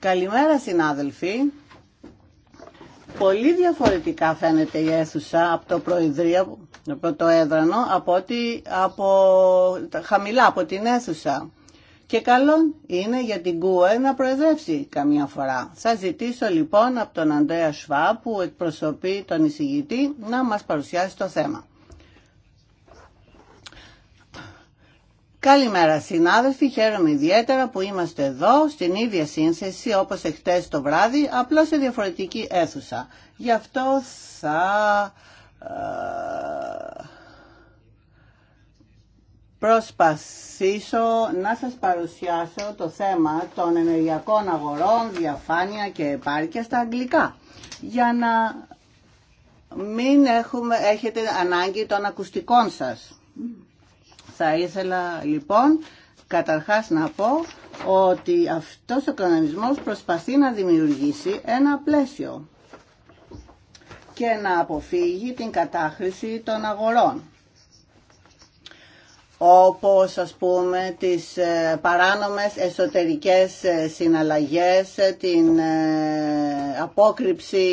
Καλημέρα συνάδελφοι. Πολύ διαφορετικά φαίνεται η αίθουσα από το Προεδρείο, από το έδρανο, από, ότι, από χαμηλά, από την αίθουσα. Και καλό είναι για την ΚΟΕ να προεδρεύσει καμιά φορά. Θα ζητήσω λοιπόν από τον Αντρέα Σφα που εκπροσωπεί τον εισηγητή να μας παρουσιάσει το θέμα. Καλημέρα συνάδελφοι, χαίρομαι ιδιαίτερα που είμαστε εδώ στην ίδια σύνθεση όπως εχθές το βράδυ, απλώς σε διαφορετική αίθουσα. Γι' αυτό θα ε, προσπαθήσω να σας παρουσιάσω το θέμα των ενεργειακών αγορών, διαφάνεια και επάρκεια στα αγγλικά. Για να μην έχουμε, έχετε ανάγκη των ακουστικών σας. Θα ήθελα λοιπόν καταρχάς να πω ότι αυτός ο κανονισμός προσπαθεί να δημιουργήσει ένα πλαίσιο και να αποφύγει την κατάχρηση των αγορών όπως ας πούμε τις ε, παράνομες εσωτερικές ε, συναλλαγές, ε, την απόκρυψη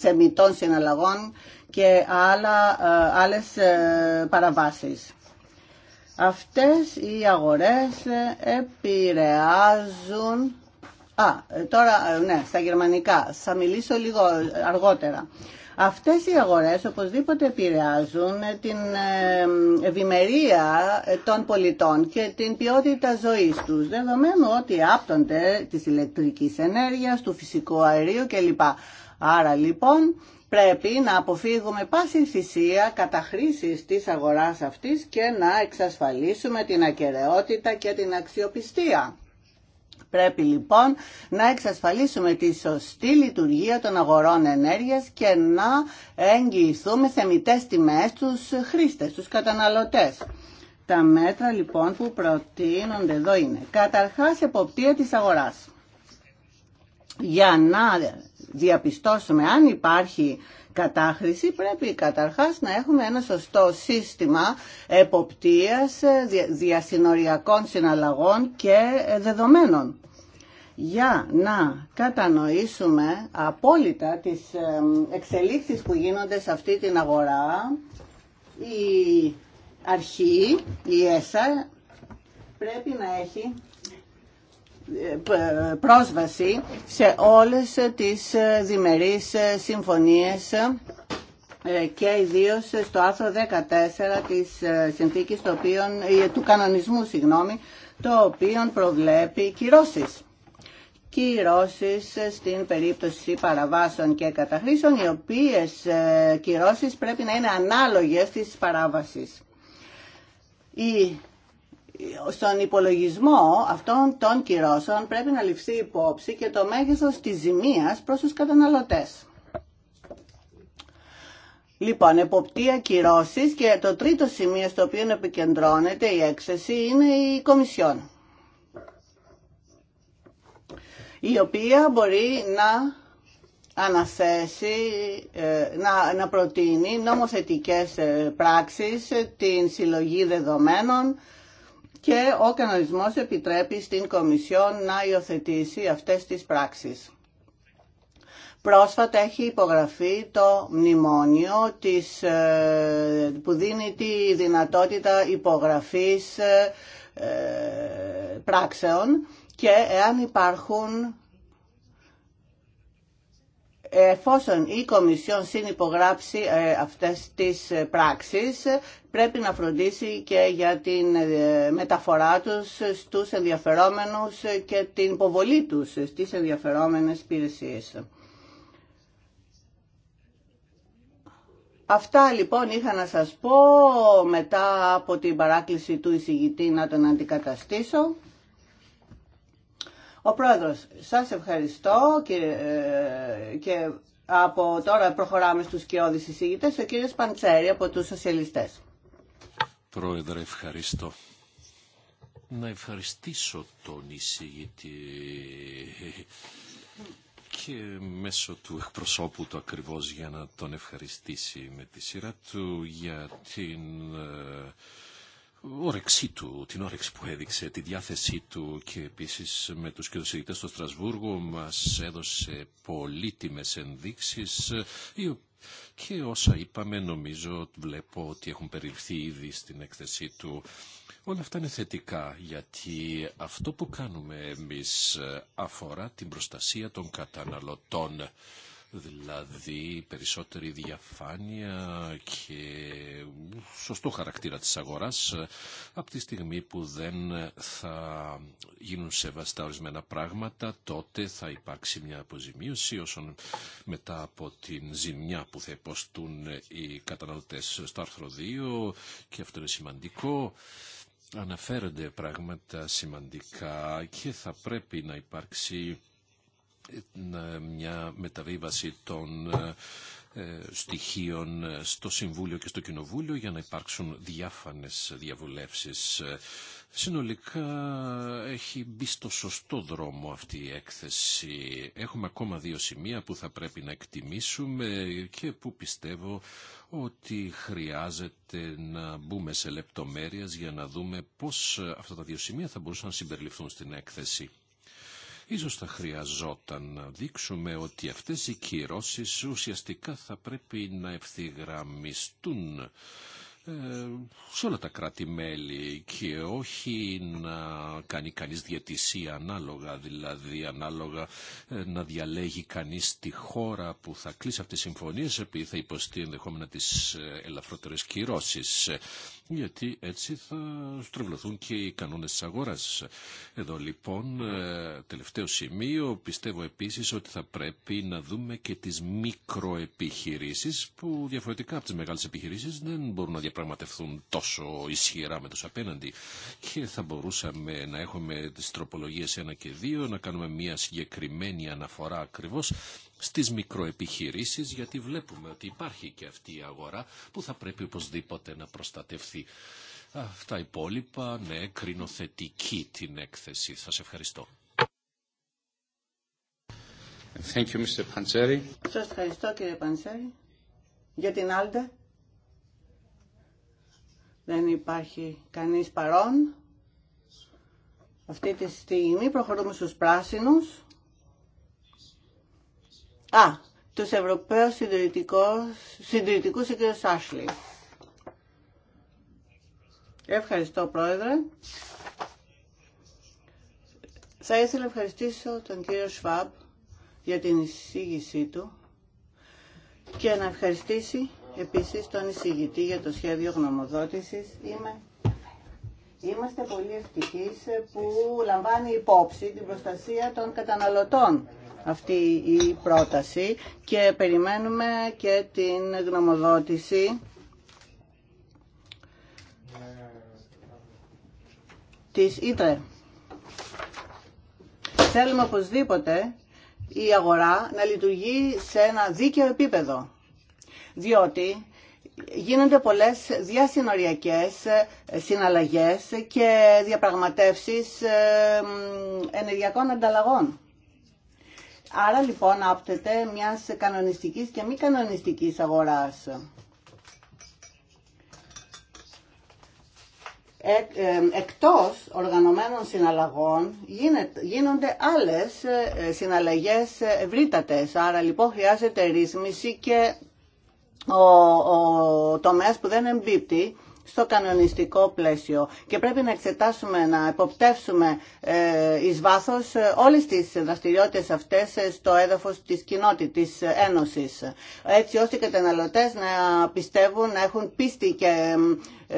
θεμητών συναλλαγών και άλλα, άλλες παραβάσεις. Αυτές οι αγορές ε, επηρεάζουν... Α, ε, τώρα, ε, ναι, στα γερμανικά. Θα μιλήσω λίγο αργότερα. Αυτές οι αγορές οπωσδήποτε επηρεάζουν την ευημερία των πολιτών και την ποιότητα ζωής τους, δεδομένου ότι άπτονται της ηλεκτρικής ενέργειας, του φυσικού αερίου κλπ. Άρα λοιπόν πρέπει να αποφύγουμε πάση θυσία κατά χρήση της αγοράς αυτής και να εξασφαλίσουμε την ακεραιότητα και την αξιοπιστία. Πρέπει λοιπόν να εξασφαλίσουμε τη σωστή λειτουργία των αγορών ενέργειας και να εγγυηθούμε θεμητές τιμές τους χρήστες, τους καταναλωτές. Τα μέτρα λοιπόν που προτείνονται εδώ είναι καταρχάς εποπτεία της αγοράς για να διαπιστώσουμε αν υπάρχει κατάχρηση πρέπει καταρχάς να έχουμε ένα σωστό σύστημα εποπτείας ε, διασυνοριακών συναλλαγών και ε, δεδομένων για να κατανοήσουμε απόλυτα τις ε, εξελίξεις που γίνονται σε αυτή την αγορά η αρχή, η ΕΣΑ πρέπει να έχει πρόσβαση σε όλες τις διμερείς συμφωνίες και ιδίω στο άρθρο 14 της συνθήκης το οποίο, ε, του κανονισμού συγγνώμη, το οποίο προβλέπει κυρώσεις. Κυρώσεις στην περίπτωση παραβάσεων και καταχρήσεων οι οποίες ε, κυρώσεις πρέπει να είναι ανάλογες της παράβασης. Η στον υπολογισμό αυτών των κυρώσεων πρέπει να ληφθεί υπόψη και το μέγεθος της ζημίας προς τους καταναλωτές. Λοιπόν, εποπτεία κυρώσεις και το τρίτο σημείο στο οποίο επικεντρώνεται η έκθεση είναι η Κομισιόν. Η οποία μπορεί να αναθέσει, ε, να, να προτείνει νομοθετικές ε, πράξεις, ε, την συλλογή δεδομένων, και ο κανονισμός επιτρέπει στην Κομισιόν να υιοθετήσει αυτές τις πράξεις. Πρόσφατα έχει υπογραφεί το μνημόνιο της, ε, που δίνει τη δυνατότητα υπογραφής ε, ε, πράξεων και εάν υπάρχουν εφόσον η Κομισιόν συνυπογράψει ε, αυτές τις ε, πράξεις, πρέπει να φροντίσει και για την ε, μεταφορά τους στους ενδιαφερόμενους και την υποβολή τους στις ενδιαφερόμενες υπηρεσίε. Αυτά λοιπόν είχα να σας πω μετά από την παράκληση του εισηγητή να τον αντικαταστήσω. Ο Πρόεδρος, σας ευχαριστώ και ε, από τώρα προχωράμε στους κοιόδης εισηγητές, ο κύριος Παντσέρη από τους Σοσιαλιστές. Πρόεδρε, ευχαριστώ. Να ευχαριστήσω τον εισηγητή και μέσω του εκπροσώπου του ακριβώς για να τον ευχαριστήσει με τη σειρά του για την ε, όρεξή του, την όρεξη που έδειξε, τη διάθεσή του και επίσης με τους κοινοσυγητές στο Στρασβούργο μας έδωσε πολύτιμες ενδείξεις και όσα είπαμε νομίζω βλέπω ότι έχουν περιληφθεί ήδη στην έκθεσή του. Όλα αυτά είναι θετικά γιατί αυτό που κάνουμε εμείς ε, αφορά την προστασία των καταναλωτών δηλαδή περισσότερη διαφάνεια και σωστό χαρακτήρα της αγοράς ε, από τη στιγμή που δεν θα γίνουν σεβαστά ορισμένα πράγματα τότε θα υπάρξει μια αποζημίωση όσον μετά από την ζημιά που θα υποστούν οι καταναλωτές στο άρθρο 2 και αυτό είναι σημαντικό αναφέρονται πράγματα σημαντικά και θα πρέπει να υπάρξει μια μεταβίβαση των ε, ε, στοιχείων στο Συμβούλιο και στο Κοινοβούλιο για να υπάρξουν διάφανες διαβουλεύσεις. Συνολικά έχει μπει στο σωστό δρόμο αυτή η έκθεση. Έχουμε ακόμα δύο σημεία που θα πρέπει να εκτιμήσουμε και που πιστεύω ότι χρειάζεται να μπούμε σε λεπτομέρειες για να δούμε πώς αυτά τα δύο σημεία θα μπορούσαν να συμπεριληφθούν στην έκθεση. Ίσως θα χρειαζόταν να δείξουμε ότι αυτές οι κυρώσεις ουσιαστικά θα πρέπει να ευθυγραμμιστούν ε, σε όλα τα κράτη-μέλη και όχι να κάνει κανείς διατησία ανάλογα, δηλαδή ανάλογα ε, να διαλέγει κανείς τη χώρα που θα κλείσει αυτές τις συμφωνίες επειδή θα υποστεί ενδεχόμενα τις ε, ελαφρότερες κυρώσεις γιατί έτσι θα στρεβλωθούν και οι κανόνες της αγοράς. Εδώ λοιπόν, ε, τελευταίο σημείο, πιστεύω επίσης ότι θα πρέπει να δούμε και τις μικροεπιχειρήσεις που διαφορετικά από τις μεγάλες επιχειρήσεις δεν μπορούν να διαπραγματευτούν τόσο ισχυρά με τους απέναντι και θα μπορούσαμε να έχουμε τις τροπολογίες 1 και 2, να κάνουμε μια συγκεκριμένη αναφορά ακριβώς στις μικροεπιχειρήσεις γιατί βλέπουμε ότι υπάρχει και αυτή η αγορά που θα πρέπει οπωσδήποτε να προστατευθεί. Αυτά υπόλοιπα, ναι, κρινοθετική την έκθεση. Σας ευχαριστώ. Thank you, Mr. Σας ευχαριστώ κύριε Παντσέρη. Για την Άλτα. Δεν υπάρχει κανείς παρόν. Αυτή τη στιγμή προχωρούμε στους πράσινους. Α, τους Ευρωπαίους συντηρητικούς, και κ. Σάσλι. Ευχαριστώ, Πρόεδρε. Θα ήθελα να ευχαριστήσω τον κύριο Σφάμπ για την εισήγησή του και να ευχαριστήσει επίσης τον εισηγητή για το σχέδιο γνωμοδότησης. Είμαι... Είμαστε πολύ ευτυχείς που λαμβάνει υπόψη την προστασία των καταναλωτών αυτή η πρόταση και περιμένουμε και την γνωμοδότηση της ΙΤΡΕ. Θέλουμε οπωσδήποτε η αγορά να λειτουργεί σε ένα δίκαιο επίπεδο, διότι γίνονται πολλές διασυνοριακές συναλλαγές και διαπραγματεύσεις ε, ενεργειακών ανταλλαγών. Άρα λοιπόν άπτεται μιας κανονιστικής και μη κανονιστικής αγοράς. Ε, ε, εκτός οργανωμένων συναλλαγών γίνονται άλλες ε, συναλλαγές ευρύτατες. Άρα λοιπόν χρειάζεται ρύθμιση και ο, ο τομέας που δεν εμπίπτει στο κανονιστικό πλαίσιο και πρέπει να εξετάσουμε, να εποπτεύσουμε ε, εις βάθος ε, όλες τις δραστηριότητες αυτές ε, στο έδαφος της κοινότητας, της Ένωσης, έτσι ώστε οι καταναλωτές να πιστεύουν, να έχουν πίστη και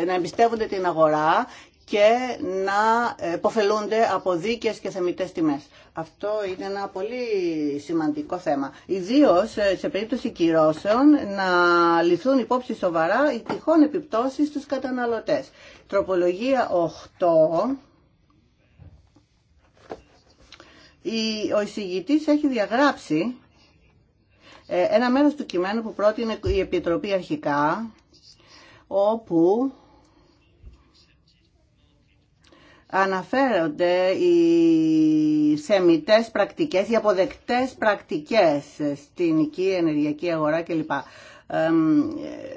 να εμπιστεύονται την αγορά και να ε, υποφελούνται από δίκαιες και θεμητές τιμές. Αυτό είναι ένα πολύ σημαντικό θέμα. Ιδίω ε, σε περίπτωση κυρώσεων να λυθούν υπόψη σοβαρά οι τυχόν επιπτώσεις στους καταναλωτές. Τροπολογία 8. Ο εισηγητής έχει διαγράψει ε, ένα μέρος του κειμένου που πρότεινε η Επιτροπή αρχικά, όπου αναφέρονται οι σεμιτές πρακτικές, οι αποδεκτές πρακτικές στην οικία, ενεργειακή αγορά κλπ.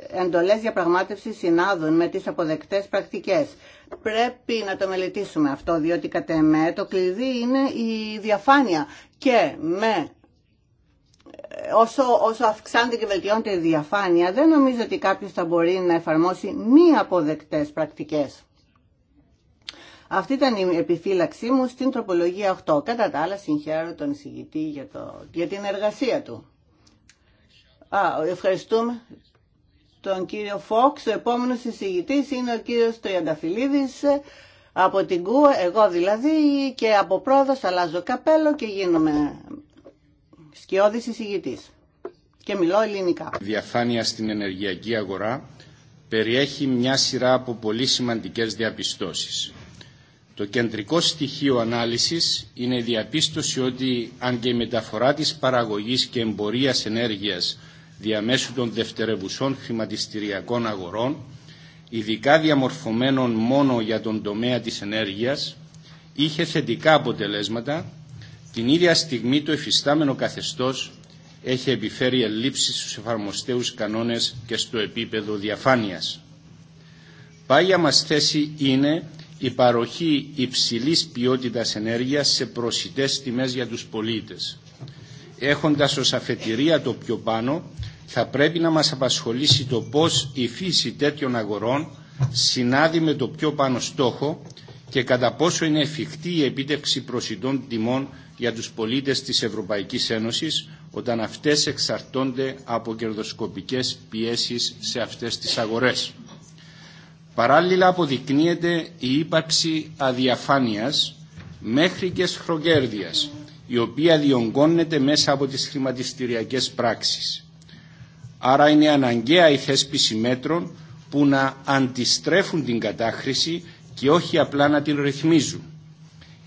Εντολές διαπραγμάτευσης συνάδουν με τις αποδεκτές πρακτικές. Πρέπει να το μελετήσουμε αυτό, διότι κατά εμέ το κλειδί είναι η διαφάνεια και με όσο, όσο αυξάνεται και βελτιώνεται η διαφάνεια, δεν νομίζω ότι κάποιος θα μπορεί να εφαρμόσει μη αποδεκτές πρακτικές. Αυτή ήταν η επιφύλαξή μου στην τροπολογία 8. Κατά τα άλλα συγχαίρω τον εισηγητή για, το, για την εργασία του. Α, ευχαριστούμε τον κύριο Φόξ. Ο επόμενο εισηγητή είναι ο κύριο Τριανταφυλλίδη ε, από την ΚΟΥ, εγώ δηλαδή, και από πρόοδο αλλάζω καπέλο και γίνομαι σκιώδη εισηγητή. Και μιλώ ελληνικά. Διαφάνεια στην ενεργειακή αγορά περιέχει μια σειρά από πολύ σημαντικές διαπιστώσεις. Το κεντρικό στοιχείο ανάλυσης είναι η διαπίστωση ότι αν και η μεταφορά της παραγωγής και εμπορίας ενέργειας διαμέσου των δευτερευουσών χρηματιστηριακών αγορών, ειδικά διαμορφωμένων μόνο για τον τομέα της ενέργειας, είχε θετικά αποτελέσματα, την ίδια στιγμή το εφιστάμενο καθεστώς έχει επιφέρει ελλείψεις στους εφαρμοστέους κανόνες και στο επίπεδο διαφάνειας. Πάγια μας θέση είναι η παροχή υψηλής ποιότητας ενέργειας σε προσιτές τιμές για τους πολίτες. Έχοντας ως αφετηρία το πιο πάνω, θα πρέπει να μας απασχολήσει το πώς η φύση τέτοιων αγορών συνάδει με το πιο πάνω στόχο και κατά πόσο είναι εφικτή η επίτευξη προσιτών τιμών για τους πολίτες της Ευρωπαϊκής Ένωσης όταν αυτές εξαρτώνται από κερδοσκοπικές πιέσεις σε αυτές τις αγορές. Παράλληλα αποδεικνύεται η ύπαρξη αδιαφάνειας μέχρι και σχρογκέρδειας η οποία διονγκώνεται μέσα από τις χρηματιστηριακές πράξεις. Άρα είναι αναγκαία η θέσπιση μέτρων που να αντιστρέφουν την κατάχρηση και όχι απλά να την ρυθμίζουν.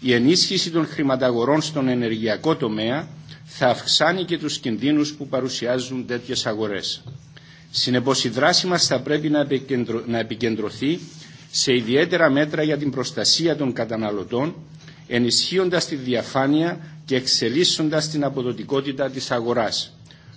Η ενίσχυση των χρηματαγορών στον ενεργειακό τομέα θα αυξάνει και τους κινδύνους που παρουσιάζουν τέτοιες αγορές. Συνεπώς η δράση μας θα πρέπει να επικεντρωθεί σε ιδιαίτερα μέτρα για την προστασία των καταναλωτών, ενισχύοντας τη διαφάνεια και εξελίσσοντας την αποδοτικότητα της αγοράς.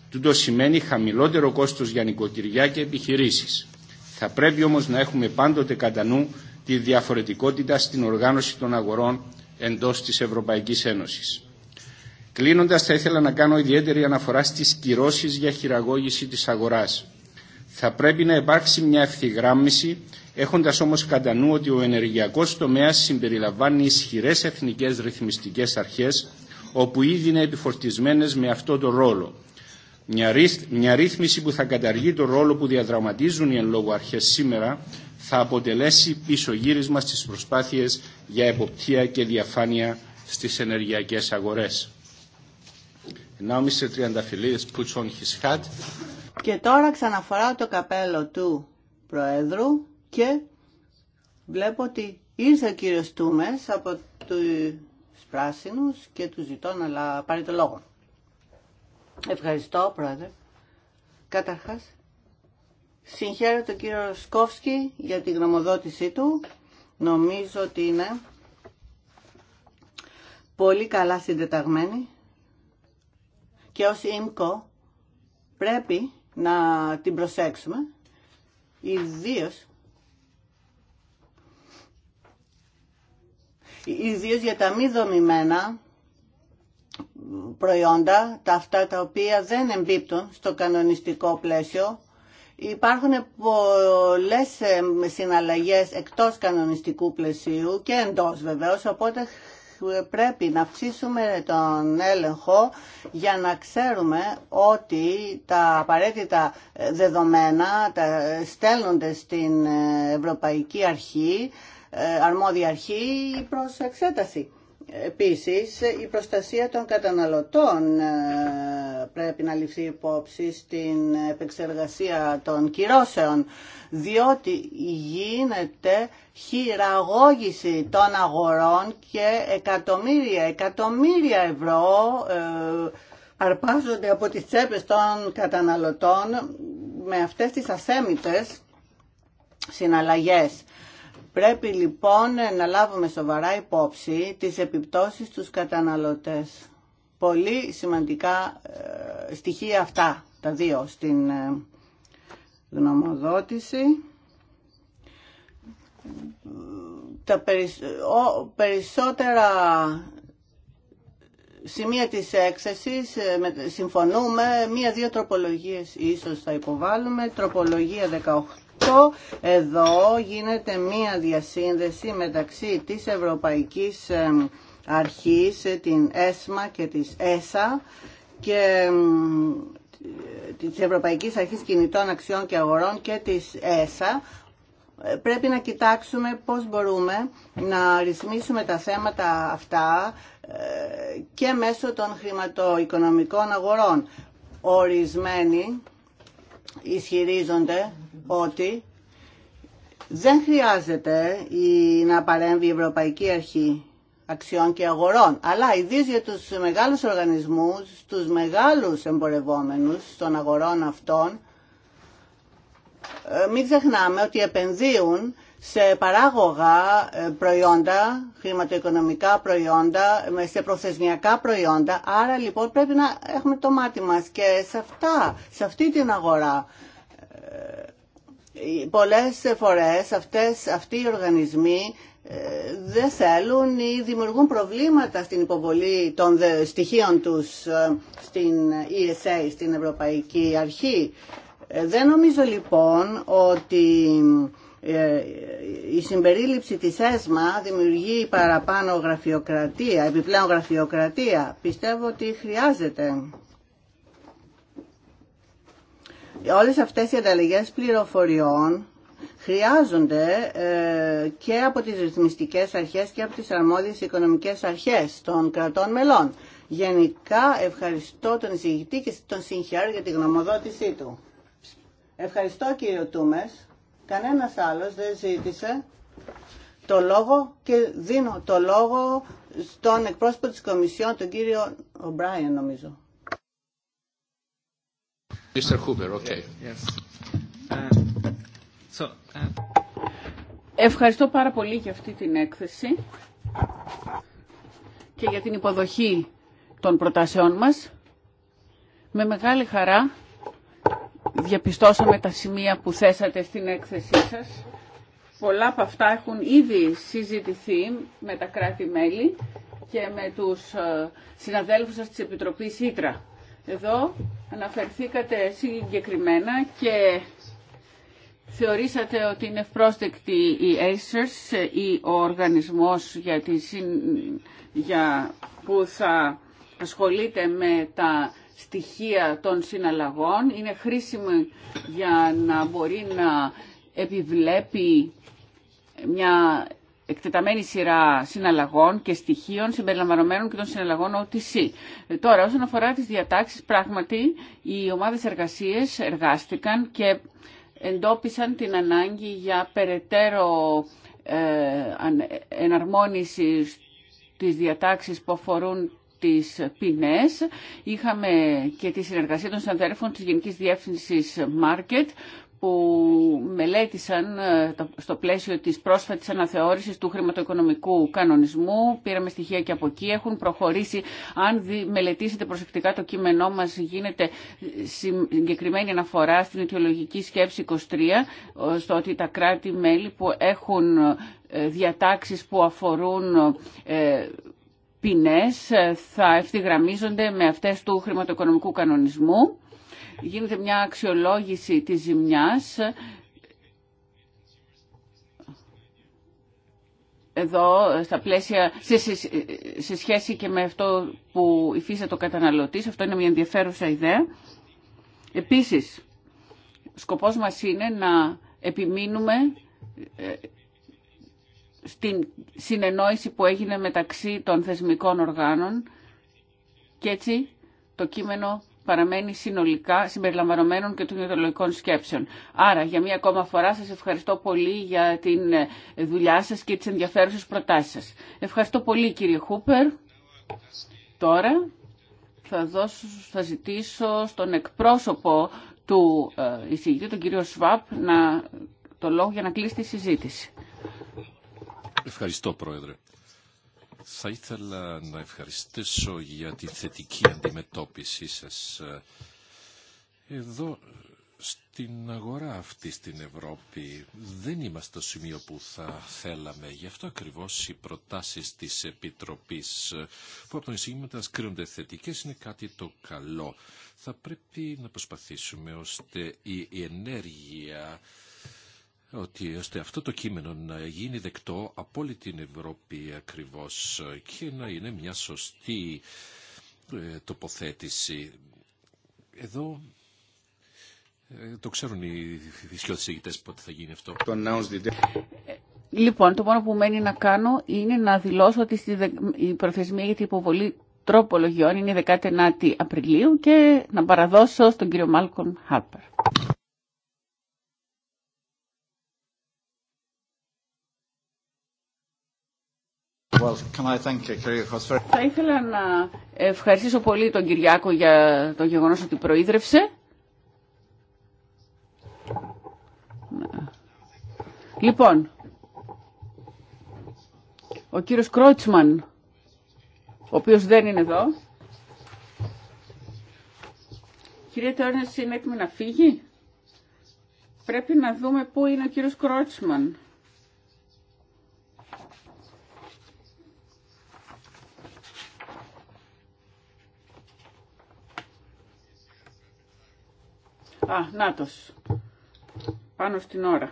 Τούτο σημαίνει χαμηλότερο κόστος για νοικοκυριά και επιχειρήσεις. Θα πρέπει όμως να έχουμε πάντοτε κατά νου τη διαφορετικότητα στην οργάνωση των αγορών εντός της Ευρωπαϊκής Ένωσης. Κλείνοντας, θα ήθελα να κάνω ιδιαίτερη αναφορά στις κυρώσεις για χειραγώγηση της αγοράς. Θα πρέπει να υπάρξει μια ευθυγράμμιση, έχοντας όμως κατά νου ότι ο ενεργειακός τομέας συμπεριλαμβάνει ισχυρές εθνικές ρυθμιστικές αρχές, όπου ήδη είναι επιφορτισμένες με αυτό το ρόλο. Μια ρύθμιση που θα καταργεί το ρόλο που διαδραματίζουν οι εν λόγω αρχές σήμερα θα αποτελέσει πίσω γύρισμα στις προσπάθειες για εποπτεία και διαφάνεια στις ενεργειακές αγορές. Now Mr. puts on his hat και τώρα ξαναφοράω το καπέλο του Προέδρου και βλέπω ότι ήρθε ο κύριος Τούμες από τους πράσινους και του ζητώ να πάρει το λόγο. Ευχαριστώ, Πρόεδρε. Καταρχάς, συγχαίρω τον κύριο Σκόφσκι για τη γνωμοδότησή του. Νομίζω ότι είναι πολύ καλά συντεταγμένη και ως ΙΜΚΟ πρέπει να την προσέξουμε. ιδίω. Ιδίως για τα μη δομημένα προϊόντα, τα αυτά τα οποία δεν εμπίπτουν στο κανονιστικό πλαίσιο, υπάρχουν πολλές ε, συναλλαγές εκτός κανονιστικού πλαισίου και εντός βεβαίως, οπότε πρέπει να αυξήσουμε τον έλεγχο για να ξέρουμε ότι τα απαραίτητα δεδομένα τα στέλνονται στην Ευρωπαϊκή Αρχή, ε, αρμόδια αρχή προς εξέταση. Επίσης, η προστασία των καταναλωτών ε, πρέπει να ληφθεί υπόψη στην επεξεργασία των κυρώσεων, διότι γίνεται χειραγώγηση των αγορών και εκατομμύρια, εκατομμύρια ευρώ ε, αρπάζονται από τις τσέπες των καταναλωτών με αυτές τις ασέμητες συναλλαγές. Πρέπει λοιπόν να λάβουμε σοβαρά υπόψη τις επιπτώσεις στους καταναλωτές. Πολύ σημαντικά ε, στοιχεία αυτά, τα δύο, στην ε, γνωμοδότηση. Τα περισσότερα σημεία της έξεσης ε, συμφωνούμε, μία-δύο τροπολογίες ίσως θα υποβάλουμε, τροπολογία 18 εδώ γίνεται μία διασύνδεση μεταξύ της Ευρωπαϊκής Αρχής, ε, την ΕΣΜΑ και της ΕΣΑ και της Ευρωπαϊκής Αρχής Κινητών Αξιών και Αγορών και της ΕΣΑ ε, πρέπει να κοιτάξουμε πώς μπορούμε να ρυθμίσουμε τα θέματα αυτά ε, και μέσω των χρηματοοικονομικών αγορών. Ορισμένοι ισχυρίζονται ότι δεν χρειάζεται η, να παρέμβει η Ευρωπαϊκή Αρχή Αξιών και Αγορών, αλλά ιδίω για τους μεγάλους οργανισμούς, τους μεγάλους εμπορευόμενους των αγορών αυτών, ε, μην ξεχνάμε ότι επενδύουν σε παράγωγα ε, προϊόντα, χρηματοοικονομικά προϊόντα, σε προθεσμιακά προϊόντα. Άρα λοιπόν πρέπει να έχουμε το μάτι μας και σε αυτά, σε αυτή την αγορά ε, πολλές φορές αυτές, αυτοί οι οργανισμοί ε, δεν θέλουν ή δημιουργούν προβλήματα στην υποβολή των στοιχείων τους ε, στην ESA, στην Ευρωπαϊκή Αρχή. Ε, δεν νομίζω λοιπόν ότι η συμπερίληψη της ΕΣΜΑ δημιουργεί παραπάνω γραφειοκρατία, επιπλέον γραφειοκρατία. Πιστεύω ότι χρειάζεται όλες αυτές οι ανταλλαγές πληροφοριών χρειάζονται ε, και από τις ρυθμιστικές αρχές και από τις αρμόδιες οικονομικές αρχές των κρατών μελών. Γενικά ευχαριστώ τον εισηγητή και τον συγχαίρω για τη γνωμοδότησή του. Ευχαριστώ κύριο Τούμες. Κανένας άλλος δεν ζήτησε το λόγο και δίνω το λόγο στον εκπρόσωπο της Κομισιόν, τον κύριο Ομπράιεν νομίζω. Uh, uh, Ευχαριστώ πάρα πολύ για αυτή την έκθεση και για την υποδοχή των προτάσεών μας. Με μεγάλη χαρά διαπιστώσαμε τα σημεία που θέσατε στην έκθεσή σας. Πολλά από αυτά έχουν ήδη συζητηθεί με τα κράτη-μέλη και με τους ε, συναδέλφους σας της Επιτροπής Ήτρα. Εδώ Αναφερθήκατε συγκεκριμένα και θεωρήσατε ότι είναι ευπρόσδεκτη η ACERS ή ο οργανισμός για, τη για... που θα ασχολείται με τα στοιχεία των συναλλαγών. Είναι χρήσιμο για να μπορεί να επιβλέπει μια εκτεταμένη σειρά συναλλαγών και στοιχείων συμπεριλαμβανομένων και των συναλλαγών OTC. Ε, τώρα, όσον αφορά τις διατάξεις, πράγματι οι ομάδες εργασίες εργάστηκαν και εντόπισαν την ανάγκη για περαιτέρω ε, εναρμόνιση στις διατάξεις που αφορούν τις ποινές. Είχαμε και τη συνεργασία των συναδέλφων της Γενικής Διεύθυνσης Market που μελέτησαν ε, στο πλαίσιο της πρόσφατης αναθεώρησης του χρηματοοικονομικού κανονισμού. Πήραμε στοιχεία και από εκεί. Έχουν προχωρήσει. Αν μελετήσετε προσεκτικά το κείμενό μας γίνεται ε, συγκεκριμένη αναφορά στην αιτιολογική σκέψη 23 ε, στο ότι τα κράτη-μέλη που έχουν διατάξεις που αφορούν ποινές θα ευθυγραμμίζονται με αυτές του χρηματοοικονομικού κανονισμού γίνεται μια αξιολόγηση της ζημιάς εδώ στα πλαίσια, σε, σε, σχέση και με αυτό που υφίσταται το καταναλωτής. Αυτό είναι μια ενδιαφέρουσα ιδέα. Επίσης, σκοπός μας είναι να επιμείνουμε ε, στην συνεννόηση που έγινε μεταξύ των θεσμικών οργάνων και έτσι το κείμενο παραμένει συνολικά συμπεριλαμβανομένων και των ιδεολογικών σκέψεων. Άρα, για μία ακόμα φορά σας ευχαριστώ πολύ για τη δουλειά σας και τις ενδιαφέρουσες προτάσεις σας. Ευχαριστώ πολύ κύριε Χούπερ. Τώρα θα, δώσω, θα ζητήσω στον εκπρόσωπο του ε, εισηγητή, τον κύριο Σβάπ, να, το λόγο για να κλείσει τη συζήτηση. Ευχαριστώ, Πρόεδρε. Θα ήθελα να ευχαριστήσω για τη θετική αντιμετώπιση σας ε, εδώ στην αγορά αυτή στην Ευρώπη δεν είμαστε στο σημείο που θα θέλαμε. Γι' αυτό ακριβώς οι προτάσεις της Επιτροπής ε, που από τον εισηγήματα κρίνονται θετικές είναι κάτι το καλό. Θα πρέπει να προσπαθήσουμε ώστε η ενέργεια ότι ώστε αυτό το κείμενο να γίνει δεκτό από όλη την Ευρώπη ακριβώς και να είναι μια σωστή ε, τοποθέτηση. Εδώ ε, το ξέρουν οι φυσικιώτες ηγητές πότε θα γίνει αυτό. Ε, λοιπόν, το μόνο που μένει να κάνω είναι να δηλώσω ότι η προθεσμία για την υποβολή τροπολογιών είναι 19η Απριλίου και να παραδώσω στον κύριο Μάλκον Χάρπερ. Θα ήθελα να ευχαριστήσω πολύ τον Κυριάκο για το γεγονός ότι προείδρευσε. Λοιπόν, ο κύριος Κρότσμαν, ο οποίος δεν είναι εδώ. Κύριε Τόρνες, είναι έτοιμη να φύγει. Πρέπει να δούμε πού είναι ο κύριος Κρότσμαν. Α, νάτος. Πάνω στην ώρα.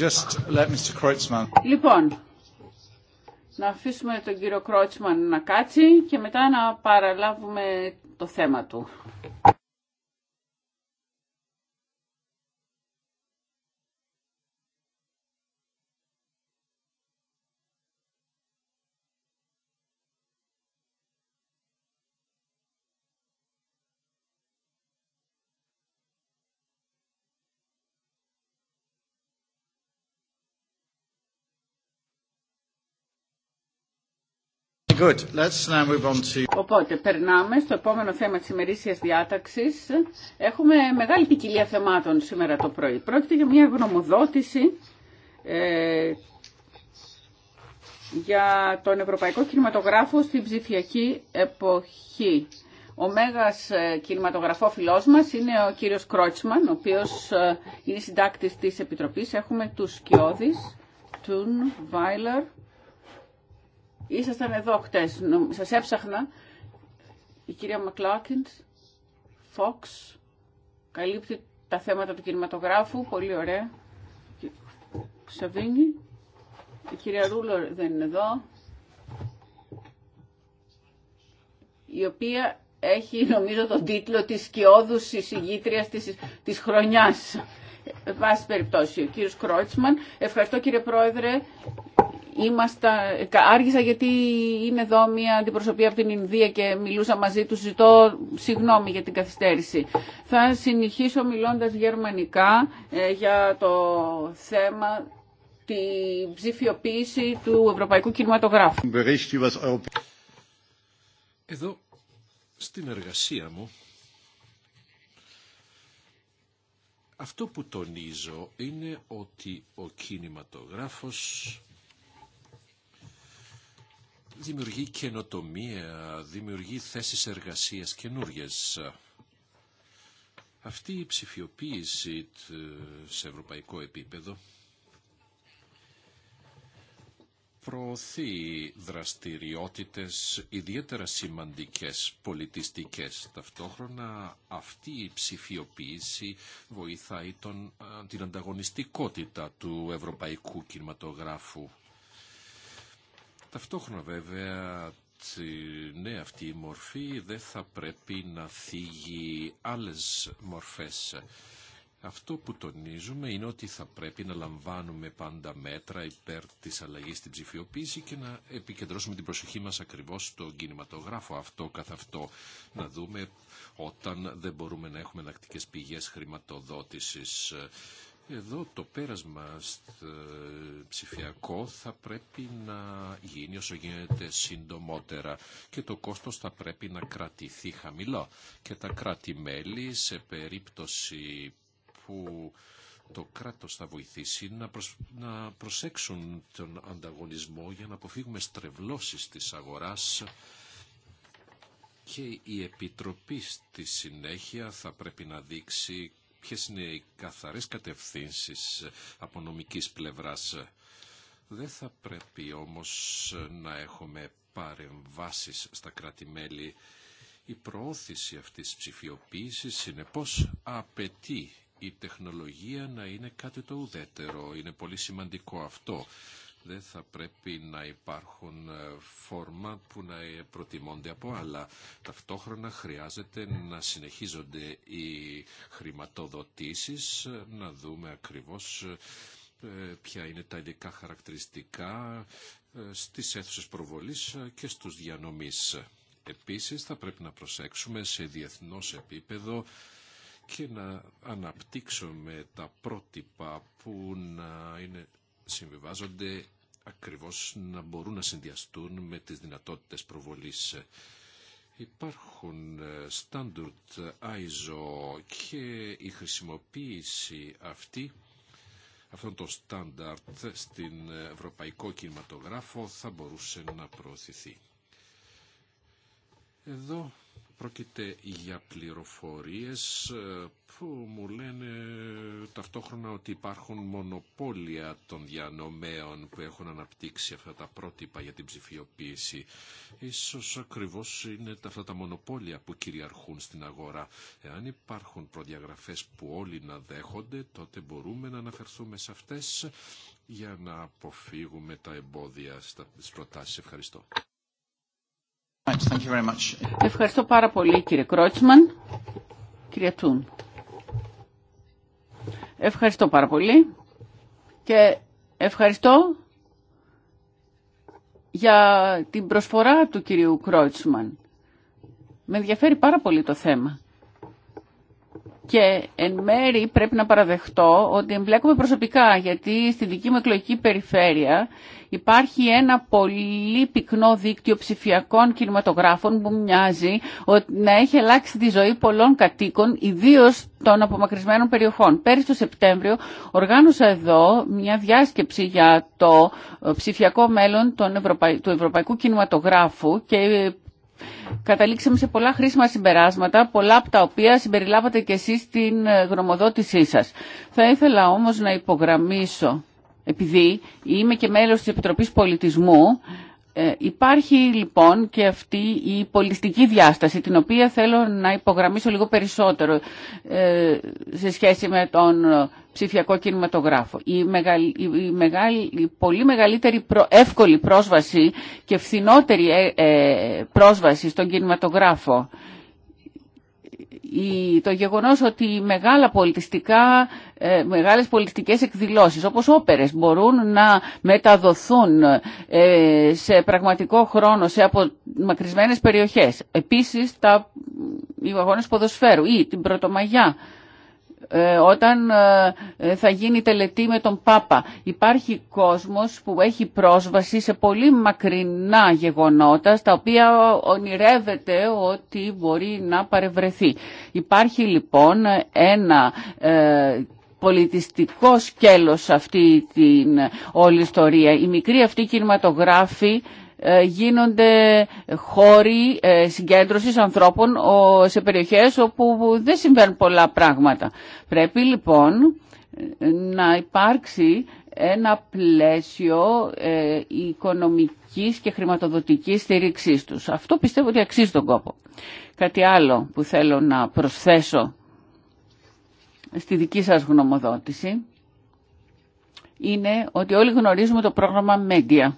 Just let Λοιπόν, να αφήσουμε τον κύριο Κρότσμαν να κάτσει και μετά να παραλάβουμε το θέμα του. Good. Let's now move on to... Οπότε περνάμε στο επόμενο θέμα της ημερήσιας διάταξης. Έχουμε μεγάλη ποικιλία θεμάτων σήμερα το πρωί. Πρόκειται για μια γνωμοδότηση ε, για τον Ευρωπαϊκό Κινηματογράφο στην ψηφιακή εποχή. Ο μέγας ε, κινηματογραφόφιλός μας είναι ο κύριος Κρότσμαν, ο οποίος ε, είναι συντάκτης της Επιτροπής. Έχουμε τους Σκιώδης, Τουν, Βάιλερ, Ήσασταν εδώ χτες. Σας έψαχνα. Η κυρία Μακλάκιντ, Fox, καλύπτει τα θέματα του κινηματογράφου. Πολύ ωραία. Σαβίνη. Η κυρία Ρούλο δεν είναι εδώ. Η οποία έχει νομίζω τον τίτλο της σκιώδους εισηγήτριας της, της χρονιάς. πάση περιπτώσει, ο κύριος Κρότσμαν. Ευχαριστώ κύριε Πρόεδρε. Είμαστε, άργησα γιατί είναι εδώ μια αντιπροσωπή από την Ινδία και μιλούσα μαζί τους. Ζητώ συγγνώμη για την καθυστέρηση. Θα συνεχίσω μιλώντας γερμανικά ε, για το θέμα τη ψηφιοποίηση του Ευρωπαϊκού Κινηματογράφου. Εδώ στην εργασία μου αυτό που τονίζω είναι ότι ο κινηματογράφος δημιουργεί καινοτομία, δημιουργεί θέσεις εργασίας καινούριε. Αυτή η ψηφιοποίηση σε ευρωπαϊκό επίπεδο προωθεί δραστηριότητες ιδιαίτερα σημαντικές πολιτιστικές. Ταυτόχρονα αυτή η ψηφιοποίηση βοηθάει τον, την ανταγωνιστικότητα του ευρωπαϊκού κινηματογράφου Ταυτόχρονα βέβαια ναι, αυτή η μορφή δεν θα πρέπει να θίγει άλλες μορφές. Αυτό που τονίζουμε είναι ότι θα πρέπει να λαμβάνουμε πάντα μέτρα υπέρ της αλλαγής στην ψηφιοποίηση και να επικεντρώσουμε την προσοχή μας ακριβώς στον κινηματογράφο αυτό καθ' αυτό. Να δούμε όταν δεν μπορούμε να έχουμε ενακτικές πηγές χρηματοδότησης εδώ το πέρασμα ψηφιακό θα πρέπει να γίνει όσο γίνεται συντομότερα και το κόστος θα πρέπει να κρατηθεί χαμηλό. Και τα κράτη-μέλη σε περίπτωση που το κράτος θα βοηθήσει να, προσέξουν τον ανταγωνισμό για να αποφύγουμε στρεβλώσεις της αγοράς και η Επιτροπή στη συνέχεια θα πρέπει να δείξει Ποιε είναι οι καθαρέ κατευθύνσει από νομική πλευράς. Δεν θα πρέπει όμως να έχουμε παρεμβάσεις στα κράτη-μέλη. Η προώθηση αυτής της ψηφιοποίησης πως απαιτεί η τεχνολογία να είναι κάτι το ουδέτερο. Είναι πολύ σημαντικό αυτό δεν θα πρέπει να υπάρχουν ε, φόρμα που να ε, προτιμώνται από άλλα. Ταυτόχρονα χρειάζεται να συνεχίζονται οι χρηματοδοτήσεις, ε, να δούμε ακριβώς ποια είναι τα ειδικά χαρακτηριστικά στις αίθουσες προβολής και στους διανομής. Επίσης θα πρέπει να προσέξουμε σε διεθνώς επίπεδο και να αναπτύξουμε τα πρότυπα που να είναι συμβιβάζονται ακριβώς να μπορούν να συνδυαστούν με τις δυνατότητες προβολής. Υπάρχουν ε, standard ISO και η χρησιμοποίηση αυτή αυτόν το στάνταρτ στην ευρωπαϊκό κινηματογράφο θα μπορούσε να προωθηθεί. Εδώ Πρόκειται για πληροφορίες ε, που μου λένε ταυτόχρονα ότι υπάρχουν μονοπόλια των διανομέων που έχουν αναπτύξει αυτά τα πρότυπα για την ψηφιοποίηση. Ίσως ακριβώς είναι αυτά τα μονοπόλια που κυριαρχούν στην αγορά. Εάν υπάρχουν προδιαγραφές που όλοι να δέχονται, τότε μπορούμε να αναφερθούμε σε αυτές για να αποφύγουμε τα εμπόδια στις προτάσεις. Ευχαριστώ. Ευχαριστώ πάρα πολύ κύριε Κρότσμαν. κύριε Τούν. Ευχαριστώ πάρα πολύ και ευχαριστώ για την προσφορά του κυρίου Κρότσμαν. Με ενδιαφέρει πάρα πολύ το θέμα. Και εν μέρη πρέπει να παραδεχτώ ότι εμπλέκομαι προσωπικά, γιατί στη δική μου εκλογική περιφέρεια υπάρχει ένα πολύ πυκνό δίκτυο ψηφιακών κινηματογράφων που μοιάζει ότι να έχει αλλάξει τη ζωή πολλών κατοίκων, ιδίω των απομακρυσμένων περιοχών. Πέρυσι το Σεπτέμβριο οργάνωσα εδώ μια διάσκεψη για το ψηφιακό μέλλον του ευρωπαϊκού κινηματογράφου και καταλήξαμε σε πολλά χρήσιμα συμπεράσματα, πολλά από τα οποία συμπεριλάβατε και εσείς στην ε, γνωμοδότησή σας. Θα ήθελα όμως να υπογραμμίσω, επειδή είμαι και μέλος της Επιτροπής Πολιτισμού, ε, υπάρχει λοιπόν και αυτή η πολιστική διάσταση την οποία θέλω να υπογραμμίσω λίγο περισσότερο ε, σε σχέση με τον ψηφιακό κινηματογράφο. Η, μεγάλη, πολύ μεγαλύτερη προ, εύκολη πρόσβαση και φθηνότερη ε, ε, πρόσβαση στον κινηματογράφο. Η, το γεγονός ότι μεγάλα πολιτιστικά ε, μεγάλες πολιτικές εκδηλώσεις όπως όπερες μπορούν να μεταδοθούν ε, σε πραγματικό χρόνο σε απομακρυσμένες περιοχές. Επίσης τα, οι αγώνες ποδοσφαίρου ή την Πρωτομαγιά ε, όταν θα γίνει τελετή με τον Πάπα. Υπάρχει κόσμος που έχει πρόσβαση σε πολύ μακρινά γεγονότα στα οποία ονειρεύεται ότι μπορεί να παρευρεθεί. Υπάρχει λοιπόν ένα πολιτιστικό σκέλος αυτή την όλη ιστορία. Οι μικροί αυτοί κινηματογράφοι ε, γίνονται χώροι ε, συγκέντρωσης ανθρώπων σε περιοχές όπου δεν συμβαίνουν πολλά πράγματα. Πρέπει λοιπόν ε, να υπάρξει ένα πλαίσιο οικονομικής και χρηματοδοτικής στήριξής τους. Αυτό πιστεύω ότι αξίζει τον κόπο. Κάτι άλλο που θέλω να προσθέσω στη δική σας γνωμοδότηση είναι ότι όλοι γνωρίζουμε το πρόγραμμα Media.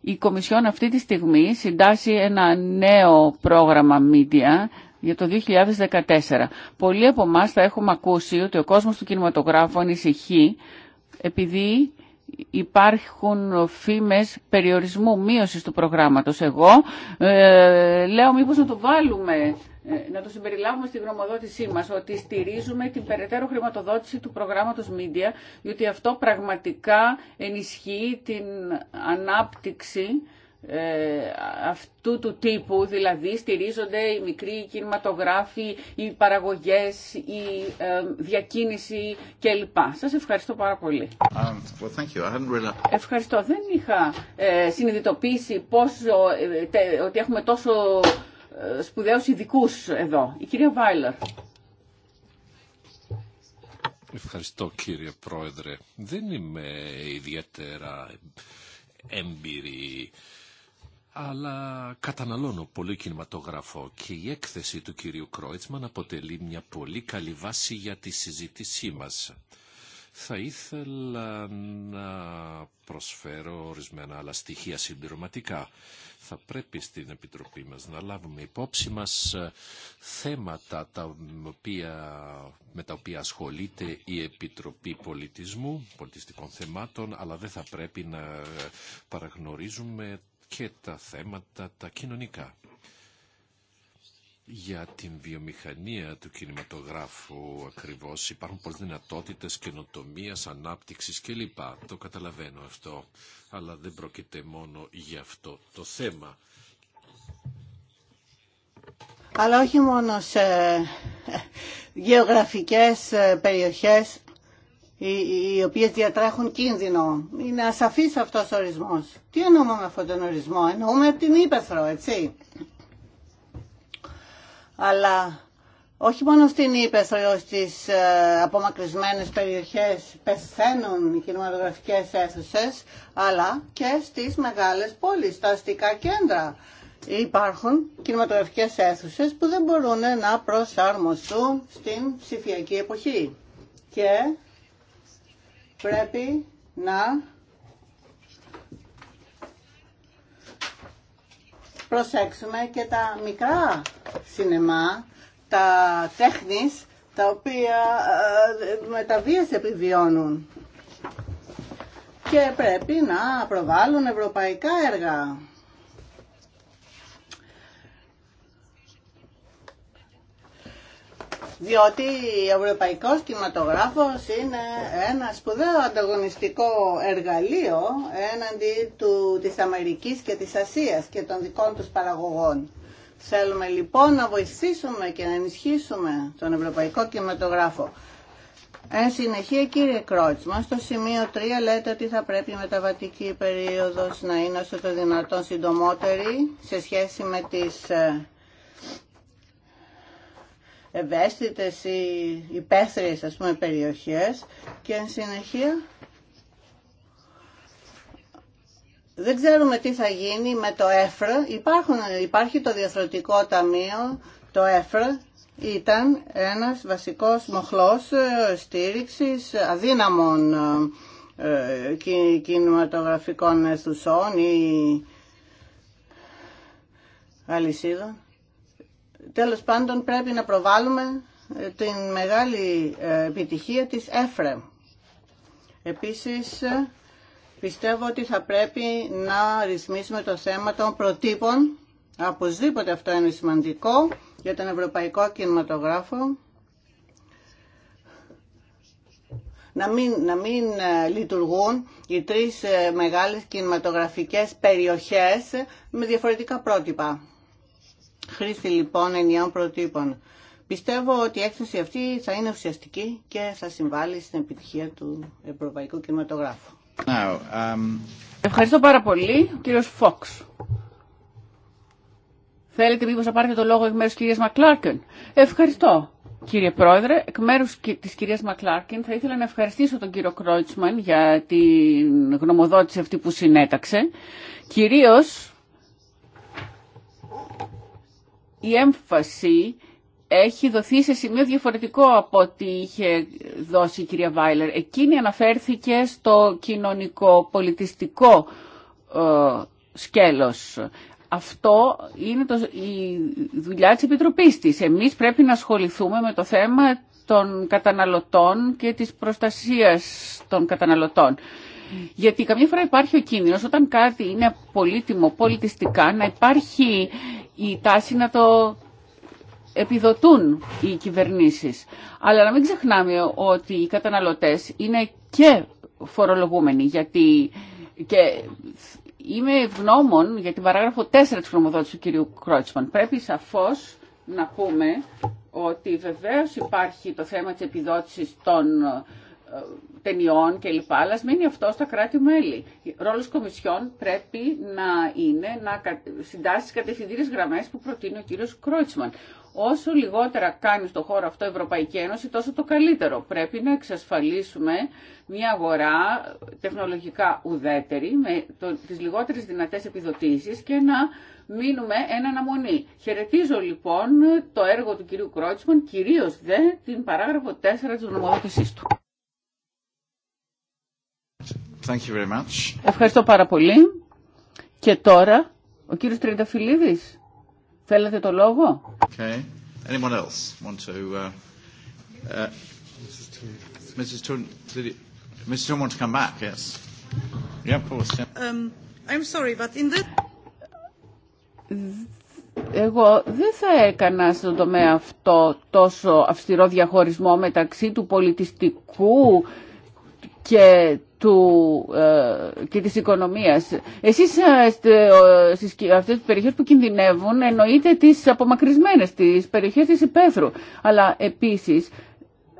Η Κομισιόν αυτή τη στιγμή συντάσσει ένα νέο πρόγραμμα Media για το 2014. Πολλοί από εμά θα έχουμε ακούσει ότι ο κόσμος του κινηματογράφου ανησυχεί επειδή υπάρχουν φήμες περιορισμού μείωσης του προγράμματος. Εγώ ε, λέω μήπως να το βάλουμε ε, να το συμπεριλάβουμε στη γνωμοδότησή μας, ότι στηρίζουμε την περαιτέρω χρηματοδότηση του προγράμματος Media, διότι αυτό πραγματικά ενισχύει την ανάπτυξη ε, αυτού του τύπου, δηλαδή στηρίζονται οι μικροί κινηματογράφοι, οι παραγωγές, η ε, διακίνηση κλπ. Σας ευχαριστώ πάρα πολύ. Um, ευχαριστώ. Δεν είχα συνειδητοποιήσει πόσο, ότι έχουμε τόσο σπουδαίους ειδικού εδώ. Η κυρία Βάιλερ. Ευχαριστώ κύριε Πρόεδρε. Δεν είμαι ιδιαίτερα έμπειρη, αλλά καταναλώνω πολύ κινηματογραφό και η έκθεση του κυρίου Κρόιτσμαν αποτελεί μια πολύ καλή βάση για τη συζήτησή μας. Θα ήθελα να προσφέρω ορισμένα άλλα στοιχεία συμπληρωματικά. Θα πρέπει στην Επιτροπή μας να λάβουμε υπόψη μας ε, θέματα τα οποία, με τα οποία ασχολείται η Επιτροπή Πολιτισμού, πολιτιστικών θεμάτων, αλλά δεν θα πρέπει να ε, παραγνωρίζουμε και τα θέματα τα κοινωνικά για την βιομηχανία του κινηματογράφου ακριβώς. Υπάρχουν πολλές δυνατότητες καινοτομία, ανάπτυξης κλπ. Το καταλαβαίνω αυτό, αλλά δεν πρόκειται μόνο για αυτό το θέμα. Αλλά όχι μόνο σε ε, γεωγραφικές ε, περιοχές οι οποίες διατρέχουν κίνδυνο. Είναι ασαφής αυτός ο ορισμός. Τι εννοούμε με αυτόν τον ορισμό. Εννοούμε την Ήπεθρο, έτσι αλλά όχι μόνο στην Ήπεθρο, στις ε, απομακρυσμένες περιοχές πεθαίνουν οι κινηματογραφικές αίθουσες, αλλά και στις μεγάλες πόλεις, στα αστικά κέντρα. Υπάρχουν κινηματογραφικές αίθουσες που δεν μπορούν να προσαρμοστούν στην ψηφιακή εποχή. Και πρέπει να προσέξουμε και τα μικρά σινεμά, τα τέχνης, τα οποία ε, με τα βίας επιβιώνουν και πρέπει να προβάλλουν ευρωπαϊκά έργα. διότι ο ευρωπαϊκός κινηματογράφος είναι ένα σπουδαίο ανταγωνιστικό εργαλείο έναντι του, της Αμερικής και της Ασίας και των δικών τους παραγωγών. Θέλουμε λοιπόν να βοηθήσουμε και να ενισχύσουμε τον ευρωπαϊκό κινηματογράφο. Εν συνεχεία κύριε Κρότσμα, στο σημείο 3 λέτε ότι θα πρέπει η μεταβατική περίοδος να είναι όσο το δυνατόν συντομότερη σε σχέση με τις ε, ευαίσθητες ή υπαίθριες ας πούμε περιοχές και εν συνεχεία δεν ξέρουμε τι θα γίνει με το ΕΦΡ. Υπάρχουν, υπάρχει το διαθροτικό ταμείο, το ΕΦΡ ήταν ένας βασικός μοχλός ε, στήριξης αδύναμων ε, ε, κινηματογραφικών αιθουσών ή αλυσίδων. Τέλος πάντων πρέπει να προβάλλουμε ε, την μεγάλη ε, επιτυχία της ΕΦΡΕΜ. Επίσης ε, πιστεύω ότι θα πρέπει να ρυθμίσουμε το θέμα των προτύπων. Οπωσδήποτε αυτό είναι σημαντικό για τον ευρωπαϊκό κινηματογράφο. Να μην, να μην λειτουργούν οι τρεις μεγάλες κινηματογραφικές περιοχές με διαφορετικά πρότυπα. Χρήση λοιπόν ενιαίων προτύπων. Πιστεύω ότι η έκθεση αυτή θα είναι ουσιαστική και θα συμβάλλει στην επιτυχία του ευρωπαϊκού κινηματογράφου. Now, um... Ευχαριστώ πάρα πολύ, κύριος Φόξ. Θέλετε μήπως να πάρετε το λόγο εκ μέρους της κυρίας Μακλάρκεν. Ευχαριστώ. Κύριε Πρόεδρε, εκ μέρους της κυρίας Μακλάρκεν θα ήθελα να ευχαριστήσω τον κύριο Κρόιτσμαν για την γνωμοδότηση αυτή που συνέταξε. Κυρίως η έμφαση έχει δοθεί σε σημείο διαφορετικό από ό,τι είχε δώσει η κυρία Βάιλερ. Εκείνη αναφέρθηκε στο κοινωνικό, πολιτιστικό ε, σκέλος. Αυτό είναι το, η δουλειά της Επιτροπής της. Εμείς πρέπει να ασχοληθούμε με το θέμα των καταναλωτών και της προστασίας των καταναλωτών. Γιατί καμιά φορά υπάρχει ο κίνδυνος όταν κάτι είναι πολύτιμο πολιτιστικά να υπάρχει η τάση να το επιδοτούν οι κυβερνήσεις. Αλλά να μην ξεχνάμε ότι οι καταναλωτές είναι και φορολογούμενοι γιατί και είμαι ευγνώμων για την παράγραφο 4 της χρωμοδότησης του κυρίου Κρότσμαν. Πρέπει σαφώς να πούμε ότι βεβαίως υπάρχει το θέμα της επιδότησης των ε, ταινιών κλπ. Αλλά μένει αυτό στα κράτη-μέλη. ρόλο Κομισιών πρέπει να είναι να συντάσσει κατευθυντήριε γραμμέ που προτείνει ο κύριο Κρότσμαν. Όσο λιγότερα κάνει στον χώρο αυτό η Ευρωπαϊκή Ένωση, τόσο το καλύτερο. Πρέπει να εξασφαλίσουμε μια αγορά τεχνολογικά ουδέτερη, με τι λιγότερε δυνατέ επιδοτήσει και να μείνουμε εν αναμονή. Χαιρετίζω λοιπόν το έργο του κυρίου Κρότσμαν, κυρίω δε την παράγραφο 4 τη νομοθεσή του. Thank you very much. Ευχαριστώ πάρα πολύ. Και τώρα, ο κύριος Τριανταφυλλίδης, θέλετε το λόγο? Okay. Anyone else want to... Uh, uh, Mrs. Turner, did Mrs. Toon want to come back, yes? Yeah, of course. Yeah. Um, I'm sorry, but in the. Εγώ δεν θα έκανα στον τομέα αυτό τόσο αυστηρό διαχωρισμό μεταξύ του πολιτιστικού και του, ε, και της οικονομίας. Εσείς ε, στις, αυτές τις περιοχές που κινδυνεύουν εννοείται τις απομακρυσμένες, τις περιοχές της υπαίθρου. Αλλά επίσης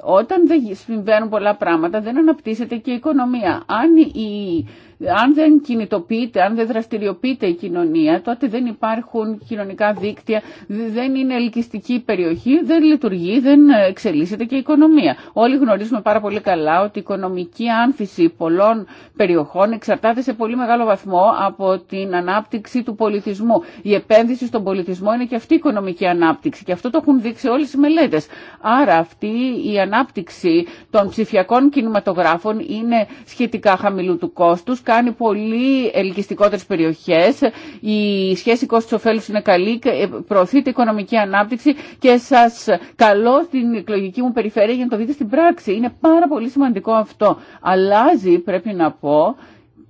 όταν δεν συμβαίνουν πολλά πράγματα δεν αναπτύσσεται και η οικονομία. Αν η αν δεν κινητοποιείται, αν δεν δραστηριοποιείται η κοινωνία, τότε δεν υπάρχουν κοινωνικά δίκτυα, δεν είναι ελκυστική περιοχή, δεν λειτουργεί, δεν εξελίσσεται και η οικονομία. Όλοι γνωρίζουμε πάρα πολύ καλά ότι η οικονομική άνθηση πολλών περιοχών εξαρτάται σε πολύ μεγάλο βαθμό από την ανάπτυξη του πολιτισμού. Η επένδυση στον πολιτισμό είναι και αυτή η οικονομική ανάπτυξη και αυτό το έχουν δείξει όλες οι μελέτες. Άρα αυτή η ανάπτυξη των ψηφιακών κινηματογράφων είναι σχετικά χαμηλού του κόστους κάνει πολύ ελκυστικότερες περιοχές, η σχέση κόστος-οφέλους είναι καλή, ε, προωθείται οικονομική ανάπτυξη και σας καλώ στην εκλογική μου περιφέρεια για να το δείτε στην πράξη. Είναι πάρα πολύ σημαντικό αυτό. Αλλάζει, πρέπει να πω,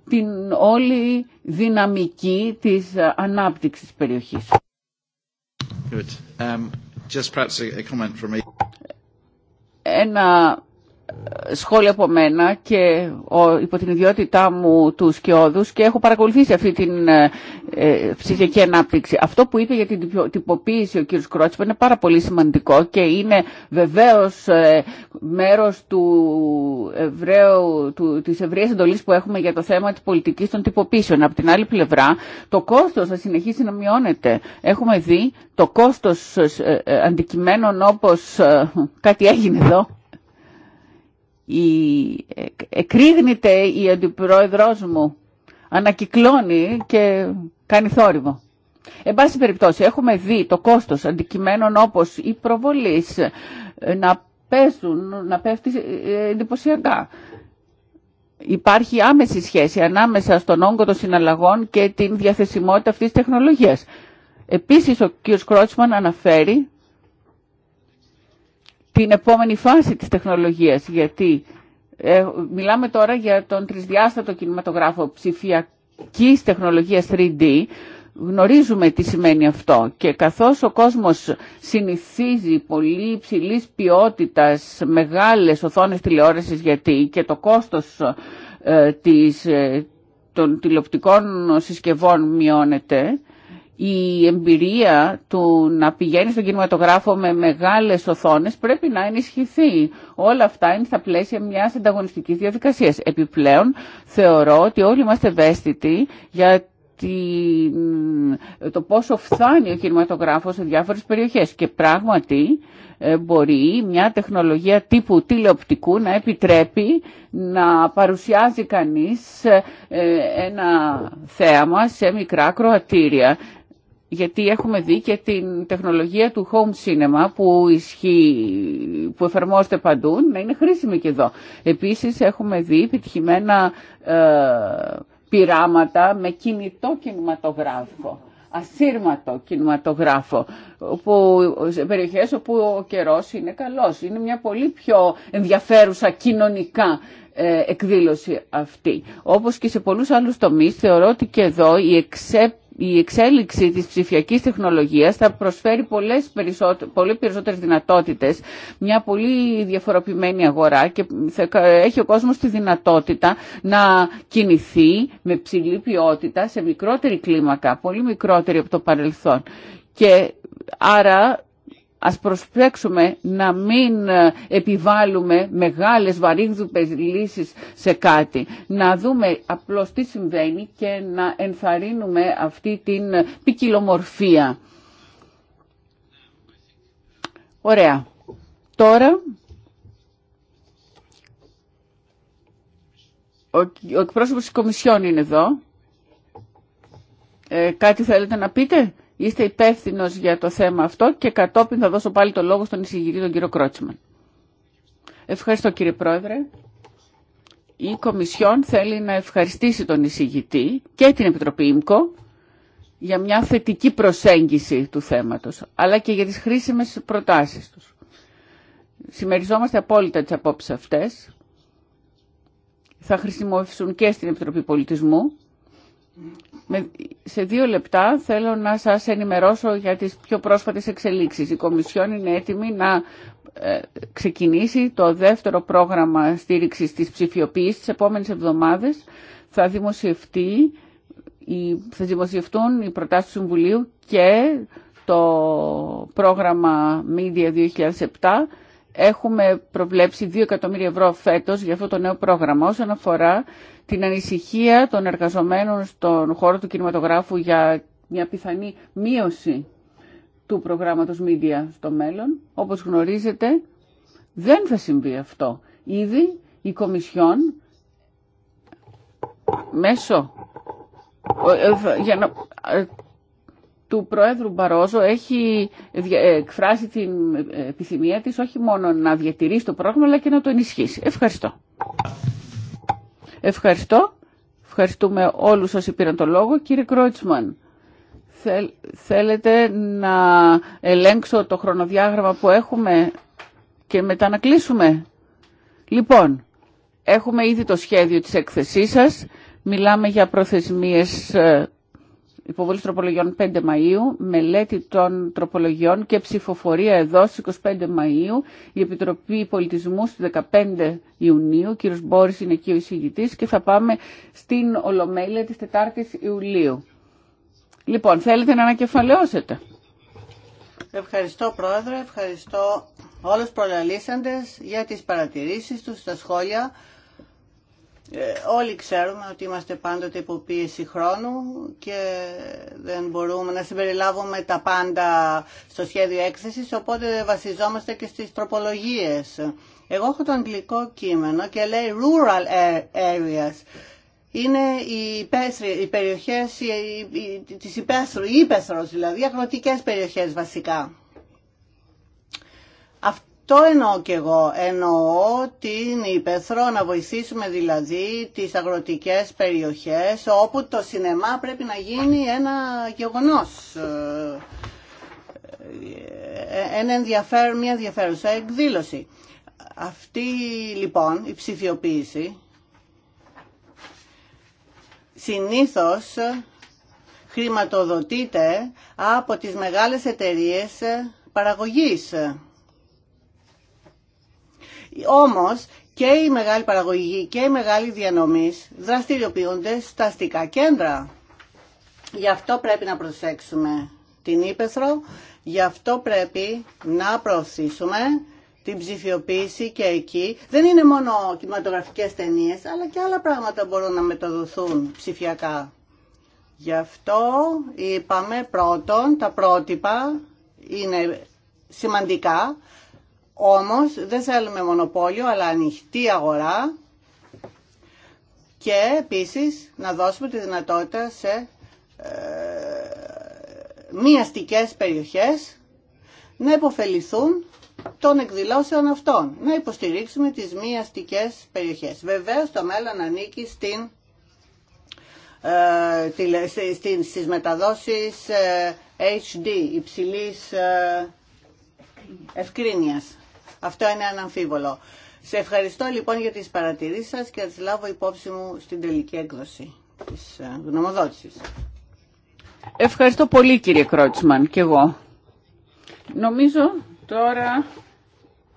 την όλη δυναμική της ανάπτυξης περιοχής σχόλια από μένα και υπό την ιδιότητά μου του σκιώδου και έχω παρακολουθήσει αυτή την ε, ε, ψυχική ανάπτυξη. Αυτό που είπε για την τυποποίηση ο κ. Κρότσπα είναι πάρα πολύ σημαντικό και είναι βεβαίως ε, μέρος του Εβραίου, του, της ευρείας εντολής που έχουμε για το θέμα της πολιτικής των τυποποίησεων. Από την άλλη πλευρά το κόστος θα συνεχίσει να μειώνεται. Έχουμε δει το κόστος ε, ε, αντικειμένων όπως κάτι έγινε εδώ η, ε, εκρήγνεται η αντιπρόεδρός μου, ανακυκλώνει και κάνει θόρυβο. Εν πάση περιπτώσει, έχουμε δει το κόστος αντικειμένων όπως η προβολής ε, να πέσουν, να πέφτει ε, εντυπωσιακά. Υπάρχει άμεση σχέση ανάμεσα στον όγκο των συναλλαγών και την διαθεσιμότητα αυτής της τεχνολογίας. Επίσης, ο κ. Κρότσμαν αναφέρει την επόμενη φάση της τεχνολογίας, γιατί ε, μιλάμε τώρα για τον τρισδιάστατο κινηματογράφο ψηφιακής τεχνολογίας 3D, γνωρίζουμε τι σημαίνει αυτό και καθώς ο κόσμος συνηθίζει πολύ υψηλή ποιότητας μεγάλες οθόνες τηλεόρασης γιατί και το κόστος ε, της, ε, των τηλεοπτικών συσκευών μειώνεται, η εμπειρία του να πηγαίνει στον κινηματογράφο με μεγάλες οθόνες πρέπει να ενισχυθεί. Όλα αυτά είναι στα πλαίσια μιας ανταγωνιστικής διαδικασίας. Επιπλέον θεωρώ ότι όλοι είμαστε ευαίσθητοι για το πόσο φθάνει ο κινηματογράφος σε διάφορες περιοχές και πράγματι ε, μπορεί μια τεχνολογία τύπου τηλεοπτικού να επιτρέπει να παρουσιάζει κανείς ε, ένα θέαμα σε μικρά κροατήρια γιατί έχουμε δει και την τεχνολογία του home cinema που ισχύει, που εφαρμόζεται παντού, να είναι χρήσιμη και εδώ. Επίσης έχουμε δει επιτυχημένα ε, πειράματα με κινητό κινηματογράφο, ασύρματο κινηματογράφο, όπου, περιοχές όπου ο καιρός είναι καλός. Είναι μια πολύ πιο ενδιαφέρουσα κοινωνικά ε, εκδήλωση αυτή. Όπως και σε πολλούς άλλους τομείς, θεωρώ ότι και εδώ η εξέπτωση η εξέλιξη της ψηφιακής τεχνολογίας θα προσφέρει πολλές πολύ περισσότερες δυνατότητες, μια πολύ διαφοροποιημένη αγορά και θα έχει ο κόσμος τη δυνατότητα να κινηθεί με ψηλή ποιότητα σε μικρότερη κλίμακα, πολύ μικρότερη από το παρελθόν. Και άρα Ας προσπέξουμε να μην ε, επιβάλλουμε μεγάλες βαρύγδουπες λύσεις σε κάτι. Να δούμε απλώς τι συμβαίνει και να ενθαρρύνουμε αυτή την ποικιλομορφία. Ωραία. Τώρα ο εκπρόσωπος της Κομισιόν είναι εδώ. Ε, κάτι θέλετε να πείτε είστε υπεύθυνο για το θέμα αυτό και κατόπιν θα δώσω πάλι το λόγο στον εισηγητή τον κύριο Κρότσμαν. Ευχαριστώ κύριε Πρόεδρε. Η Κομισιόν θέλει να ευχαριστήσει τον εισηγητή και την Επιτροπή ΙΜΚΟ για μια θετική προσέγγιση του θέματος, αλλά και για τις χρήσιμες προτάσεις τους. Συμμεριζόμαστε απόλυτα τις απόψεις αυτές. Θα χρησιμοποιηθούν και στην Επιτροπή Πολιτισμού σε δύο λεπτά θέλω να σας ενημερώσω για τις πιο πρόσφατες εξελίξεις. Η Κομισιόν είναι έτοιμη να ε, ξεκινήσει το δεύτερο πρόγραμμα στήριξης της ψηφιοποίησης τις επόμενες εβδομάδες. Θα, δημοσιευτεί, θα δημοσιευτούν οι προτάσεις του Συμβουλίου και το πρόγραμμα Media 2007 Έχουμε προβλέψει 2 εκατομμύρια ευρώ φέτος για αυτό το νέο πρόγραμμα. Όσον αφορά την ανησυχία των εργαζομένων στον χώρο του κινηματογράφου για μια πιθανή μείωση του προγράμματος Media στο μέλλον. Όπως γνωρίζετε, δεν θα συμβεί αυτό. Ήδη η Κομισιόν μέσω ε, ε, του Προέδρου Μπαρόζο έχει ε, εκφράσει την επιθυμία της όχι μόνο να διατηρήσει το πρόγραμμα αλλά και να το ενισχύσει. Ευχαριστώ. Ευχαριστώ. Ευχαριστούμε όλους όσοι πήραν το λόγο. Κύριε Κρότσμαν, θέλετε να ελέγξω το χρονοδιάγραμμα που έχουμε και μετά να κλείσουμε. Λοιπόν, έχουμε ήδη το σχέδιο της έκθεσής σας. Μιλάμε για προθεσμίες ε, Υποβολή τροπολογιών 5 Μαΐου, μελέτη των τροπολογιών και ψηφοφορία εδώ στις 25 Μαΐου, η Επιτροπή Πολιτισμού στις 15 Ιουνίου, ο κύριος Μπόρης είναι εκεί ο εισηγητής και θα πάμε στην Ολομέλεια της 4ης Ιουλίου. Λοιπόν, θέλετε να ανακεφαλαιώσετε. Ευχαριστώ Πρόεδρε, ευχαριστώ όλους προλαλήσαντες για τις παρατηρήσεις τους, στα σχόλια. Ε, όλοι ξέρουμε ότι είμαστε πάντοτε υποποίηση χρόνου και δεν μπορούμε να συμπεριλάβουμε τα πάντα στο σχέδιο έκθεσης, οπότε βασιζόμαστε και στις τροπολογίες. Εγώ έχω το αγγλικό κείμενο και λέει rural areas. Είναι οι, περιοχέ οι περιοχές οι, οι, της υπέστρου, οι ύπεθρος δηλαδή, αγροτικές περιοχές βασικά. Το εννοώ και εγώ. Εννοώ την υπεθρό να βοηθήσουμε δηλαδή τις αγροτικές περιοχές όπου το σινεμά πρέπει να γίνει ένα γεγονός. Ε, ένα ενδιαφέρον, μια ενδιαφέρουσα εκδήλωση. Αυτή λοιπόν η ψηφιοποίηση συνήθως χρηματοδοτείται από τις μεγάλες εταιρείες παραγωγής όμως και οι μεγάλοι παραγωγοί και οι μεγάλοι διανομή δραστηριοποιούνται στα αστικά κέντρα. Γι' αυτό πρέπει να προσέξουμε την Ήπεθρο, γι' αυτό πρέπει να προωθήσουμε την ψηφιοποίηση και εκεί. Δεν είναι μόνο κινηματογραφικές ταινίε, αλλά και άλλα πράγματα μπορούν να μεταδοθούν ψηφιακά. Γι' αυτό είπαμε πρώτον, τα πρότυπα είναι σημαντικά, όμως δεν θέλουμε μονοπόλιο, αλλά ανοιχτή αγορά και επίσης να δώσουμε τη δυνατότητα σε ε, μη περιοχές να υποφεληθούν των εκδηλώσεων αυτών, να υποστηρίξουμε τις μη αστικές περιοχές. Βεβαίως το μέλλον ανήκει στην, ε, στις μεταδόσεις ε, HD, υψηλής ε, ευκρίνειας. Αυτό είναι αναμφίβολο. Σε ευχαριστώ λοιπόν για τις παρατηρήσεις σας και θα τις λάβω υπόψη μου στην τελική έκδοση της ε, γνωμοδότησης. Ευχαριστώ πολύ κύριε Κρότσμαν και εγώ. Νομίζω τώρα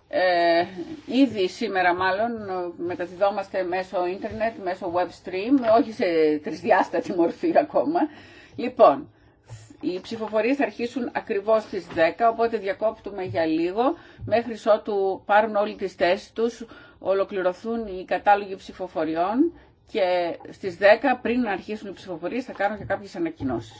ε, ήδη σήμερα μάλλον μεταδιδόμαστε μέσω ίντερνετ, μέσω web stream, όχι σε τρισδιάστατη μορφή ακόμα. Λοιπόν, οι ψηφοφορίες θα αρχίσουν ακριβώς στις 10, οπότε διακόπτουμε για λίγο, μέχρι ότου πάρουν όλοι τις θέσεις τους, ολοκληρωθούν οι κατάλογοι ψηφοφοριών και στις 10 πριν να αρχίσουν οι ψηφοφορίες θα κάνω και κάποιες ανακοινώσεις.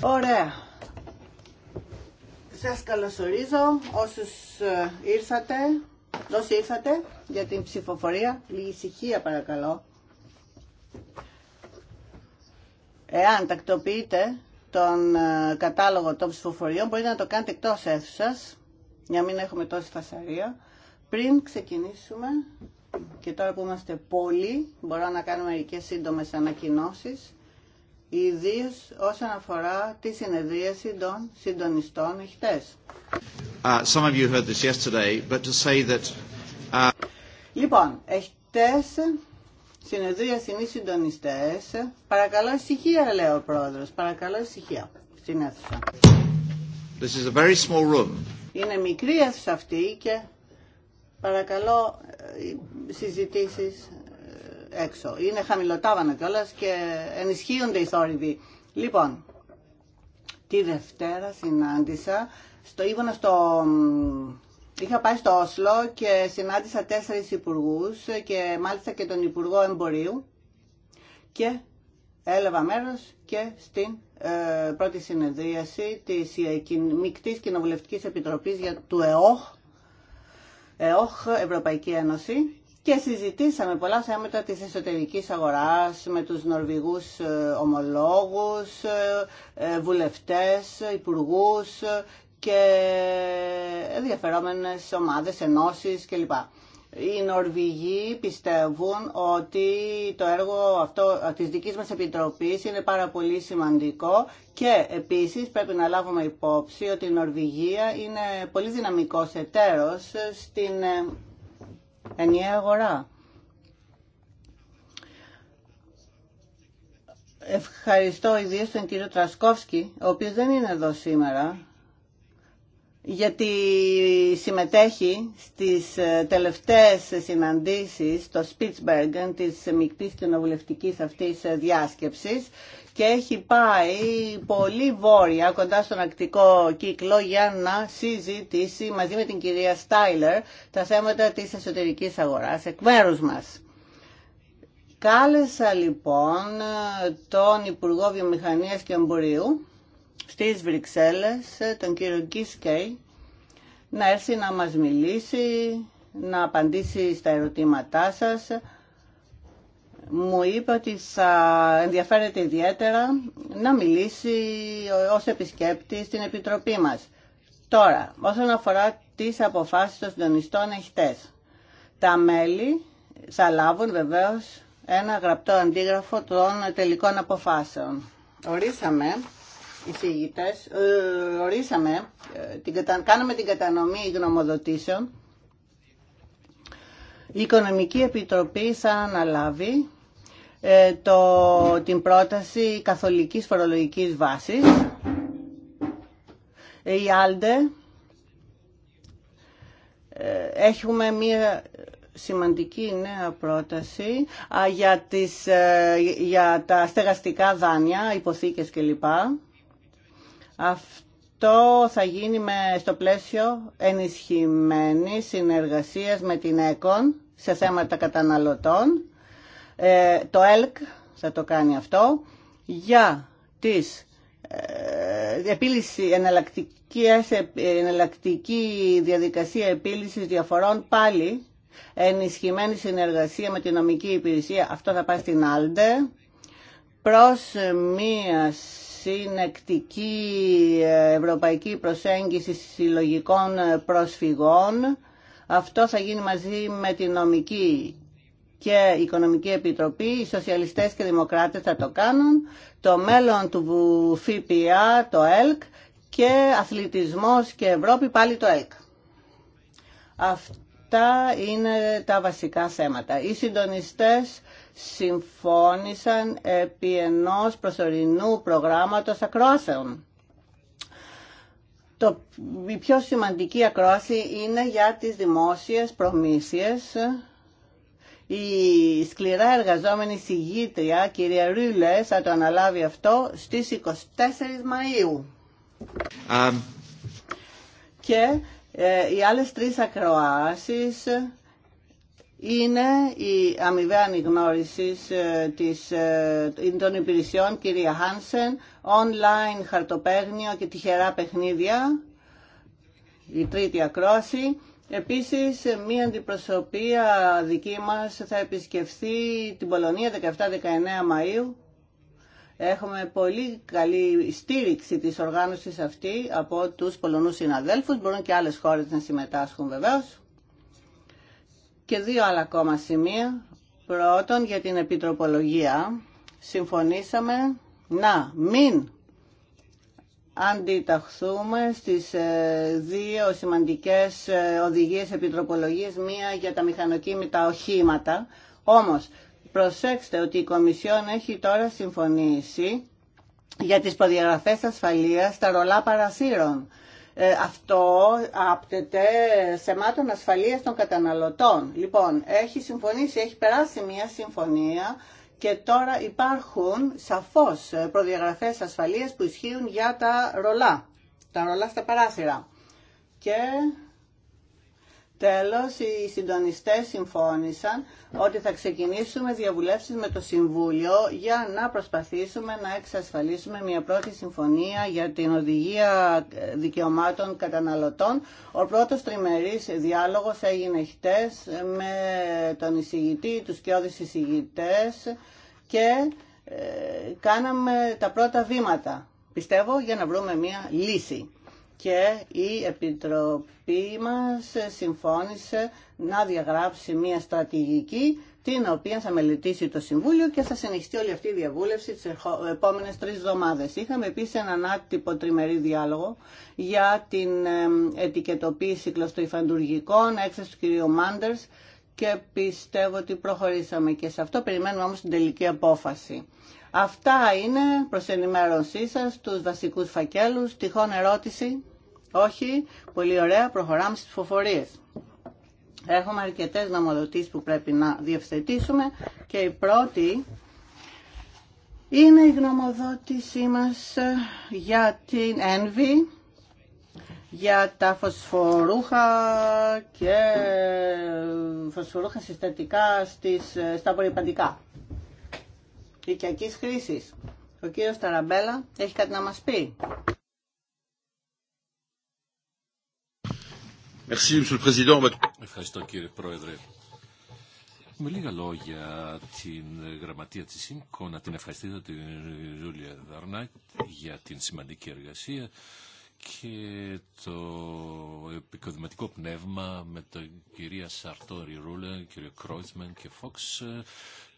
Ωραία. Σας καλωσορίζω όσους ε, ήρθατε, όσοι ήρθατε για την ψηφοφορία. Λίγη ησυχία παρακαλώ. Εάν τακτοποιείτε τον ε, κατάλογο των ψηφοφοριών, μπορείτε να το κάνετε εκτό αίθουσας, για να μην έχουμε τόση φασαρία, πριν ξεκινήσουμε και τώρα που είμαστε πολλοί, μπορώ να κάνω μερικέ σύντομε ανακοινώσει, ιδίω όσον αφορά τη συνεδρίαση των συντονιστών εχθέ. Uh, Λοιπόν, εχθέ συνεδρίαση οι συντονιστέ. Παρακαλώ ησυχία, λέει ο πρόεδρο. Παρακαλώ ησυχία στην αίθουσα. This is a very small room. Είναι μικρή αίθουσα αυτή και Παρακαλώ ε, συζητήσεις ε, έξω. Είναι χαμηλοτάβανα κιόλα και ενισχύονται οι θόρυβοι. Λοιπόν, τη Δευτέρα συνάντησα, στο, ήμουνα στο, είχα πάει στο Όσλο και συνάντησα τέσσερις υπουργούς και μάλιστα και τον Υπουργό Εμπορίου και έλαβα μέρος και στην ε, πρώτη συνεδρίαση της Μικτής Κοινοβουλευτικής Επιτροπής για, του ΕΟΧ ΕΟΧ, Ευρωπαϊκή Ένωση, και συζητήσαμε πολλά θέματα της εσωτερικής αγοράς με τους νορβηγούς ε, ομολόγους, ε, ε, βουλευτές, υπουργούς και ενδιαφερόμενες ομάδες, ενώσεις κλπ οι Νορβηγοί πιστεύουν ότι το έργο αυτό της δικής μας Επιτροπής είναι πάρα πολύ σημαντικό και επίσης πρέπει να λάβουμε υπόψη ότι η Νορβηγία είναι πολύ δυναμικός εταίρος στην ε, ενιαία αγορά. Ευχαριστώ ιδίως τον κύριο Τρασκόφσκι, ο οποίος δεν είναι εδώ σήμερα γιατί συμμετέχει στις ε, τελευταίες συναντήσεις στο Spitzbergen της μικτής κοινοβουλευτικής αυτής ε, διάσκεψης και έχει πάει πολύ βόρεια κοντά στον ακτικό κύκλο για να συζητήσει μαζί με την κυρία Στάιλερ τα θέματα της εσωτερικής αγοράς εκ μέρους μας. Κάλεσα λοιπόν ε, τον Υπουργό Βιομηχανίας και Εμπορίου στις Βρυξέλλες ε, τον κύριο Γκίσκεϊ να έρθει να μας μιλήσει, να απαντήσει στα ερωτήματά σας. Μου είπε ότι θα ενδιαφέρεται ιδιαίτερα να μιλήσει ως επισκέπτη στην Επιτροπή μας. Τώρα, όσον αφορά τις αποφάσεις των συντονιστών εχθές, τα μέλη θα λάβουν βεβαίως ένα γραπτό αντίγραφο των τελικών αποφάσεων. Ορίσαμε εισηγητές ε, ορίσαμε, ε, κάναμε την κατανομή γνωμοδοτήσεων. Η Οικονομική Επιτροπή θα αναλάβει ε, το, την πρόταση καθολικής φορολογικής βάσης. Η Άλντε έχουμε μία σημαντική νέα πρόταση για, τις, για τα στεγαστικά δάνεια, υποθήκες κλπ. Αυτό θα γίνει με, στο πλαίσιο ενισχυμένη συνεργασίας με την ΕΚΟΝ σε θέματα καταναλωτών. Ε, το ΕΛΚ θα το κάνει αυτό για τις ε, επίλυση εναλλακτική, διαδικασία επίλυσης διαφορών πάλι ενισχυμένη συνεργασία με την νομική υπηρεσία. Αυτό θα πάει στην Άλντε προς μίας συνεκτική ευρωπαϊκή προσέγγιση συλλογικών προσφυγών. Αυτό θα γίνει μαζί με την νομική και Οικονομική Επιτροπή, οι σοσιαλιστές και οι δημοκράτες θα το κάνουν, το μέλλον του ΦΠΑ, το ΕΛΚ και αθλητισμός και Ευρώπη πάλι το ΕΛΚ. Αυτά είναι τα βασικά θέματα. Οι συντονιστές συμφώνησαν επί ενός προσωρινού προγράμματος ακρόασεων. Το, η πιο σημαντική ακρόαση είναι για τις δημόσιες προμήθειες. Η σκληρά εργαζόμενη συγγήτρια, κυρία Ρούλε, θα το αναλάβει αυτό στις 24 Μαΐου. Και ε, οι άλλες τρεις ακροάσεις είναι η αμοιβαία αναγνώριση ε, ε, των υπηρεσιών κυρία Χάνσεν, online χαρτοπέγνιο και τυχερά παιχνίδια, η τρίτη ακρόση. Επίσης, μία αντιπροσωπεία δική μας θα επισκεφθεί την Πολωνία 17-19 Μαΐου. Έχουμε πολύ καλή στήριξη της οργάνωσης αυτή από τους Πολωνούς συναδέλφους. Μπορούν και άλλες χώρες να συμμετάσχουν βεβαίως και δύο άλλα ακόμα σημεία. Πρώτον, για την επιτροπολογία συμφωνήσαμε να μην αντιταχθούμε στις ε, δύο σημαντικές ε, οδηγίες επιτροπολογίας, μία για τα μηχανοκίνητα οχήματα. Όμως, προσέξτε ότι η Κομισιόν έχει τώρα συμφωνήσει για τις προδιαγραφές ασφαλείας στα ρολά παρασύρων. Ε, αυτό άπτεται σεμάτων ασφαλείας των καταναλωτών. Λοιπόν, έχει συμφωνήσει, έχει περάσει μια συμφωνία και τώρα υπάρχουν σαφώς προδιαγραφές ασφαλείας που ισχύουν για τα ρολά, τα ρολά στα παράθυρα. Και Τέλος, οι συντονιστές συμφώνησαν ότι θα ξεκινήσουμε διαβουλεύσεις με το Συμβούλιο για να προσπαθήσουμε να εξασφαλίσουμε μια πρώτη συμφωνία για την οδηγία δικαιωμάτων καταναλωτών. Ο πρώτος τριμερής διάλογος έγινε χτες με τον εισηγητή, τους κοιόδης εισηγητές και ε, κάναμε τα πρώτα βήματα, πιστεύω, για να βρούμε μια λύση και η Επιτροπή μας συμφώνησε να διαγράψει μια στρατηγική την οποία θα μελετήσει το Συμβούλιο και θα συνεχιστεί όλη αυτή η διαβούλευση τις επόμενες τρεις εβδομάδες. Είχαμε επίσης έναν άτυπο τριμερή διάλογο για την ετικετοποίηση κλωστοϊφαντουργικών, έξεση του κ. Μάντερς και πιστεύω ότι προχωρήσαμε και σε αυτό. Περιμένουμε όμως την τελική απόφαση. Αυτά είναι προς ενημέρωσή σας τους βασικούς φακέλους. Τυχόν ερώτηση. Όχι. Πολύ ωραία. Προχωράμε στις ψηφοφορίε. Έχουμε αρκετές νομοδοτήσεις που πρέπει να διευθετήσουμε και η πρώτη είναι η γνωμοδότησή μας για την ένβη, για τα φωσφορούχα και φωσφορούχα συστατικά στις, στα πολυπαντικά οικιακής χρήσης. Ο κύριος Ταραμπέλα έχει κάτι να μας πει. Ευχαριστώ κύριε Πρόεδρε. Με λίγα λόγια την γραμματεία της ΣΥΜΚΟ να την ευχαριστήσω την Ζούλια Δαρνάκ για την σημαντική εργασία και το επικοδηματικό πνεύμα με τον κυρία Σαρτόρι Ρούλε, κύριο Κρόιτσμεν και Φόξ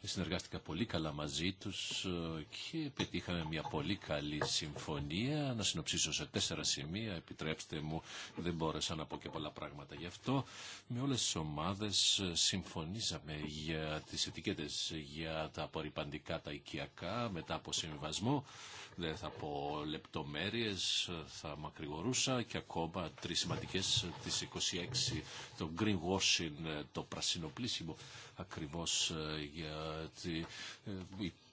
ε, συνεργάστηκα πολύ καλά μαζί τους ε, και πετύχαμε μια πολύ καλή συμφωνία. Να συνοψίσω σε τέσσερα σημεία, επιτρέψτε μου, δεν μπόρεσα να πω και πολλά πράγματα γι' αυτό. Με όλες τις ομάδες ε, συμφωνήσαμε για τις ετικέτες για τα απορριπαντικά, τα οικιακά, μετά από συμβασμό δεν ναι, θα πω λεπτομέρειες, θα μακρηγορούσα και ακόμα τρεις σημαντικές της 26, το greenwashing, το πρασινοπλήσιμο, ακριβώς ε, γιατί ε,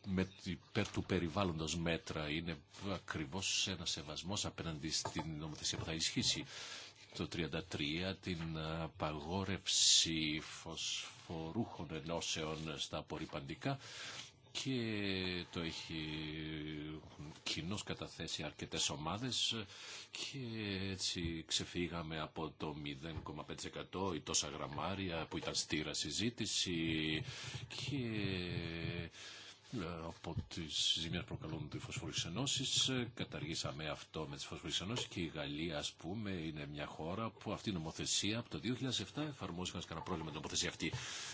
με, υπέρ του περιβάλλοντος μέτρα είναι ακριβώς ένα σεβασμός απέναντι στην νομοθεσία που θα ισχύσει το 33 την απαγόρευση φωσφορούχων ενώσεων στα απορριπαντικά και το έχει κοινώ καταθέσει αρκετές ομάδες και έτσι ξεφύγαμε από το 0,5% ή τόσα γραμμάρια που ήταν στήρα συζήτηση και ε, από τις ζημίες προκαλούνται οι φωσφορικέ ενώσει. Ε, καταργήσαμε αυτό με τις φωσφορικέ ενώσει και η Γαλλία, α πούμε, είναι μια χώρα που αυτή η νομοθεσία από το 2007 εφαρμόστηκαν κανένα πρόβλημα με την νομοθεσία αυτή.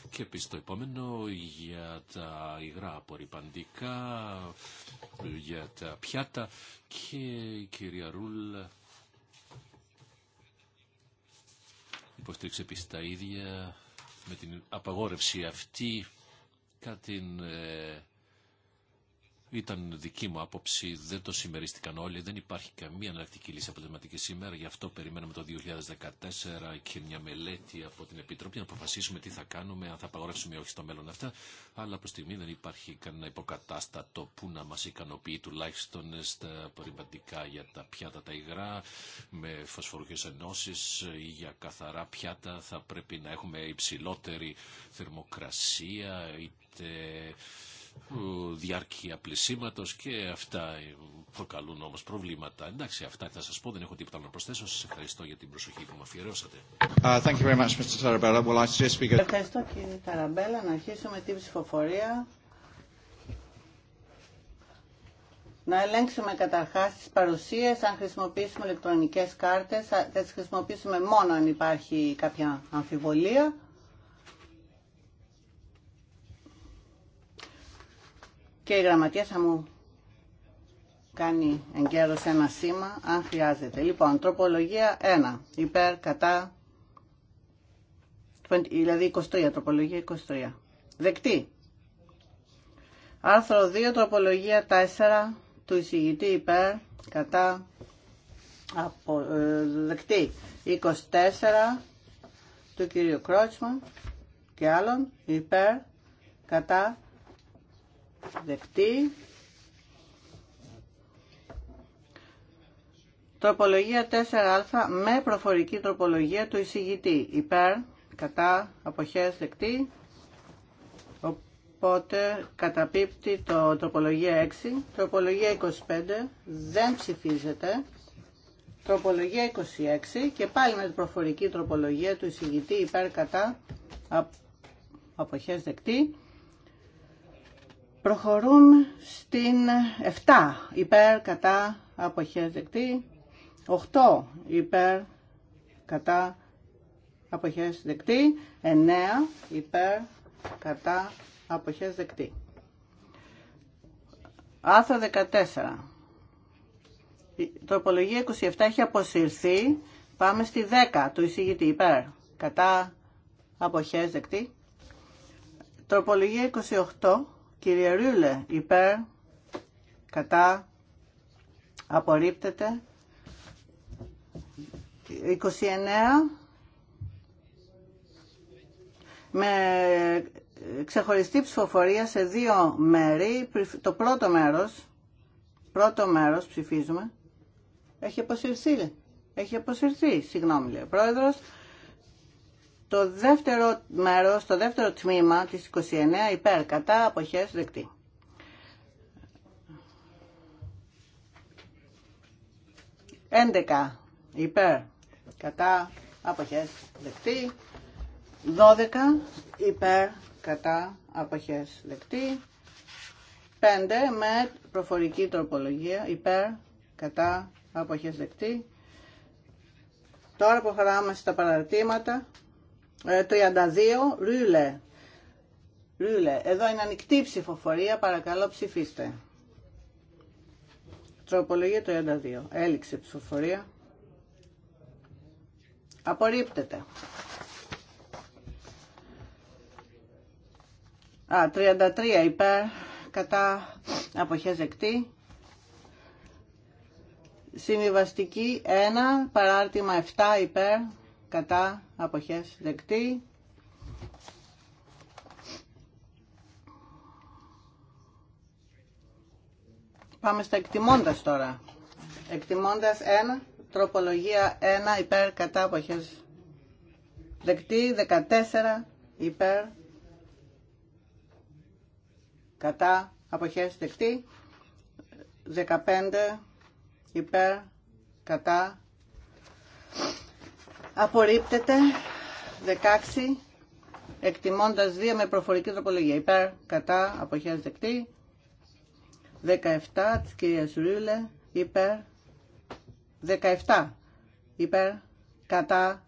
Και επίση το επόμενο για τα υγρά απορριπαντικά, για τα πιάτα και η κυρία Ρούλ υποστήριξε επίση τα ίδια με την απαγόρευση αυτή κατά την ε, ήταν δική μου άποψη, δεν το συμμερίστηκαν όλοι, δεν υπάρχει καμία εναλλακτική λύση αποτελεσματική σήμερα, γι' αυτό περιμένουμε το 2014 και μια μελέτη από την Επιτροπή να αποφασίσουμε τι θα κάνουμε, αν θα απαγορεύσουμε ή όχι στο μέλλον αυτά, αλλά προ στιγμή δεν υπάρχει κανένα υποκατάστατο που να μα ικανοποιεί τουλάχιστον στα απορριμπαντικά για τα πιάτα τα υγρά, με φωσφορικέ ενώσει ή για καθαρά πιάτα θα πρέπει να έχουμε υψηλότερη θερμοκρασία, είτε διάρκεια πλησίματο και αυτά προκαλούν όμω προβλήματα. Εντάξει, αυτά θα σα πω, δεν έχω τίποτα να προσθέσω. Σα ευχαριστώ για την προσοχή που μου αφιερώσατε. Ευχαριστώ κύριε Ταραμπέλα. Να αρχίσουμε την ψηφοφορία. Να ελέγξουμε καταρχά τι παρουσίες, αν χρησιμοποιήσουμε ηλεκτρονικέ κάρτε. θα τι χρησιμοποιήσουμε μόνο αν υπάρχει κάποια αμφιβολία. και η γραμματεία θα μου κάνει εγκαίρως ένα σήμα αν χρειάζεται. Λοιπόν, τροπολογία 1. Υπέρ, κατά, δηλαδή 23, τροπολογία 23. Δεκτή. Άρθρο 2, τροπολογία 4 του εισηγητή υπέρ, κατά, απο, ε, δεκτή. 24 του κυρίου Κρότσμαν και άλλων υπέρ, κατά, δεκτή. Τροπολογία 4α με προφορική τροπολογία του εισηγητή. Υπέρ, κατά, αποχές, δεκτή. Οπότε καταπίπτει το τροπολογία 6. Τροπολογία 25 δεν ψηφίζεται. Τροπολογία 26 και πάλι με την προφορική τροπολογία του εισηγητή υπέρ κατά αποχές δεκτή. Προχωρούμε στην 7 υπέρ κατά αποχές δεκτή, 8 υπέρ κατά αποχές δεκτή, 9 υπέρ κατά αποχές δεκτή. 14. Η τροπολογία 27 έχει αποσυρθεί. Πάμε στη 10 του εισηγητή υπέρ. Κατά αποχές δεκτή. Τροπολογία 28 Κύριε Ρούλε, υπέρ, κατά, απορρίπτεται. 29 με ξεχωριστή ψηφοφορία σε δύο μέρη. Το πρώτο μέρος, πρώτο μέρος ψηφίζουμε. Έχει αποσυρθεί, έχει αποσυρθεί, συγγνώμη λέει ο πρόεδρος. Το δεύτερο μέρος, το δεύτερο τμήμα της 29 υπέρ κατά αποχές δεκτή. 11 υπέρ κατά αποχές δεκτή. 12 υπέρ κατά αποχές δεκτή. 5 με προφορική τροπολογία υπέρ κατά αποχές δεκτή. Τώρα προχωράμε στα παραρτήματα. 32 ε, Ρούλε. Ρούλε. Εδώ είναι ανοιχτή ψηφοφορία. Παρακαλώ ψηφίστε. Τροπολογία 32. Έληξε ψηφοφορία. Απορρίπτεται. Α, 33 υπέρ. Κατά αποχές εκτή. Συμβιβαστική 1. Παράρτημα 7 υπέρ κατά, αποχές, δεκτή. Πάμε στα εκτιμώντας τώρα. Εκτιμώντας 1, τροπολογία 1, υπέρ, κατά, αποχές, δεκτή. 14, υπέρ, κατά, αποχές, δεκτή. 15, υπέρ, κατά, Απορρίπτεται 16 εκτιμώντας 2 με προφορική τροπολογία. Υπέρ, κατά, αποχές δεκτή. 17 της κυρίας Ρούλε, υπέρ. 17 υπέρ, κατά,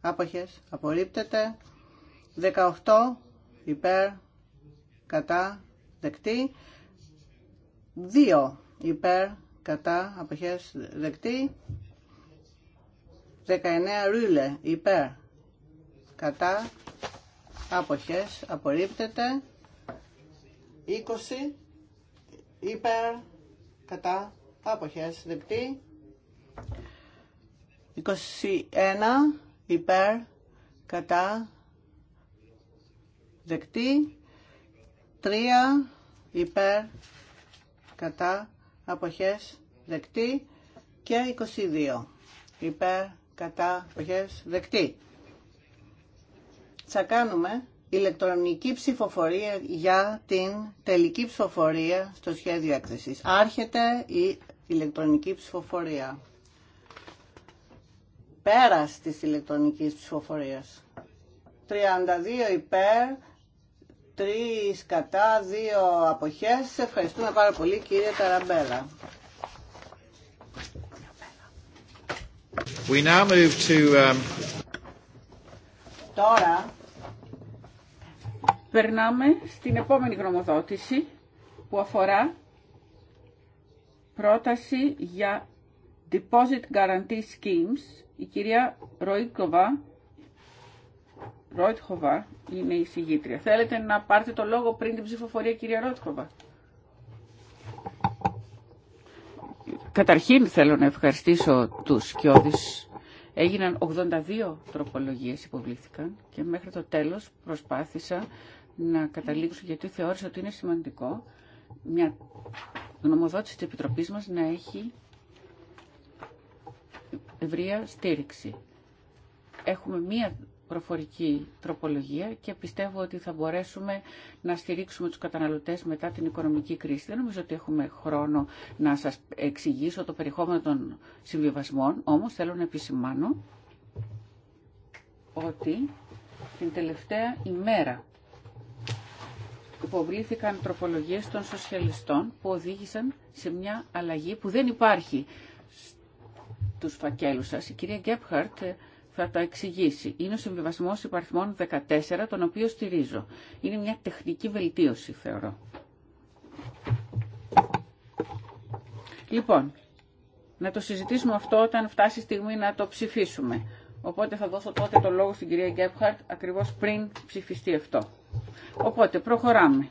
άποχες, απορρίπτεται. 18 υπέρ, κατά, δεκτή. 2 υπέρ, κατά, αποχές, δεκτή. 19 ρούλε υπέρ κατά αποχές απορρίπτεται 20 υπέρ κατά αποχές δεκτή 21 υπέρ κατά δεκτή 3 υπέρ κατά αποχές δεκτή και 22 υπέρ κατά, αποχές, δεκτή. Θα κάνουμε ηλεκτρονική ψηφοφορία για την τελική ψηφοφορία στο σχέδιο έκθεση. Άρχεται η ηλεκτρονική ψηφοφορία. Πέρας της ηλεκτρονικής ψηφοφορίας. 32 υπέρ, 3 κατά, 2 αποχές. Ευχαριστούμε πάρα πολύ κύριε Ταραμπέλα. Um, Τώρα περνάμε στην επόμενη γνωμοδότηση που αφορά πρόταση για Deposit Guarantee Schemes. Η κυρία Ροϊκοβά Ρόιτχοβα είναι η συγγήτρια. Θέλετε να πάρετε το λόγο πριν την ψηφοφορία, κυρία Ρόιτχοβα. Καταρχήν θέλω να ευχαριστήσω τους σκιώδης. Έγιναν 82 τροπολογίες υποβλήθηκαν και μέχρι το τέλος προσπάθησα να καταλήξω γιατί θεώρησα ότι είναι σημαντικό μια γνωμοδότηση της Επιτροπής μας να έχει ευρεία στήριξη. Έχουμε μία προφορική τροπολογία και πιστεύω ότι θα μπορέσουμε να στηρίξουμε τους καταναλωτές μετά την οικονομική κρίση. Δεν νομίζω ότι έχουμε χρόνο να σας εξηγήσω το περιεχόμενο των συμβιβασμών, όμως θέλω να επισημάνω ότι την τελευταία ημέρα υποβλήθηκαν τροπολογίες των σοσιαλιστών που οδήγησαν σε μια αλλαγή που δεν υπάρχει τους φακέλους σας. Η κυρία Γκέπχαρτ θα τα εξηγήσει. Είναι ο συμβιβασμό υπαριθμών 14, τον οποίο στηρίζω. Είναι μια τεχνική βελτίωση, θεωρώ. Λοιπόν, να το συζητήσουμε αυτό όταν φτάσει η στιγμή να το ψηφίσουμε. Οπότε θα δώσω τότε το λόγο στην κυρία Γκέπχαρτ ακριβώς πριν ψηφιστεί αυτό. Οπότε προχωράμε.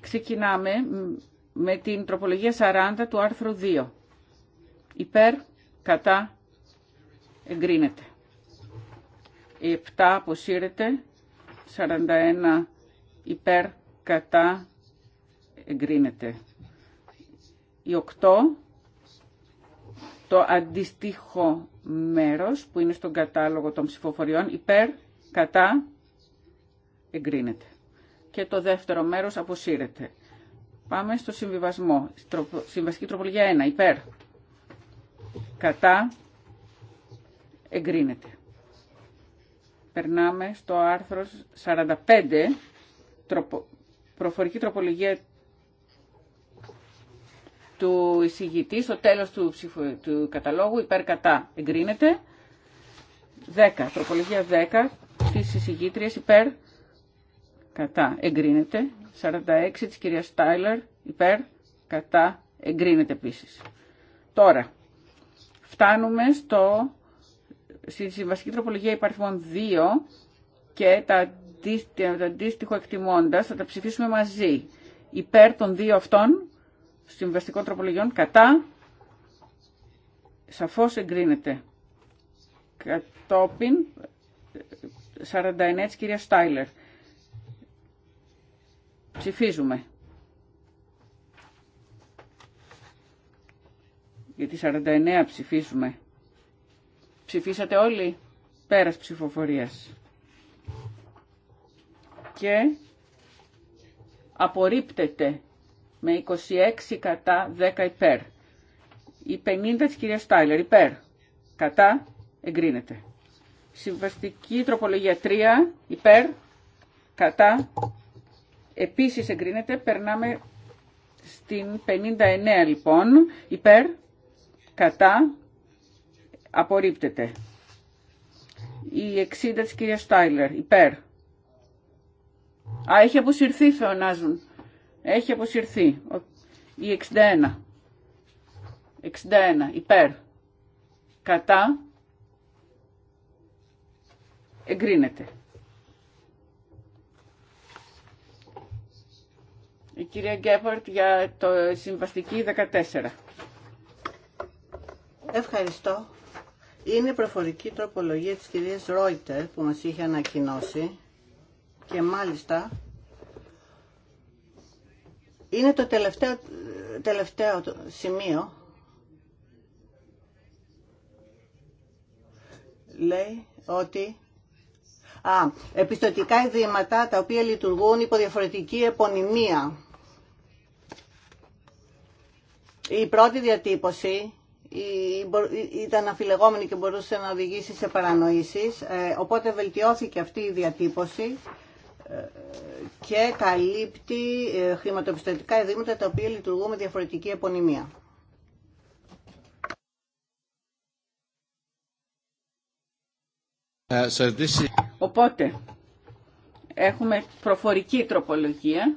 Ξεκινάμε με την τροπολογία 40 του άρθρου 2. Υπέρ, κατά, εγκρίνεται. Η 7 αποσύρεται, 41 υπέρ κατά εγκρίνεται. Η 8 το αντιστοίχο μέρος που είναι στον κατάλογο των ψηφοφοριών υπέρ κατά εγκρίνεται. Και το δεύτερο μέρος αποσύρεται. Πάμε στο συμβιβασμό. Συμβαστική τροπολογία 1. Υπέρ. Κατά εγκρίνεται. Περνάμε στο άρθρο 45, τροπο, προφορική τροπολογία του εισηγητή στο τέλος του, ψηφου, του καταλόγου υπέρ κατά εγκρίνεται. 10, τροπολογία 10 της εισηγήτριας υπέρ κατά εγκρίνεται. 46 της κυρίας Στάιλερ υπέρ κατά εγκρίνεται επίσης. Τώρα φτάνουμε στο στη συμβαστική τροπολογία υπάρχουν 2 και τα αντίστοιχο εκτιμώντα θα τα ψηφίσουμε μαζί. Υπέρ των δύο αυτών συμβαστικών τροπολογιών κατά σαφώς εγκρίνεται. Κατόπιν 49 της κυρία Στάιλερ. Ψηφίζουμε. Γιατί 49 ψηφίζουμε. Ψηφίσατε όλοι πέρας ψηφοφορίας. Και απορρίπτεται με 26 κατά 10 υπέρ. Η 50 της κυρίας Στάιλερ υπέρ. Κατά εγκρίνεται. Συμβαστική τροπολογία 3 υπέρ. Κατά επίσης εγκρίνεται. Περνάμε στην 59 λοιπόν υπέρ. Κατά Απορρίπτεται. Η 60 της κυρίας Στάιλερ. Υπέρ. Α, έχει αποσυρθεί φεωνάζουν. Έχει αποσυρθεί. Η 61. 61. Υπέρ. Κατά. Εγκρίνεται. Η κυρία Γκέπαρτ για το συμβαστική 14. Ευχαριστώ είναι προφορική τροπολογία της κυρίας Ρόιτερ που μας είχε ανακοινώσει και μάλιστα είναι το τελευταίο, τελευταίο σημείο λέει ότι α, επιστοτικά ιδρύματα τα οποία λειτουργούν υπό διαφορετική επωνυμία. Η πρώτη διατύπωση ήταν αφιλεγόμενη και μπορούσε να οδηγήσει σε παρανοήσεις. Ε, οπότε βελτιώθηκε αυτή η διατύπωση ε, και καλύπτει ε, χρηματοπιστωτικά ειδήματα τα οποία λειτουργούν με διαφορετική επωνυμία. Οπότε, έχουμε προφορική τροπολογία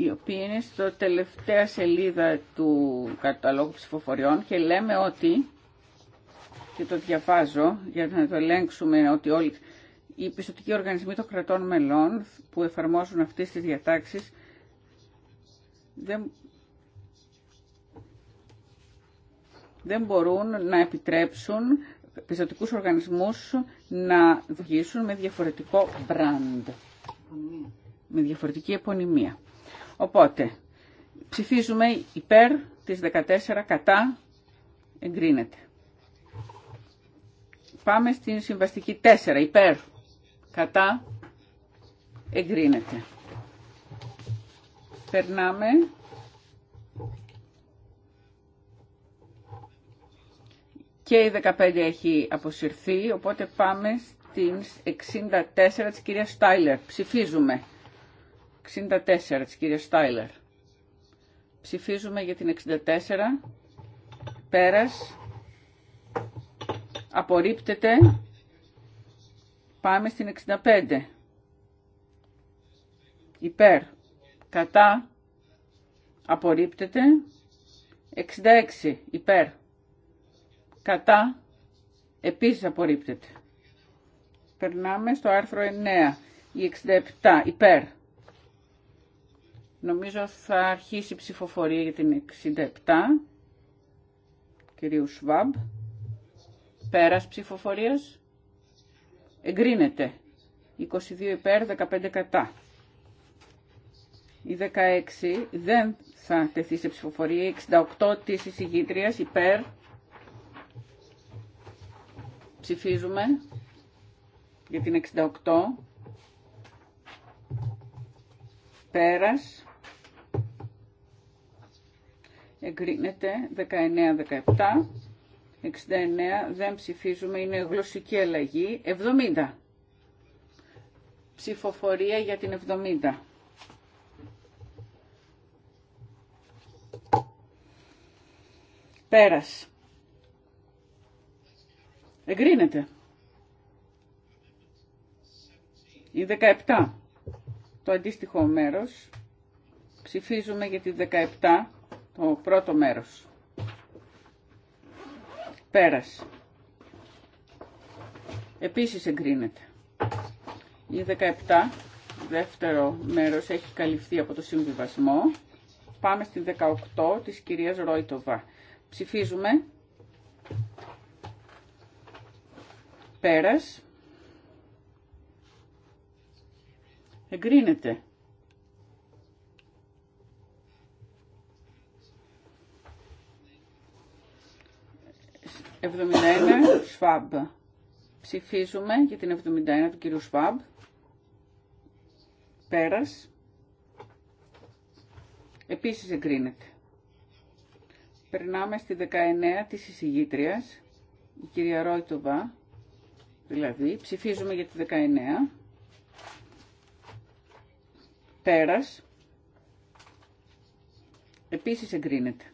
η οποία είναι στο τελευταία σελίδα του καταλόγου ψηφοφοριών και λέμε ότι, και το διαβάζω για να το ελέγξουμε ότι όλοι οι πιστοτικοί οργανισμοί των κρατών μελών που εφαρμόζουν αυτές τις διατάξεις δεν, δεν μπορούν να επιτρέψουν πιστοτικούς οργανισμούς να βγήσουν με διαφορετικό brand, με διαφορετική επωνυμία. Οπότε, ψηφίζουμε υπέρ της 14 κατά εγκρίνεται. Πάμε στην συμβαστική 4 υπέρ κατά εγκρίνεται. Περνάμε και η 15 έχει αποσυρθεί, οπότε πάμε στην 64 της κυρίας Στάιλερ. Ψηφίζουμε. 64 της κυρίας Στάιλερ. Ψηφίζουμε για την 64. Πέρας. Απορρίπτεται. Πάμε στην 65. Υπέρ. Κατά. Απορρίπτεται. 66. Υπέρ. Κατά. Επίσης απορρίπτεται. Περνάμε στο άρθρο 9. Η 67. Υπέρ Νομίζω θα αρχίσει η ψηφοφορία για την 67 κυρίου Σβάμπ. Πέρας ψηφοφορίας. Εγκρίνεται. 22 υπέρ, 15 κατά. Η 16 δεν θα τεθεί σε ψηφοφορία. Η 68 της εισηγήτριας υπέρ. Ψηφίζουμε για την 68. Πέρας εγκρίνεται 19-17. 69 δεν ψηφίζουμε, είναι γλωσσική αλλαγή. 70. Ψηφοφορία για την 70. Πέρας. Εγκρίνεται. Η 17. Το αντίστοιχο μέρος. Ψηφίζουμε για τη 17 ο πρώτο μέρος. Πέρας. Επίσης εγκρίνεται. Η 17, δεύτερο μέρος, έχει καλυφθεί από το συμβιβασμό. Πάμε στη 18 της κυρίας Ρόιτοβα. Ψηφίζουμε. Πέρας. Εγκρίνεται. 71 Σφάμπ. Ψηφίζουμε για την 71 του κύριου Σφάμπ. Πέρας. Επίσης εγκρίνεται. Περνάμε στη 19 της εισηγήτριας, η κυρία Ρόιτοβα, δηλαδή, ψηφίζουμε για τη 19. Πέρας. Επίσης εγκρίνεται.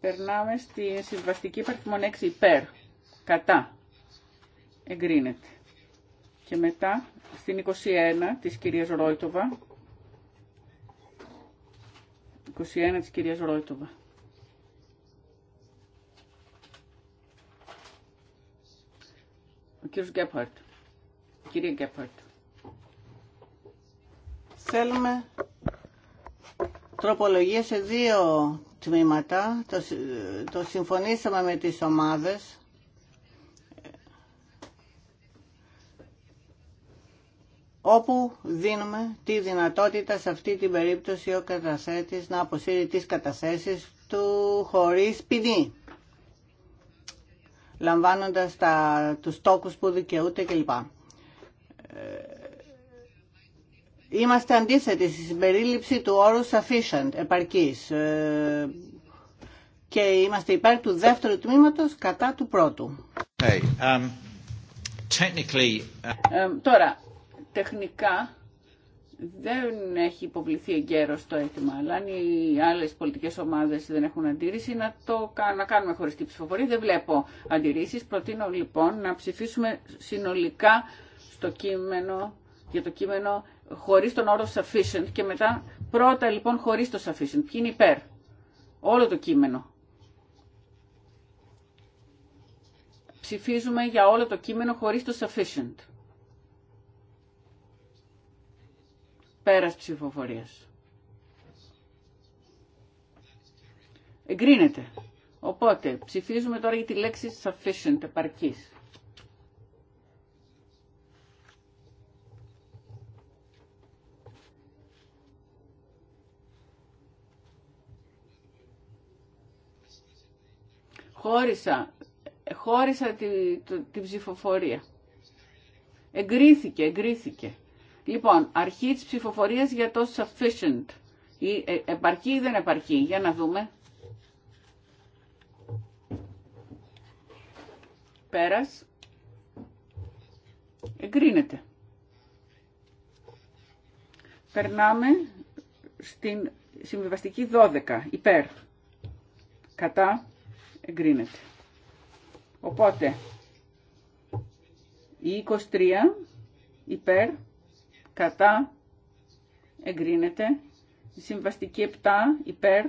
Περνάμε στη συμβαστική υπαρχημόν υπέρ. Κατά. Εγκρίνεται. Και μετά στην 21 της κυρίας Ρόιτοβα. 21 της κυρίας Ρόιτοβα. Ο κύριος Γκέπαρτ. Κυρία Γκέπαρτ. Θέλουμε τροπολογία σε δύο τμήματα, το, το συμφωνήσαμε με τις ομάδες. όπου δίνουμε τη δυνατότητα σε αυτή την περίπτωση ο καταθέτης να αποσύρει τις καταθέσεις του χωρίς ποινή, λαμβάνοντας τα, τους τόκους που δικαιούται κλπ. Είμαστε αντίθετοι στη συμπερίληψη του όρου sufficient, επαρκής. Ε, και είμαστε υπέρ του δεύτερου τμήματος κατά του πρώτου. Um, uh, ε, τώρα, τεχνικά δεν έχει υποβληθεί εγκαίρο το αίτημα, αλλά αν οι άλλε πολιτικέ ομάδε δεν έχουν αντίρρηση, να το να κάνουμε χωριστή ψηφοφορία. Δεν βλέπω αντιρρήσει. Προτείνω λοιπόν να ψηφίσουμε συνολικά στο για το κείμενο χωρίς τον όρο sufficient και μετά πρώτα λοιπόν χωρίς το sufficient. Ποιοι είναι υπέρ. Όλο το κείμενο. Ψηφίζουμε για όλο το κείμενο χωρίς το sufficient. Πέρας ψηφοφορίας. Εγκρίνεται. Οπότε ψηφίζουμε τώρα για τη λέξη sufficient, επαρκής. Χώρισα, χώρισα τη, ψηφοφορία. Εγκρίθηκε, εγκρίθηκε. Λοιπόν, αρχή της ψηφοφορίας για το sufficient. Ή, ε, επαρκεί ή δεν επαρκεί. Για να δούμε. Πέρας. Εγκρίνεται. Περνάμε στην συμβιβαστική 12. Υπέρ. Κατά εγκρίνεται. Οπότε, η 23 υπέρ, κατά, εγκρίνεται. Η συμβαστική 7 υπέρ,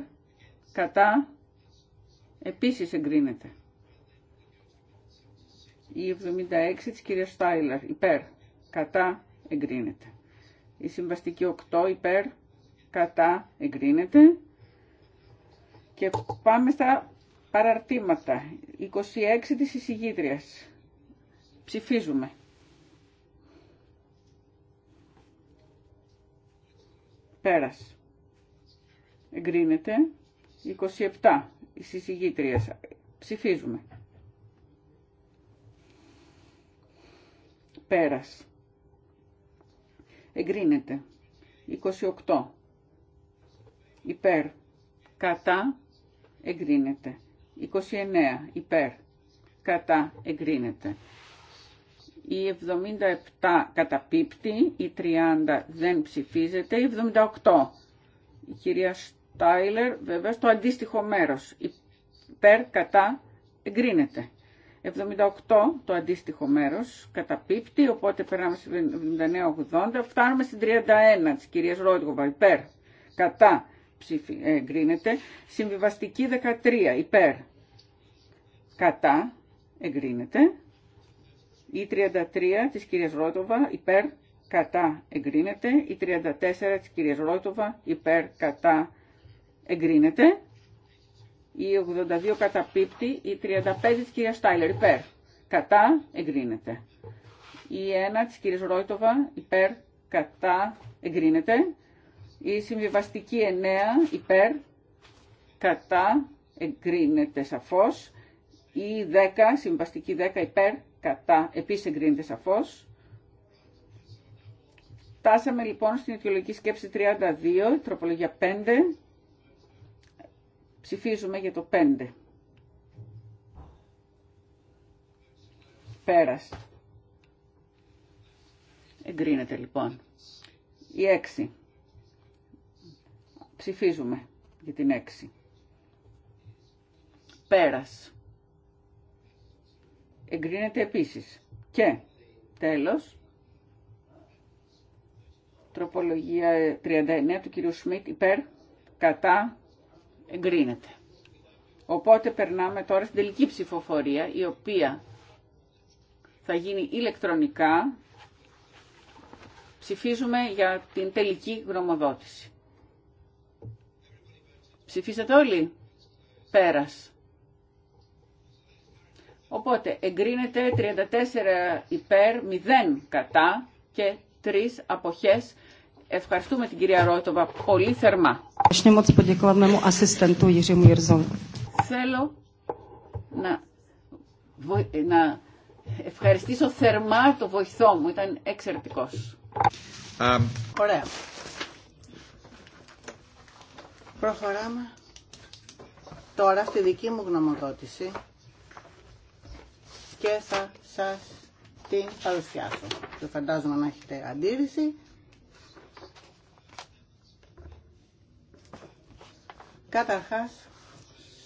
κατά, επίσης εγκρίνεται. Η 76 της κυρίας Στάιλαρ υπέρ, κατά, εγκρίνεται. Η συμβαστική 8 υπέρ, κατά, εγκρίνεται. Και πάμε στα Παραρτήματα. 26 της εισηγήτριας. Ψηφίζουμε. Πέρας. Εγκρίνεται. 27 της εισηγήτριας. Ψηφίζουμε. Πέρας. Εγκρίνεται. 28. Υπέρ. Κατά. Εγκρίνεται. 29 υπέρ κατά εγκρίνεται. Η 77 καταπίπτει, η 30 δεν ψηφίζεται, η 78. Η κυρία Στάιλερ βέβαια στο αντίστοιχο μέρος υπέρ κατά εγκρίνεται. 78 το αντίστοιχο μέρος καταπίπτει, οπότε περνάμε στη 79-80, φτάνουμε στην 31 της κυρίας Ρόντγοβα υπέρ κατά ψήφι, εγκρίνεται. Συμβιβαστική 13 υπέρ κατά εγκρίνεται. Η 33 της κυρίας Ρότοβα υπέρ κατά εγκρίνεται. Η 34 της κυρίας Ρότοβα υπέρ κατά εγκρίνεται. Η 82 καταπίπτει. Η 35 της κυρίας Στάιλερ υπέρ κατά εγκρίνεται. Η 1 της κυρίας Ρότοβα υπέρ κατά εγκρίνεται. Η συμβιβαστική 9 υπέρ, κατά, εγκρίνεται σαφώς. Η 10, συμβιβαστική 10 υπέρ, κατά, επίσης εγκρίνεται σαφώς. Φτάσαμε λοιπόν στην αιτιολογική σκέψη 32, τροπολογία 5. Ψηφίζουμε για το 5. Πέρας. Εγκρίνεται λοιπόν. Η 6. Ψηφίζουμε για την 6. Πέρας. Εγκρίνεται επίσης. Και τέλος, τροπολογία 39 του κυρίου Σμιτ υπέρ, κατά, εγκρίνεται. Οπότε περνάμε τώρα στην τελική ψηφοφορία, η οποία θα γίνει ηλεκτρονικά. Ψηφίζουμε για την τελική γνωμοδότηση. Ψηφίσατε όλοι. Πέρας. Οπότε εγκρίνεται 34 υπέρ, 0 κατά και 3 αποχές. Ευχαριστούμε την κυρία Ρότοβα πολύ θερμά. Θέλω να, να ευχαριστήσω θερμά το βοηθό μου. Ήταν εξαιρετικός. Um. Ωραία. Προχωράμε τώρα στη δική μου γνωμοδότηση και θα σας την παρουσιάσω. Το φαντάζομαι να έχετε αντίρρηση. Καταρχάς,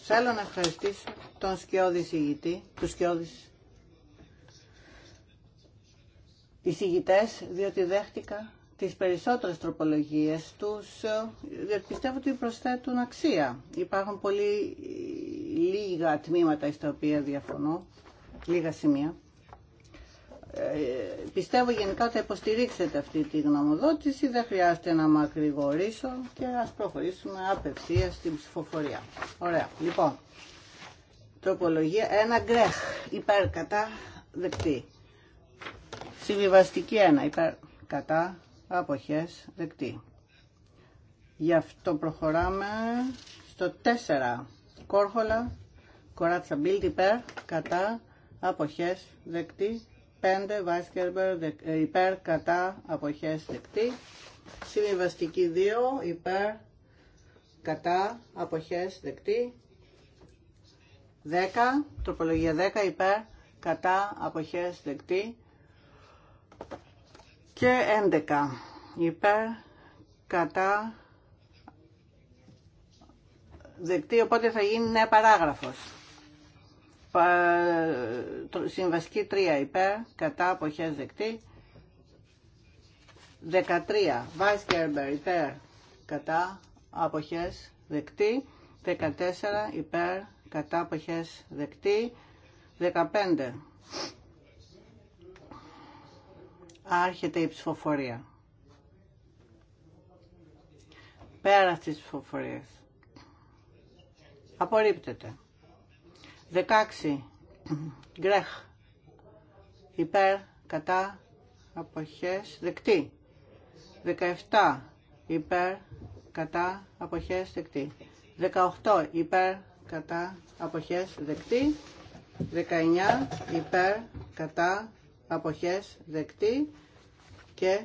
θέλω να ευχαριστήσω τον σκιώδη συγητή, τους σκιώδης εισηγητές, διότι δέχτηκα τις περισσότερες τροπολογίες τους, διότι πιστεύω ότι προσθέτουν αξία. Υπάρχουν πολύ λίγα τμήματα στα οποία διαφωνώ, λίγα σημεία. Ε, πιστεύω γενικά ότι θα υποστηρίξετε αυτή τη γνωμοδότηση, δεν χρειάζεται να μακρηγορήσω και ας προχωρήσουμε απευθεία στην ψηφοφορία. Ωραία. Λοιπόν, τροπολογία 1 γκρέχ, υπέρ κατά δεκτή. Συμβιβαστική ένα, υπέρ κατά αποχές δεκτή. Γι' αυτό προχωράμε στο 4. Κόρχολα, κοράτσα μπίλτ υπέρ, κατά, αποχές δεκτή. 5. Βάσκερμπερ ε, υπέρ, κατά, αποχές δεκτή. Συμβιβαστική 2 υπέρ, κατά, αποχές δεκτή. 10. Τροπολογία 10 υπέρ, κατά, αποχές δεκτή και 11 υπέρ κατά δεκτή, οπότε θα γίνει νέα παράγραφος. Συμβαστική 3 υπέρ, κατά αποχές δεκτή. 13. Βάσκερμπερ, υπέρ, κατά αποχές δεκτή. 14 υπέρ, κατά αποχές δεκτή. 15 Άρχεται η ψηφοφορία. Πέρα της ψηφοφορία. Απορρίπτεται. 16. Γκρέχ. Υπέρ, κατά, αποχές, δεκτή. 17. Υπέρ, κατά, αποχές, δεκτή. 18. Υπέρ, κατά, αποχές, δεκτή. 19. Υπέρ, κατά, αποχές δεκτή και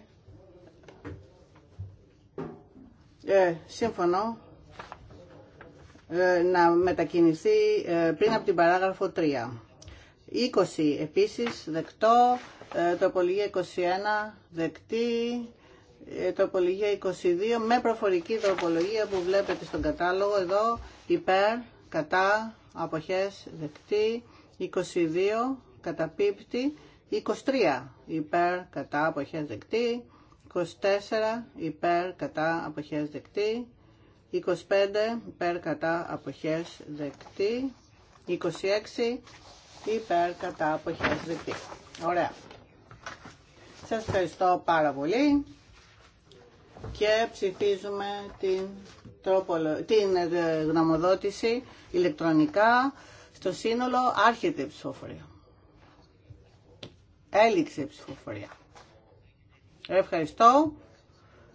ε, σύμφωνο ε, να μετακινηθεί ε, πριν από την παράγραφο 3. 20 επίσης δεκτό, ε, απολυγία 21 δεκτή, ε, απολυγία 22 με προφορική τροπολογία που βλέπετε στον κατάλογο εδώ υπέρ, κατά, αποχές δεκτή, 22 καταπίπτει, 23 υπέρ κατά αποχές δεκτή, 24 υπέρ κατά αποχές δεκτή, 25 υπέρ κατά αποχές δεκτή, 26 υπέρ κατά αποχές δεκτή. Ωραία. Σας ευχαριστώ πάρα πολύ και ψηφίζουμε την, τροπολο... την ε, γνωμοδότηση ηλεκτρονικά στο σύνολο άρχεται ψηφοφορία. Έληξε η ψηφοφορία. Ευχαριστώ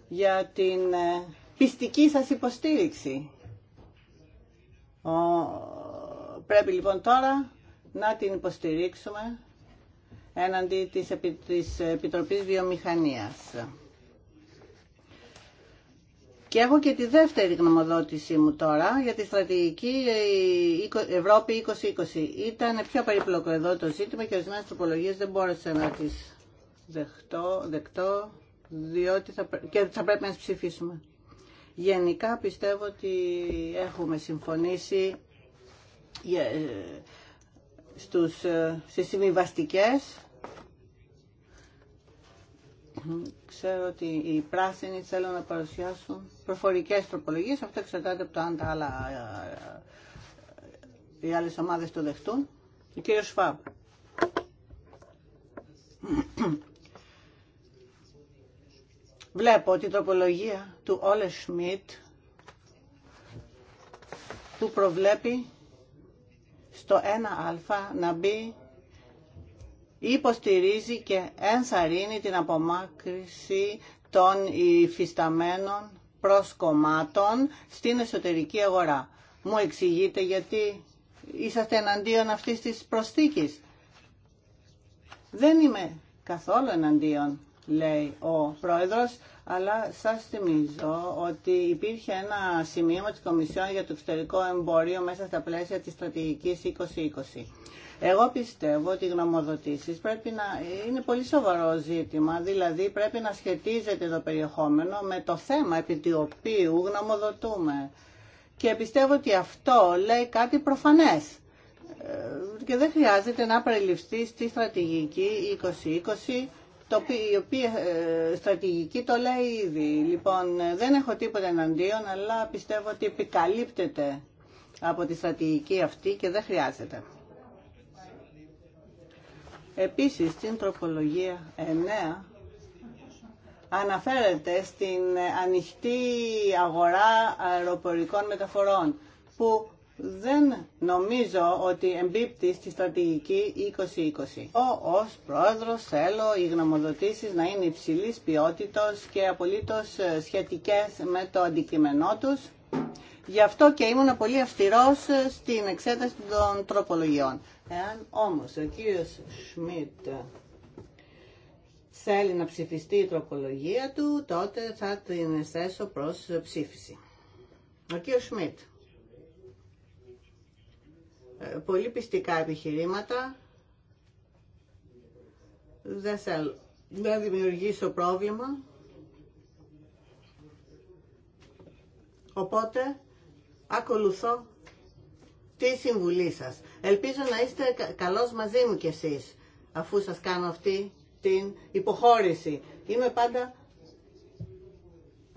για την ε, πιστική σας υποστήριξη. Πρέπει λοιπόν τώρα να την υποστηρίξουμε έναντι της Επιτροπής Βιομηχανίας. Και έχω και τη δεύτερη γνωμοδότησή μου τώρα για τη στρατηγική ε, Ευρώπη 2020. Ήταν πιο περίπλοκο εδώ το ζήτημα και ορισμένε τροπολογίε δεν μπόρεσα να τι δεχτώ, διότι θα, και θα πρέπει να τι ψηφίσουμε. Γενικά πιστεύω ότι έχουμε συμφωνήσει ε, στους, ε, συμβιβαστικέ. Ξέρω ότι οι πράσινοι θέλουν να παρουσιάσουν προφορικές τροπολογίες. Αυτό εξαρτάται από το αν τα άλλα, ε, ε, οι άλλες ομάδες το δεχτούν. Ο κύριο Φαμπ. Βλέπω ότι η τροπολογία του Όλε Σμιτ του προβλέπει στο 1α να μπει υποστηρίζει και ενθαρρύνει την απομάκρυση των υφισταμένων προσκομμάτων στην εσωτερική αγορά. Μου εξηγείτε γιατί είσαστε εναντίον αυτής της προσθήκης. Δεν είμαι καθόλου εναντίον, λέει ο πρόεδρος αλλά σας θυμίζω ότι υπήρχε ένα σημείο τη Κομισιόν για το εξωτερικό εμπόριο μέσα στα πλαίσια της στρατηγικής 2020. Εγώ πιστεύω ότι οι γνωμοδοτήσεις πρέπει να είναι πολύ σοβαρό ζήτημα, δηλαδή πρέπει να σχετίζεται το περιεχόμενο με το θέμα επί του οποίου γνωμοδοτούμε. Και πιστεύω ότι αυτό λέει κάτι προφανές ε, και δεν χρειάζεται να περιληφθεί στη στρατηγική 2020 το οποίο, ε, στρατηγική το λέει ήδη. Λοιπόν, ε, δεν έχω τίποτα εναντίον, αλλά πιστεύω ότι επικαλύπτεται από τη στρατηγική αυτή και δεν χρειάζεται. Επίσης, στην τροπολογία 9 αναφέρεται στην ανοιχτή αγορά αεροπορικών μεταφορών, που δεν νομίζω ότι εμπίπτει στη στρατηγική 2020. Ο ως πρόεδρος θέλω οι γνωμοδοτήσεις να είναι υψηλής ποιότητος και απολύτως ε, σχετικές με το αντικείμενό τους. Γι' αυτό και ήμουν πολύ αυστηρός ε, στην εξέταση των τροπολογιών. Εάν όμως ο κύριος Σμιτ ε, θέλει να ψηφιστεί η τροπολογία του, τότε θα την θέσω προς ψήφιση. Ο κύριος Σμιτ. Ε, πολύ πιστικά επιχειρήματα. Δεν θέλω δημιουργήσω πρόβλημα. Οπότε, ακολουθώ τη συμβουλή σας. Ελπίζω να είστε καλός μαζί μου κι εσείς, αφού σας κάνω αυτή την υποχώρηση. Είμαι πάντα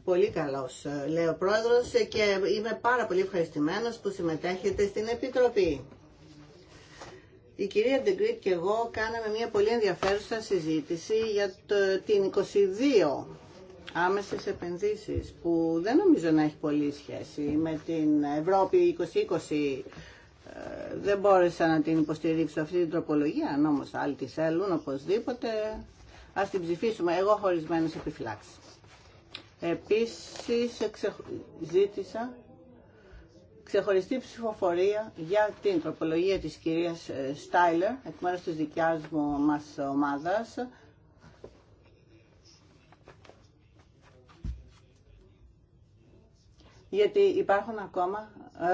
πολύ καλός, ε, λέει ο πρόεδρος, και είμαι πάρα πολύ ευχαριστημένος που συμμετέχετε στην Επιτροπή. Η κυρία Ντεγκρίτ και εγώ κάναμε μια πολύ ενδιαφέρουσα συζήτηση για το, την 22 άμεσες επενδύσεις που δεν νομίζω να έχει πολύ σχέση με την Ευρώπη 2020 ε, δεν μπόρεσα να την υποστηρίξω αυτή την τροπολογία, αν όμως άλλοι τη θέλουν οπωσδήποτε, ας την ψηφίσουμε εγώ χωρισμένες επιφυλάξεις. Επίσης ζήτησα ξεχωριστή ψηφοφορία για την τροπολογία της κυρίας ε, Στάιλερ εκ μέρους της δικιάς μου μας ομάδας. Γιατί υπάρχουν ακόμα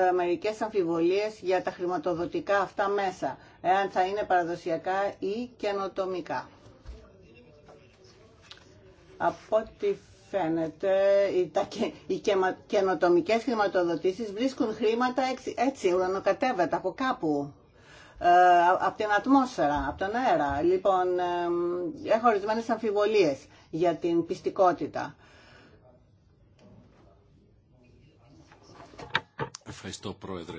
ε, μερικές αμφιβολίες για τα χρηματοδοτικά αυτά μέσα, εάν θα είναι παραδοσιακά ή καινοτομικά. Από φαίνεται τα, οι καινοτομικέ χρηματοδοτήσεις βρίσκουν χρήματα έτσι, ουρανοκατέβατα από κάπου ε, από την ατμόσφαιρα, από τον αέρα. Λοιπόν, έχω ορισμένε αμφιβολίες για την πιστικότητα. Ευχαριστώ, Πρόεδρε.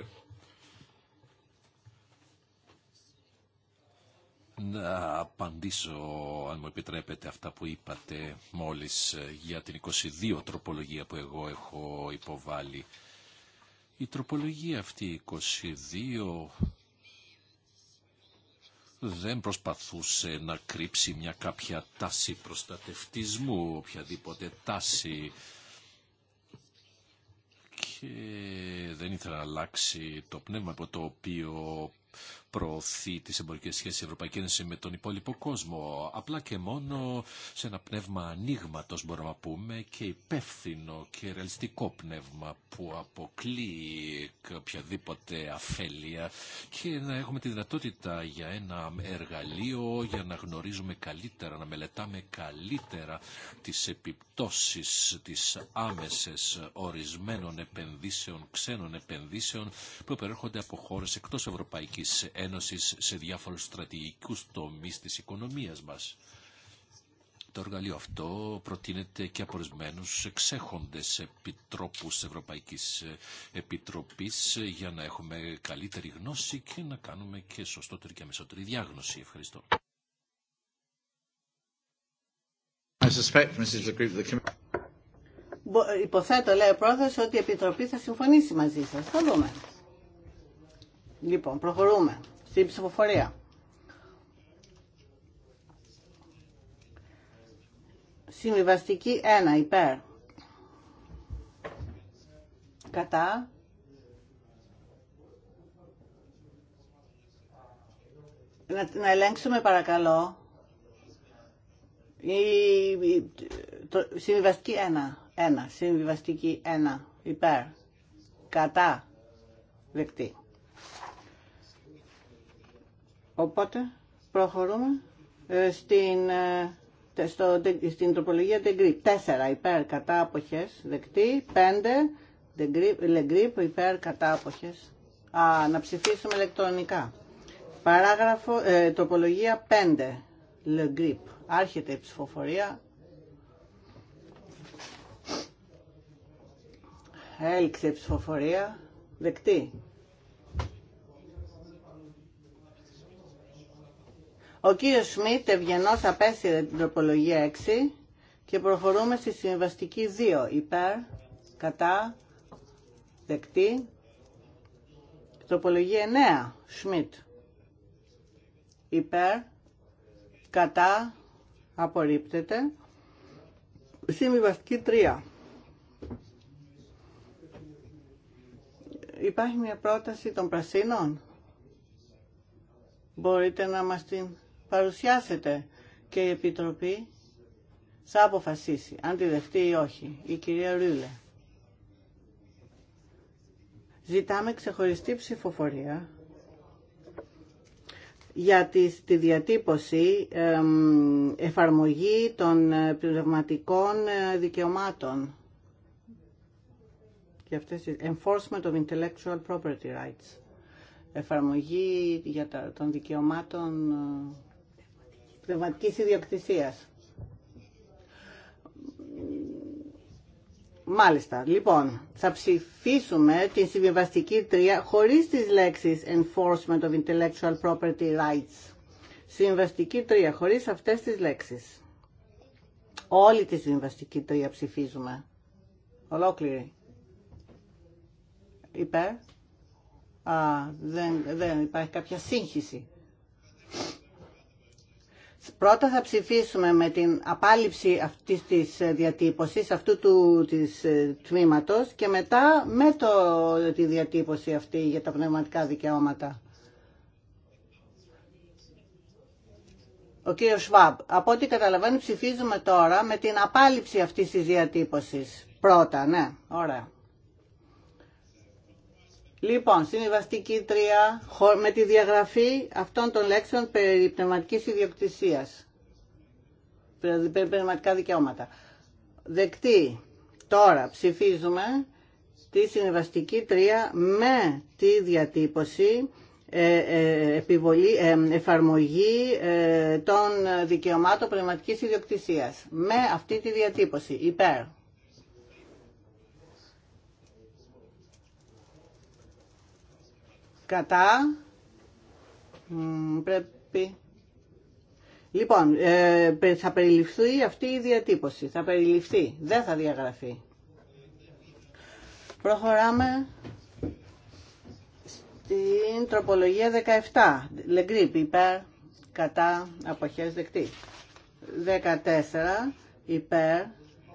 να απαντήσω, αν μου επιτρέπετε, αυτά που είπατε μόλις ε, για την 22 τροπολογία που εγώ έχω υποβάλει. Η τροπολογία αυτή 22 δεν προσπαθούσε να κρύψει μια κάποια τάση προστατευτισμού, οποιαδήποτε τάση και δεν ήθελα να αλλάξει το πνεύμα από το οποίο προωθεί τις εμπορικές σχέσεις Ευρωπαϊκή Ένωση με τον υπόλοιπο κόσμο. Απλά και μόνο σε ένα πνεύμα ανοίγματο μπορούμε να πούμε και υπεύθυνο και ρεαλιστικό πνεύμα που αποκλείει οποιαδήποτε αφέλεια και να έχουμε τη δυνατότητα για ένα εργαλείο για να γνωρίζουμε καλύτερα, να μελετάμε καλύτερα τις επιπτώσεις της άμεσες ορισμένων επενδύσεων, ξένων επενδύσεων που περιέχονται από χώρες εκτός Ευρωπαϊκής Ένωσης σε διάφορους στρατηγικούς τομείς της οικονομίας μας. Το εργαλείο αυτό προτείνεται και από ορισμένου εξέχοντε επιτρόπου Ευρωπαϊκή Επιτροπή για να έχουμε καλύτερη γνώση και να κάνουμε και σωστότερη και αμεσότερη διάγνωση. Ευχαριστώ. Υποθέτω, λέει ο πρόεδρο, ότι η Επιτροπή θα συμφωνήσει μαζί σα. Θα δούμε. Λοιπόν, προχωρούμε στην ψηφοφορία. Συμβιβαστική 1 υπέρ. Κατά. Να, να ελέγξουμε παρακαλώ. Η, η το, συμβιβαστική 1. 1. Συμβιβαστική 1. Υπέρ. Κατά. Δεκτή. Οπότε προχωρούμε ε, στην, ε, στο, στην τροπολογία degree 4 υπέρ κατά αποχές δεκτή, 5 Legrip υπέρ κατά Α, να ψηφίσουμε ηλεκτρονικά. Παράγραφο, ε, τροπολογία 5 Legrip. Άρχεται η ψηφοφορία. Έλξε η ψηφοφορία. Δεκτή. Ο κύριο Σμιτ ευγενώ απέσυρε την τροπολογία 6 και προχωρούμε στη συμβαστική 2. Υπέρ, κατά, δεκτή. Τροπολογία 9. Σμιτ. Υπέρ, κατά, απορρίπτεται. Συμβιβαστική 3. Υπάρχει μια πρόταση των πρασίνων. Μπορείτε να μας την παρουσιάσετε και η Επιτροπή θα αποφασίσει αν τη δεχτεί ή όχι. Η κυρία Ρούλε. Ζητάμε ξεχωριστή ψηφοφορία για τη, διατύπωση εφαρμογή των ε, πνευματικών ε, δικαιωμάτων και αυτές enforcement of intellectual property rights εφαρμογή για τα, των δικαιωμάτων ε, πνευματικής ιδιοκτησίας. Μάλιστα, λοιπόν, θα ψηφίσουμε την συμβιβαστική τρία χωρίς τις λέξεις Enforcement of Intellectual Property Rights. Συμβαστική τρία, χωρίς αυτές τις λέξεις. Όλη τη συμβαστική τρία ψηφίζουμε. Ολόκληρη. Υπέρ. Α, δεν, δεν υπάρχει κάποια σύγχυση. Πρώτα θα ψηφίσουμε με την απάλληψη αυτής της ε, διατύπωσης, αυτού του της ε, τμήματος και μετά με το, τη διατύπωση αυτή για τα πνευματικά δικαιώματα. Ο κύριος Σβάμπ, από ό,τι καταλαβαίνει ψηφίζουμε τώρα με την απάλληψη αυτής της διατύπωσης. Πρώτα, ναι, ωραία. Λοιπόν, συνεβαστική τρία με τη διαγραφή αυτών των λέξεων περί πνευματικής ιδιοκτησίας. Περί πνευματικά δικαιώματα. Δεκτή. Τώρα ψηφίζουμε τη συνεβαστική τρία με τη διατύπωση ε, ε, επιβολή, ε, εφαρμογή των δικαιωμάτων πνευματικής ιδιοκτησίας. Με αυτή τη διατύπωση. Υπέρ. Κατά. Πρέπει. Λοιπόν, ε, θα περιληφθεί αυτή η διατύπωση. Θα περιληφθεί. Δεν θα διαγραφεί. Προχωράμε στην τροπολογία 17. Λεγκρίπ υπέρ, κατά, αποχές δεκτή. 14 υπέρ,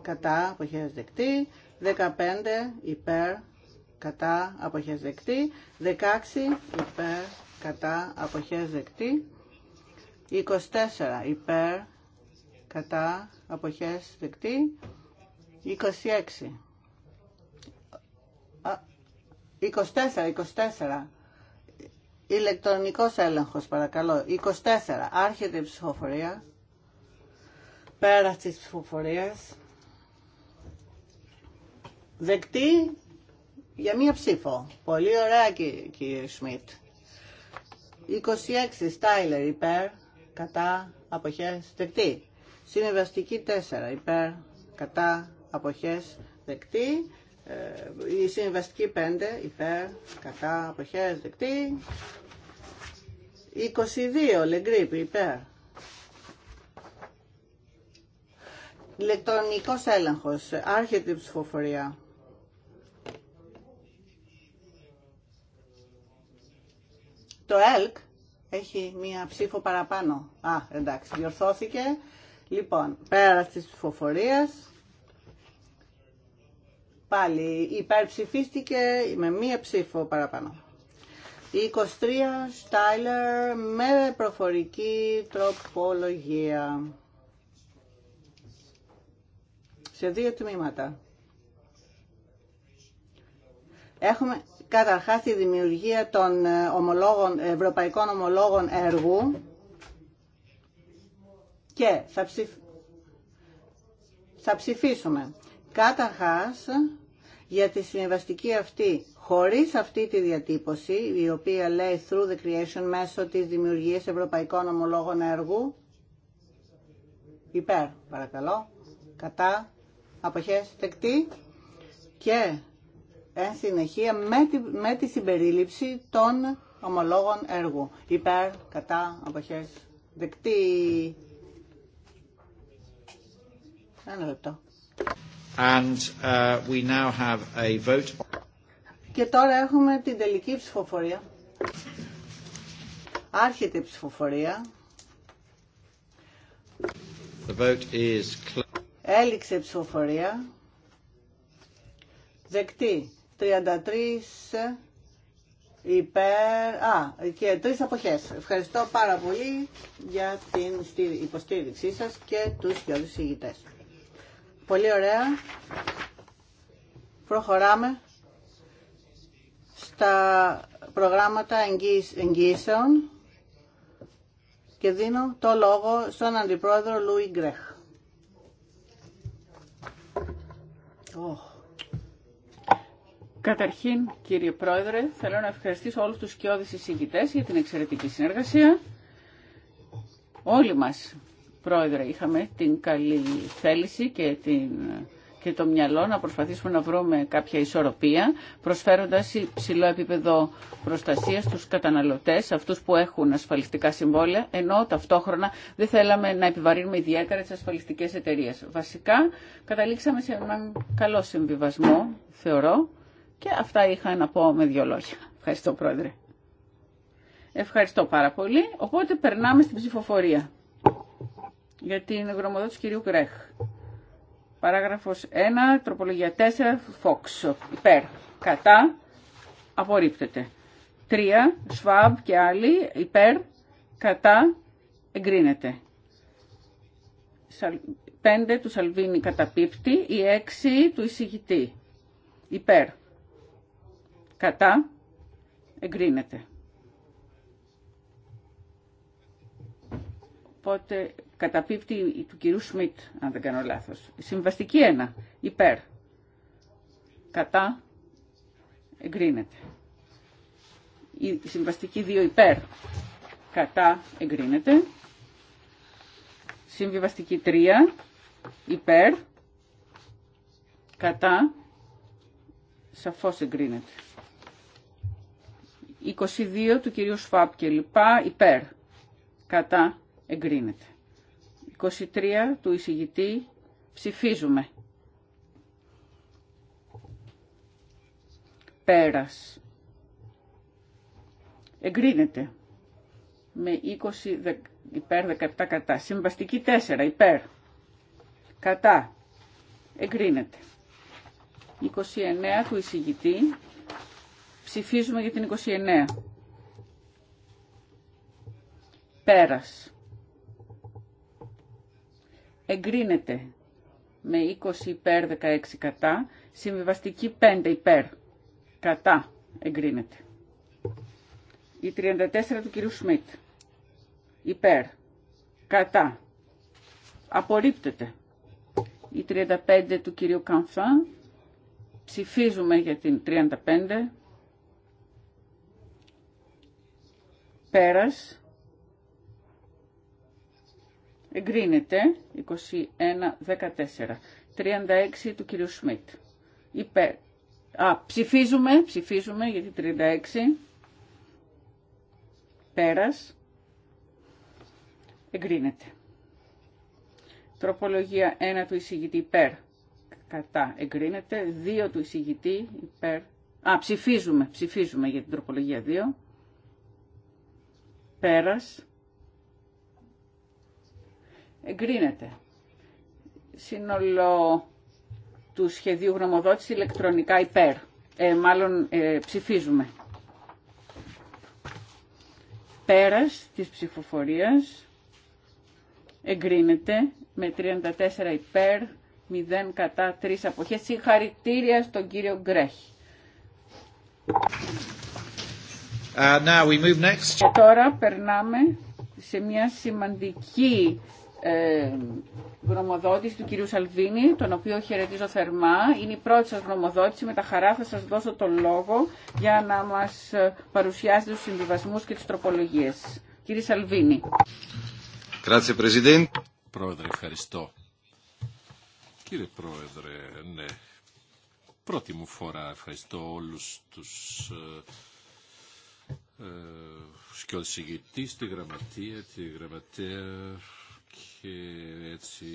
κατά, αποχές δεκτή. 15 υπέρ, κατά αποχές δεκτή, 16 υπέρ κατά αποχές δεκτή, 24 υπέρ κατά αποχές δεκτή, 26 24, 24 ηλεκτρονικός έλεγχος παρακαλώ 24, άρχεται η ψηφοφορία πέρα της ψηφοφορίας δεκτή για μία ψήφο. Πολύ ωραία κύριε Σμιτ. 26 Στάιλερ υπέρ, κατά, αποχές, δεκτή. Συμβαστική 4 υπέρ, κατά, αποχές, δεκτή. Ε, η συμβαστική 5 υπέρ, κατά, αποχές, δεκτή. 22 Λεγκρίπ υπέρ. Ηλεκτρονικός έλεγχος, άρχεται η ψηφοφορία. Το ΕΛΚ έχει μία ψήφο παραπάνω. Α, εντάξει, διορθώθηκε. Λοιπόν, πέρα της ψηφοφορίας, πάλι υπερψηφίστηκε με μία ψήφο παραπάνω. 23 Στάιλερ με προφορική τροπολογία. Σε δύο τμήματα. Έχουμε καταρχάς τη δημιουργία των ε, ομολόγων, ευρωπαϊκών ομολόγων έργου και θα, ψηφ... ψηφίσουμε. Καταρχάς για τη συμβαστική αυτή, χωρίς αυτή τη διατύπωση, η οποία λέει through the creation μέσω της δημιουργίας ευρωπαϊκών ομολόγων έργου, υπέρ, παρακαλώ, κατά, αποχές, δεκτή, και εν συνεχεία με τη, με τη συμπερίληψη των ομολόγων έργου. Υπέρ, κατά, αποχές, δεκτή. Ένα λεπτό. And, uh, we now have a vote. Και τώρα έχουμε την τελική ψηφοφορία. Άρχεται η ψηφοφορία. The vote is... Έληξε η ψηφοφορία. Δεκτή. 33 υπέρ... Α, και τρεις αποχές. Ευχαριστώ πάρα πολύ για την υποστήριξή σας και τους δυο ηγητές. Πολύ ωραία. Προχωράμε στα προγράμματα εγγύσεων και δίνω το λόγο στον Αντιπρόεδρο Λουί Γκρέχ. Oh. Καταρχήν, κύριε Πρόεδρε, θέλω να ευχαριστήσω όλους τους σκιώδεις εισηγητές για την εξαιρετική συνεργασία. Όλοι μας, Πρόεδρε, είχαμε την καλή θέληση και, την, το μυαλό να προσπαθήσουμε να βρούμε κάποια ισορροπία, προσφέροντας υψηλό επίπεδο προστασίας στους καταναλωτές, αυτούς που έχουν ασφαλιστικά συμβόλαια, ενώ ταυτόχρονα δεν θέλαμε να επιβαρύνουμε ιδιαίτερα τις ασφαλιστικές εταιρείες. Βασικά, καταλήξαμε σε έναν καλό συμβιβασμό, θεωρώ, και αυτά είχα να πω με δύο λόγια. Ευχαριστώ πρόεδρε. Ευχαριστώ πάρα πολύ. Οπότε περνάμε στην ψηφοφορία. Για την γνωμοδότηση του κυρίου Γκρέχ. Παράγραφος 1, τροπολογία 4, Fox. Υπέρ. Κατά. Απορρίπτεται. 3, Schwab και άλλοι. Υπέρ. Κατά. Εγκρίνεται. 5 του Σαλβίνη καταπίπτει. Η 6 του εισηγητή. Υπέρ. Κατά. Εγκρίνεται. Οπότε καταπίπτει του κυρίου Σμιτ, αν δεν κάνω λάθος. Συμβαστική 1. Υπέρ. Κατά. Εγκρίνεται. Η συμβαστική 2 υπέρ. Κατά. Εγκρίνεται. Συμβιβαστική 3. Υπέρ. Κατά. Σαφώς εγκρίνεται. 22 του κυρίου Σφάπ και λοιπά υπέρ. Κατά εγκρίνεται. 23 του εισηγητή ψηφίζουμε. Πέρας. Εγκρίνεται. Με 20 υπέρ 17 κατά. Συμβαστική 4 υπέρ. Κατά. Εγκρίνεται. 29 του εισηγητή Ψηφίζουμε για την 29. Πέρας. Εγκρίνεται με 20 υπέρ 16 κατά, συμβιβαστική 5 υπέρ κατά εγκρίνεται. Η 34 του κυρίου Σμιτ υπέρ κατά απορρίπτεται. Η 35 του κυρίου Κανθάν. ψηφίζουμε για την 35 Πέρας. Εγκρίνεται 21-14. 36 του κυρίου Σμιτ. Υπέρ. Α, ψηφίζουμε, ψηφίζουμε γιατί 36. Πέρας. Εγκρίνεται. Τροπολογία 1 του εισηγητή υπέρ. Κατά. Εγκρίνεται. 2 του εισηγητή υπέρ. Α, ψηφίζουμε, ψηφίζουμε για την τροπολογία 2. Πέρας. Εγκρίνεται. Σύνολο του σχεδίου γνωμοδότηση ηλεκτρονικά υπέρ. Ε, μάλλον ε, ψηφίζουμε. Πέρας της ψηφοφορίας εγκρίνεται με 34 υπέρ, 0 κατά 3 αποχές. Συγχαρητήρια στον κύριο Γκρέχη. Ε, και τώρα περνάμε σε μια σημαντική ε, γνωμοδότηση του κυρίου Σαλβίνη, τον οποίο χαιρετίζω θερμά. Είναι η πρώτη σας γνωμοδότηση. Με τα χαρά θα σας δώσω τον λόγο για να μας ε, παρουσιάσετε τους συμβιβασμούς και τις τροπολογίες. Κύριε Σαλβίνη. Grazie, Πρόεδρε, ευχαριστώ. Κύριε Πρόεδρε, ναι. Πρώτη μου φορά ευχαριστώ όλους τους ε, ε, συγγητή τη γραμματεία, τη γραμματέα και έτσι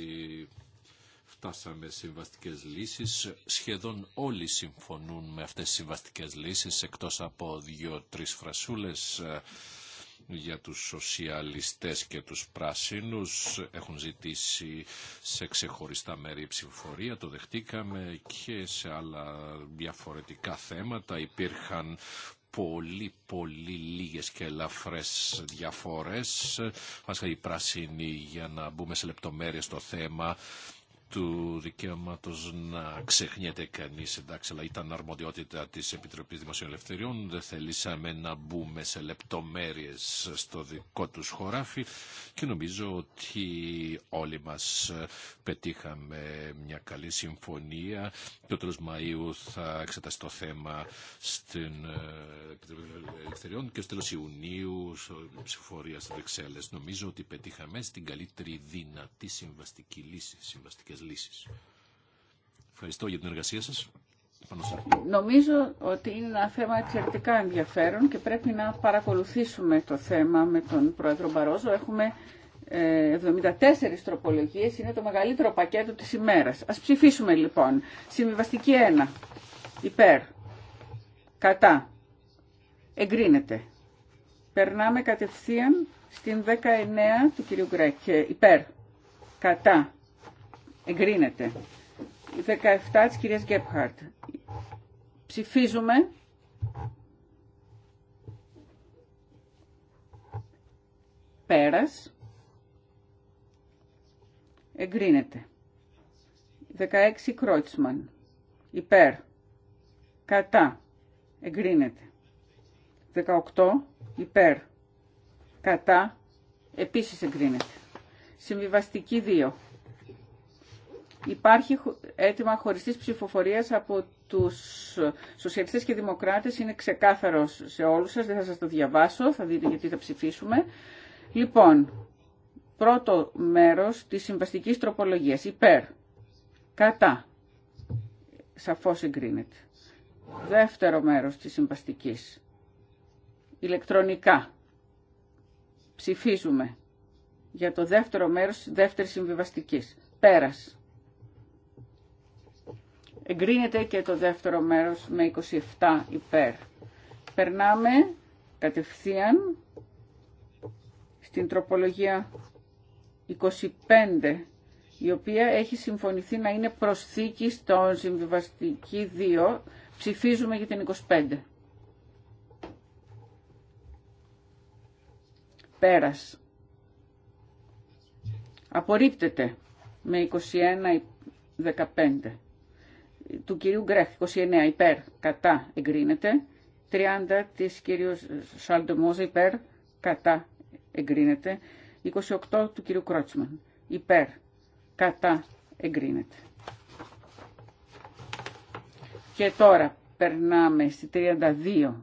φτάσαμε σε συμβαστικές λύσεις. Σχεδόν όλοι συμφωνούν με αυτές τις συμβαστικές λύσεις εκτός από δύο-τρεις φρασούλες ε, για τους σοσιαλιστές και τους πράσινους έχουν ζητήσει σε ξεχωριστά μέρη ψηφοφορία, το δεχτήκαμε και σε άλλα διαφορετικά θέματα υπήρχαν πολύ πολύ λίγες και ελαφρές διαφορές. Βάσκα η πράσινη για να μπούμε σε λεπτομέρειες στο θέμα του δικαίωματο να ξεχνιέται κανείς, εντάξει, αλλά ήταν αρμοδιότητα της Επιτροπή Δημοσίων Ελευθεριών, δεν θελήσαμε να μπούμε σε λεπτομέρειες στο δικό του χωράφι και νομίζω ότι όλοι μας πετύχαμε μια καλή συμφωνία και ο Μαΐου θα εξετάσει το θέμα στην ε, Επιτροπή Ελευθεριών και στο τέλο Ιουνίου ψηφορία στι Βρυξέλλε. Νομίζω ότι πετύχαμε στην καλύτερη δυνατή συμβαστική λύση, λύσεις. Ευχαριστώ για την εργασία σας. Νομίζω ότι είναι ένα θέμα εξαιρετικά ενδιαφέρον και πρέπει να παρακολουθήσουμε το θέμα με τον Πρόεδρο Μπαρόζο. Έχουμε 74 ε, τροπολογίες, είναι το μεγαλύτερο πακέτο της ημέρας. Ας ψηφίσουμε λοιπόν. Συμβιβαστική 1. Υπέρ. Κατά. Εγκρίνεται. Περνάμε κατευθείαν στην 19 του κυρίου Γκρέκ. Υπέρ. Κατά. Εγκρίνεται. 17 της κυρίας Γκέπχαρτ. Ψηφίζουμε. Πέρας. Εγκρίνεται. 16 Κρότσμαν. Υπέρ. Κατά. Εγκρίνεται. 18 υπέρ. Κατά. Επίσης εγκρίνεται. Συμβιβαστική 2. Υπάρχει αίτημα χωριστή ψηφοφορία από τους σοσιαλιστές και δημοκράτες. Είναι ξεκάθαρο σε όλου σα. δεν θα σας το διαβάσω, θα δείτε γιατί θα ψηφίσουμε. Λοιπόν, πρώτο μέρος της συμβαστικής τροπολογία υπέρ, κατά, Σαφώ εγκρίνεται. Δεύτερο μέρος της συμβαστική. ηλεκτρονικά, ψηφίζουμε για το δεύτερο μέρος τη δεύτερης συμβιβαστικής. Πέρας. Εγκρίνεται και το δεύτερο μέρος με 27 υπέρ. Περνάμε κατευθείαν στην τροπολογία 25, η οποία έχει συμφωνηθεί να είναι προσθήκη στον συμβιβαστική 2. Ψηφίζουμε για την 25. Πέρας. Απορρίπτεται με 21-15 του κυρίου Γκρέχ, 29 υπέρ, κατά εγκρίνεται. 30 της κυρίου Σαλντεμόζα υπέρ, κατά εγκρίνεται. 28 του κυρίου Κρότσμαν υπέρ, κατά εγκρίνεται. Και τώρα περνάμε στη 32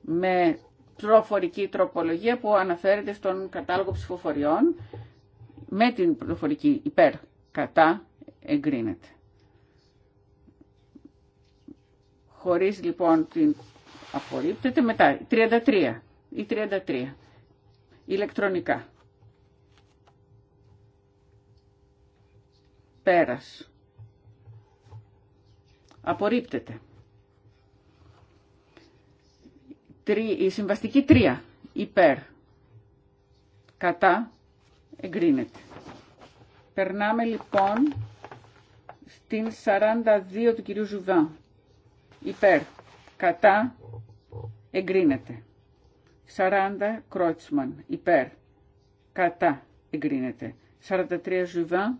με προφορική τροπολογία που αναφέρεται στον κατάλογο ψηφοφοριών με την προφορική υπέρ κατά εγκρίνεται. Χωρίς λοιπόν την απορρίπτεται μετά. 33 ή 33. Ηλεκτρονικά. Πέρας. Απορρίπτεται. Η συμβαστική 3 υπέρ. Κατά εγκρίνεται. Περνάμε λοιπόν στην 42 του κυρίου Ζουβάν υπέρ, κατά, εγκρίνεται. 40 Κρότσμαν, υπέρ, κατά, εγκρίνεται. 43 Ζουβά,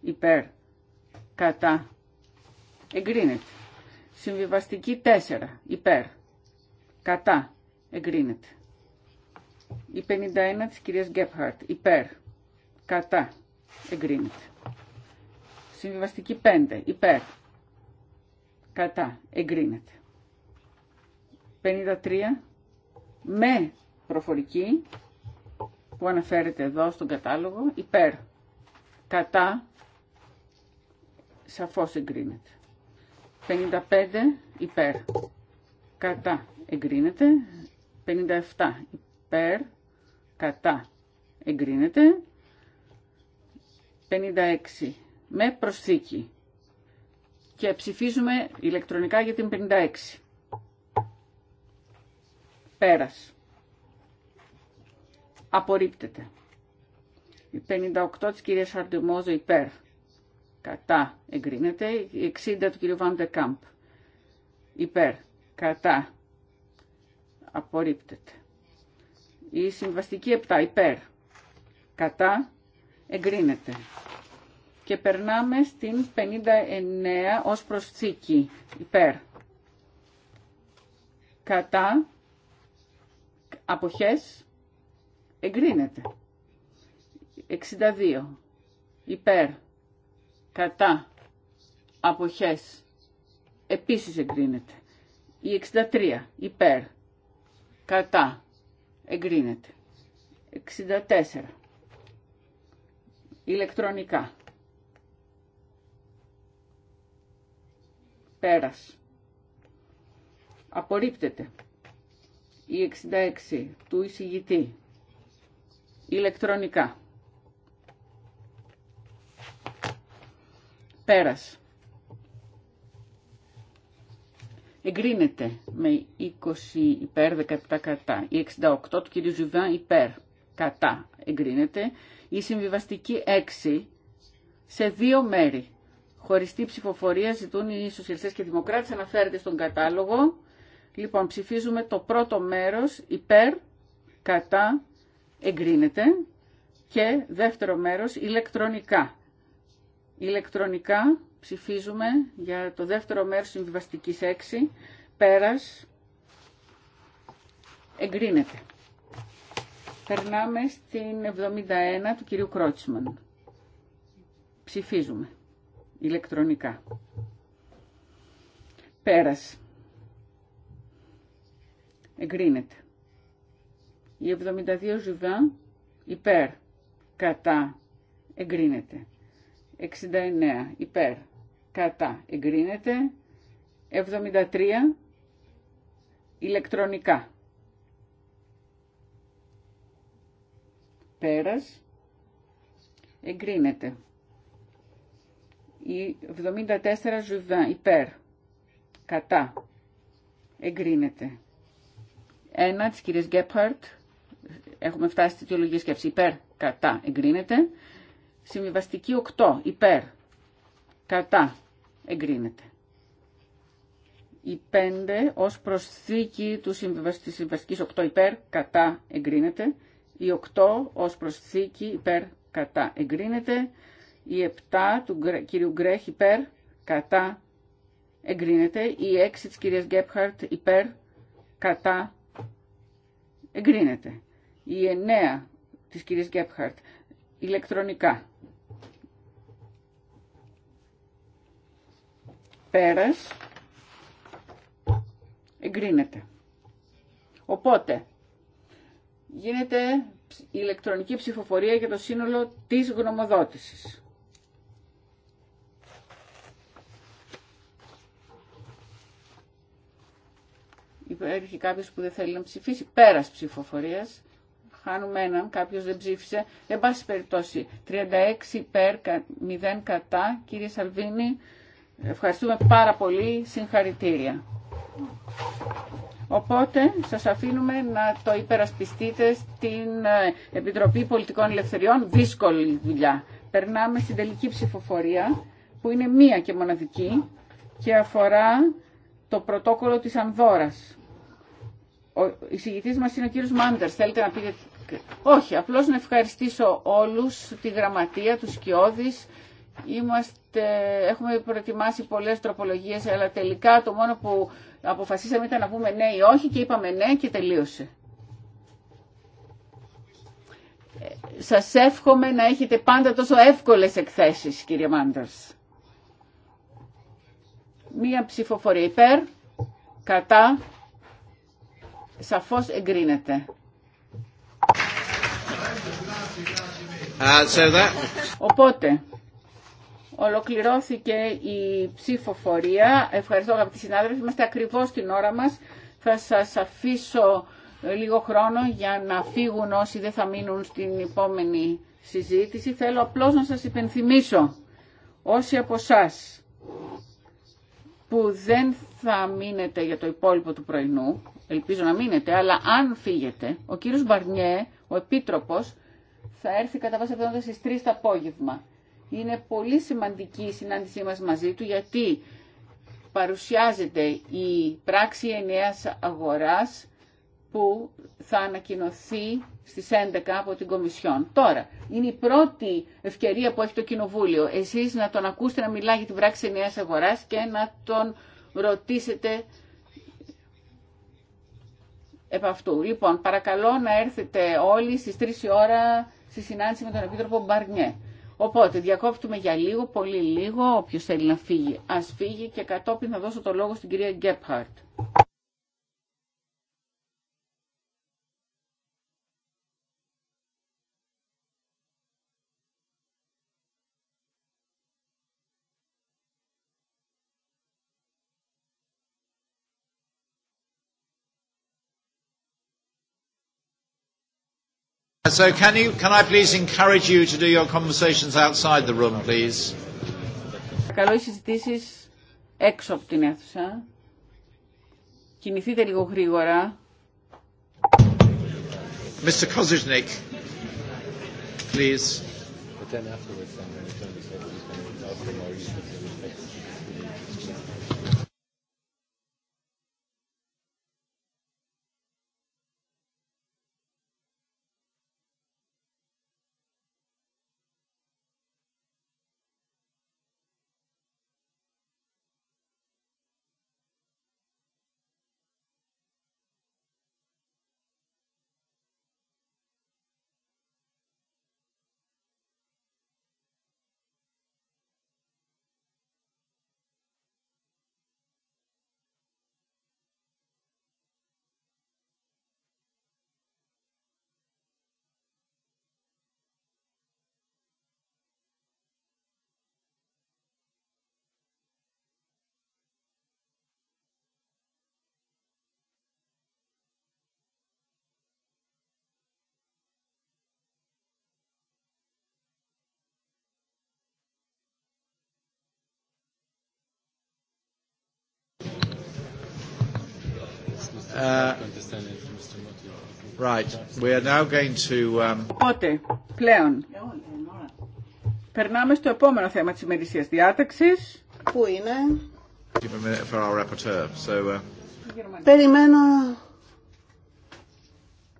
υπέρ, κατά, εγκρίνεται. Συμβιβαστική 4, υπέρ, κατά, εγκρίνεται. Η 51 της κυρίας Γκέπχαρτ, υπέρ, κατά, εγκρίνεται. Συμβιβαστική 5, υπέρ, κατά, εγκρίνεται. 53 με προφορική που αναφέρεται εδώ στον κατάλογο, υπέρ, κατά, σαφώς εγκρίνεται. 55 υπέρ, κατά, εγκρίνεται. 57 υπέρ, κατά, εγκρίνεται. 56 με προσθήκη και ψηφίζουμε ηλεκτρονικά για την 56. Πέρας. Απορρίπτεται. Η 58 της κυρίας Αρντιμόζο υπέρ. Κατά. Εγκρίνεται. Η 60 του κυρίου Βαντεκάμπ. Υπέρ. Κατά. Απορρίπτεται. Η συμβαστική 7 υπέρ. Κατά. Εγκρίνεται. Και περνάμε στην 59 ως προσθήκη υπέρ. Κατά αποχές εγκρίνεται. 62 υπέρ. Κατά αποχές επίσης εγκρίνεται. Η 63 υπέρ. Κατά εγκρίνεται. 64 ηλεκτρονικά. Πέρας. Απορρίπτεται. Η 66 του εισηγητή. Ηλεκτρονικά. Πέρας. Εγκρίνεται με 20 υπέρ 17 κατά. Η 68 του κ. Ζουβάν υπέρ κατά εγκρίνεται. Η συμβιβαστική 6 σε δύο μέρη. Χωριστή ψηφοφορία ζητούν οι σοσιαλιστές και οι δημοκράτες. Αναφέρεται στον κατάλογο. Λοιπόν, ψηφίζουμε το πρώτο μέρος υπέρ, κατά, εγκρίνεται. Και δεύτερο μέρος ηλεκτρονικά. Ηλεκτρονικά ψηφίζουμε για το δεύτερο μέρος μέρο 6, πέρας, εγκρίνεται. Περνάμε στην 71 του κυρίου Κρότσμαν. Ψηφίζουμε ηλεκτρονικά. Πέρας. Εγκρίνεται. Η 72 Ζουβά υπέρ. Κατά. Εγκρίνεται. 69 υπέρ. Κατά. Εγκρίνεται. 73 ηλεκτρονικά. Πέρας. Εγκρίνεται. Η 74 ζουβά υπέρ. Κατά. Εγκρίνεται. Ένα της κυρίας Γκέπχαρτ. Έχουμε φτάσει στη θεολογία σκέψη. Υπέρ. Κατά. Εγκρίνεται. Συμβιβαστική 8. Υπέρ. Κατά. Εγκρίνεται. Η 5 ως προσθήκη του συμβιβαστικής 8 υπέρ. Κατά. Εγκρίνεται. Η 8 ως προσθήκη υπέρ. Κατά. Εγκρίνεται. Η 7 του κυρίου Γκρέχ υπέρ, κατά, εγκρίνεται. Η 6 της κυρίας Γκέπχαρτ υπέρ, κατά, εγκρίνεται. Η 9 της κυρίας Γκέπχαρτ ηλεκτρονικά. Πέρας, εγκρίνεται. Οπότε, γίνεται ηλεκτρονική ψηφοφορία για το σύνολο της γνωμοδότησης. Υπάρχει κάποιο που δεν θέλει να ψηφίσει. Πέρας ψηφοφορίας. Χάνουμε έναν, κάποιος δεν ψήφισε. Εν πάση περιπτώσει, 36 υπέρ, 0 κατά. Κύριε Σαλβίνη, ευχαριστούμε πάρα πολύ. Συγχαρητήρια. Οπότε σας αφήνουμε να το υπερασπιστείτε στην ε, Επιτροπή Πολιτικών Ελευθεριών. Δύσκολη δουλειά. Περνάμε στην τελική ψηφοφορία που είναι μία και μοναδική και αφορά το πρωτόκολλο της Ανδόρας. Ο εισηγητή μα είναι ο κύριος Μάντερς. Θέλετε να πείτε... Όχι, απλώ να ευχαριστήσω όλους, τη γραμματεία, του Σκιώδης. Είμαστε, έχουμε προετοιμάσει πολλές τροπολογίες, αλλά τελικά το μόνο που αποφασίσαμε ήταν να πούμε ναι ή όχι και είπαμε ναι και τελείωσε. Σας εύχομαι να έχετε πάντα τόσο εύκολες εκθέσεις, κύριε Μάντερς. Μία ψηφοφορία υπέρ, κατά, Σαφώς εγκρίνεται. Οπότε, ολοκληρώθηκε η ψηφοφορία. Ευχαριστώ αγαπητοί συνάδελφοι, είμαστε ακριβώς στην ώρα μας. Θα σας αφήσω ε, λίγο χρόνο για να φύγουν όσοι δεν θα μείνουν στην επόμενη συζήτηση. Θέλω απλώς να σας υπενθυμίσω όσοι από εσά που δεν θα μείνετε για το υπόλοιπο του πρωινού, ελπίζω να μείνετε, αλλά αν φύγετε, ο κύριος Μπαρνιέ, ο Επίτροπος, θα έρθει κατά βάση πιθανότητα στι 3 το απόγευμα. Είναι πολύ σημαντική η συνάντησή μας μαζί του, γιατί παρουσιάζεται η πράξη ενιαίας αγοράς που θα ανακοινωθεί στις 11 από την Κομισιόν. Τώρα, είναι η πρώτη ευκαιρία που έχει το Κοινοβούλιο. Εσείς να τον ακούσετε να μιλάει για την πράξη ενιαίας αγοράς και να τον ρωτήσετε επ' αυτού. Λοιπόν, παρακαλώ να έρθετε όλοι στις 3 η ώρα στη συνάντηση με τον Επίτροπο Μπαρνιέ. Οπότε διακόπτουμε για λίγο, πολύ λίγο, όποιος θέλει να φύγει. Ας φύγει και κατόπιν θα δώσω το λόγο στην κυρία Γκέπχαρτ. So can you can I please encourage you to do your conversations outside the room, please? Καλό οι συζητήσεις έξω από την αίθουσα. Κινηθείτε λίγο γρήγορα. Mr. Kozisnik, please. But then afterwards, then, when going to be that he's going to ask more reasons. Uh, right. We are now going to, um... πλέον, περνάμε στο επόμενο θέμα της ημερησίας διάταξης, που είναι... Give a minute For our rapporteur. So, uh... Περιμένω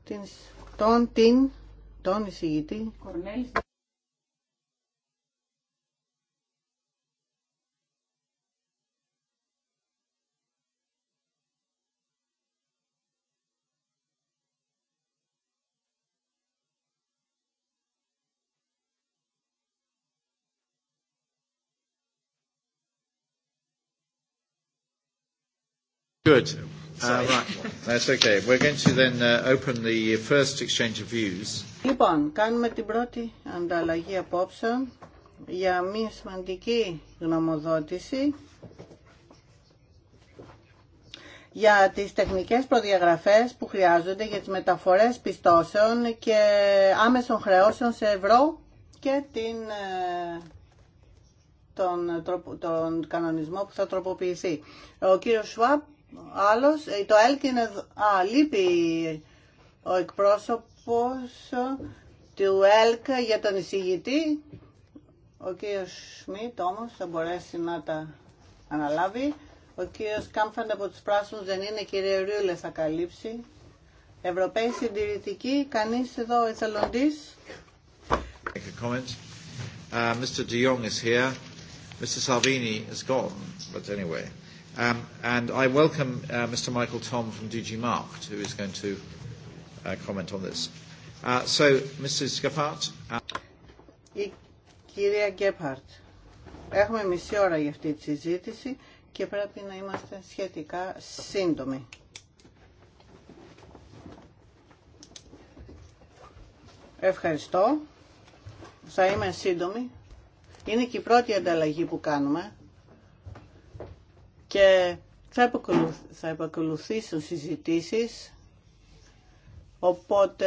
την, τον, την, τον εισηγητή. Κορνέλης. Good. Λοιπόν, κάνουμε την πρώτη ανταλλαγή απόψε για μια σημαντική γνωμοδότηση για τις τεχνικές προδιαγραφές που χρειάζονται για τις μεταφορές πιστώσεων και άμεσων χρεώσεων σε ευρώ και την, ε, τον, τον κανονισμό που θα τροποποιηθεί. Ο κύριος Σουάπ άλλος. Ε, το ΕΛΚ είναι... Α, λείπει ο εκπρόσωπος ε, του ΕΛΚ για τον εισηγητή. Ο κύριος Σμιτ όμως θα μπορέσει να τα αναλάβει. Ο κύριος Κάμφαντ από τους Πράσινους δεν είναι, κύριε Ριούλε θα καλύψει. Ευρωπαίοι συντηρητικοί, κανείς εδώ εθελοντής. Uh, Um, and uh, κυρία Γκέπαρτ, έχουμε μισή ώρα για αυτή τη συζήτηση και πρέπει να είμαστε σχετικά σύντομοι. Ευχαριστώ. Θα είμαι σύντομη. Είναι και η πρώτη ανταλλαγή που κάνουμε και θα επακολουθήσουν συζητήσεις οπότε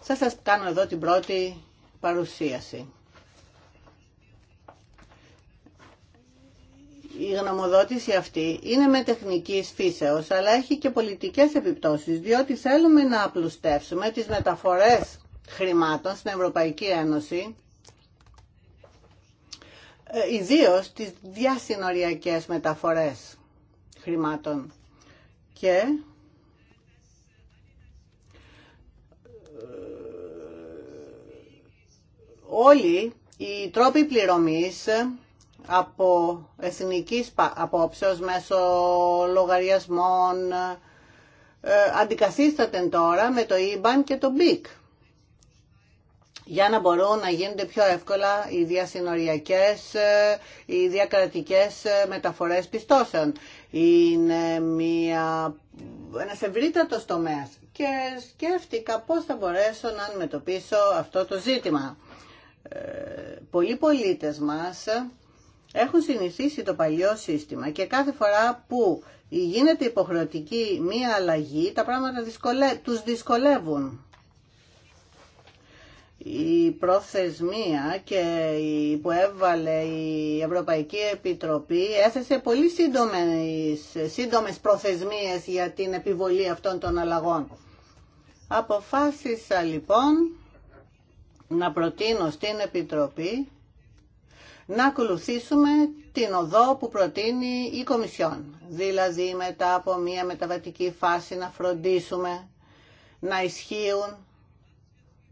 θα σας κάνω εδώ την πρώτη παρουσίαση. Η γνωμοδότηση αυτή είναι με τεχνικής φύσεως, αλλά έχει και πολιτικές επιπτώσεις, διότι θέλουμε να απλουστεύσουμε τις μεταφορές χρημάτων στην Ευρωπαϊκή Ένωση ε, ιδίως τις διασυνοριακές μεταφορές χρημάτων και ε, όλοι οι τρόποι πληρωμής από εθνικής απόψεως μέσω λογαριασμών ε, αντικαθίσταται τώρα με το IBAN και το BIC για να μπορούν να γίνονται πιο εύκολα οι διασυνοριακές, ε, οι διακρατικές ε, μεταφορές πιστώσεων. Είναι μια, ένας ευρύτατος τομέας και σκέφτηκα πώς θα μπορέσω να αντιμετωπίσω αυτό το ζήτημα. Ε, πολλοί πολίτες μας έχουν συνηθίσει το παλιό σύστημα και κάθε φορά που γίνεται υποχρεωτική μία αλλαγή, τα πράγματα δυσκολε... τους δυσκολεύουν η προθεσμία και που έβαλε η Ευρωπαϊκή Επιτροπή έθεσε πολύ σύντομες, σύντομες προθεσμίες για την επιβολή αυτών των αλλαγών. Αποφάσισα λοιπόν να προτείνω στην Επιτροπή να ακολουθήσουμε την οδό που προτείνει η Κομισιόν. Δηλαδή μετά από μια μεταβατική φάση να φροντίσουμε να ισχύουν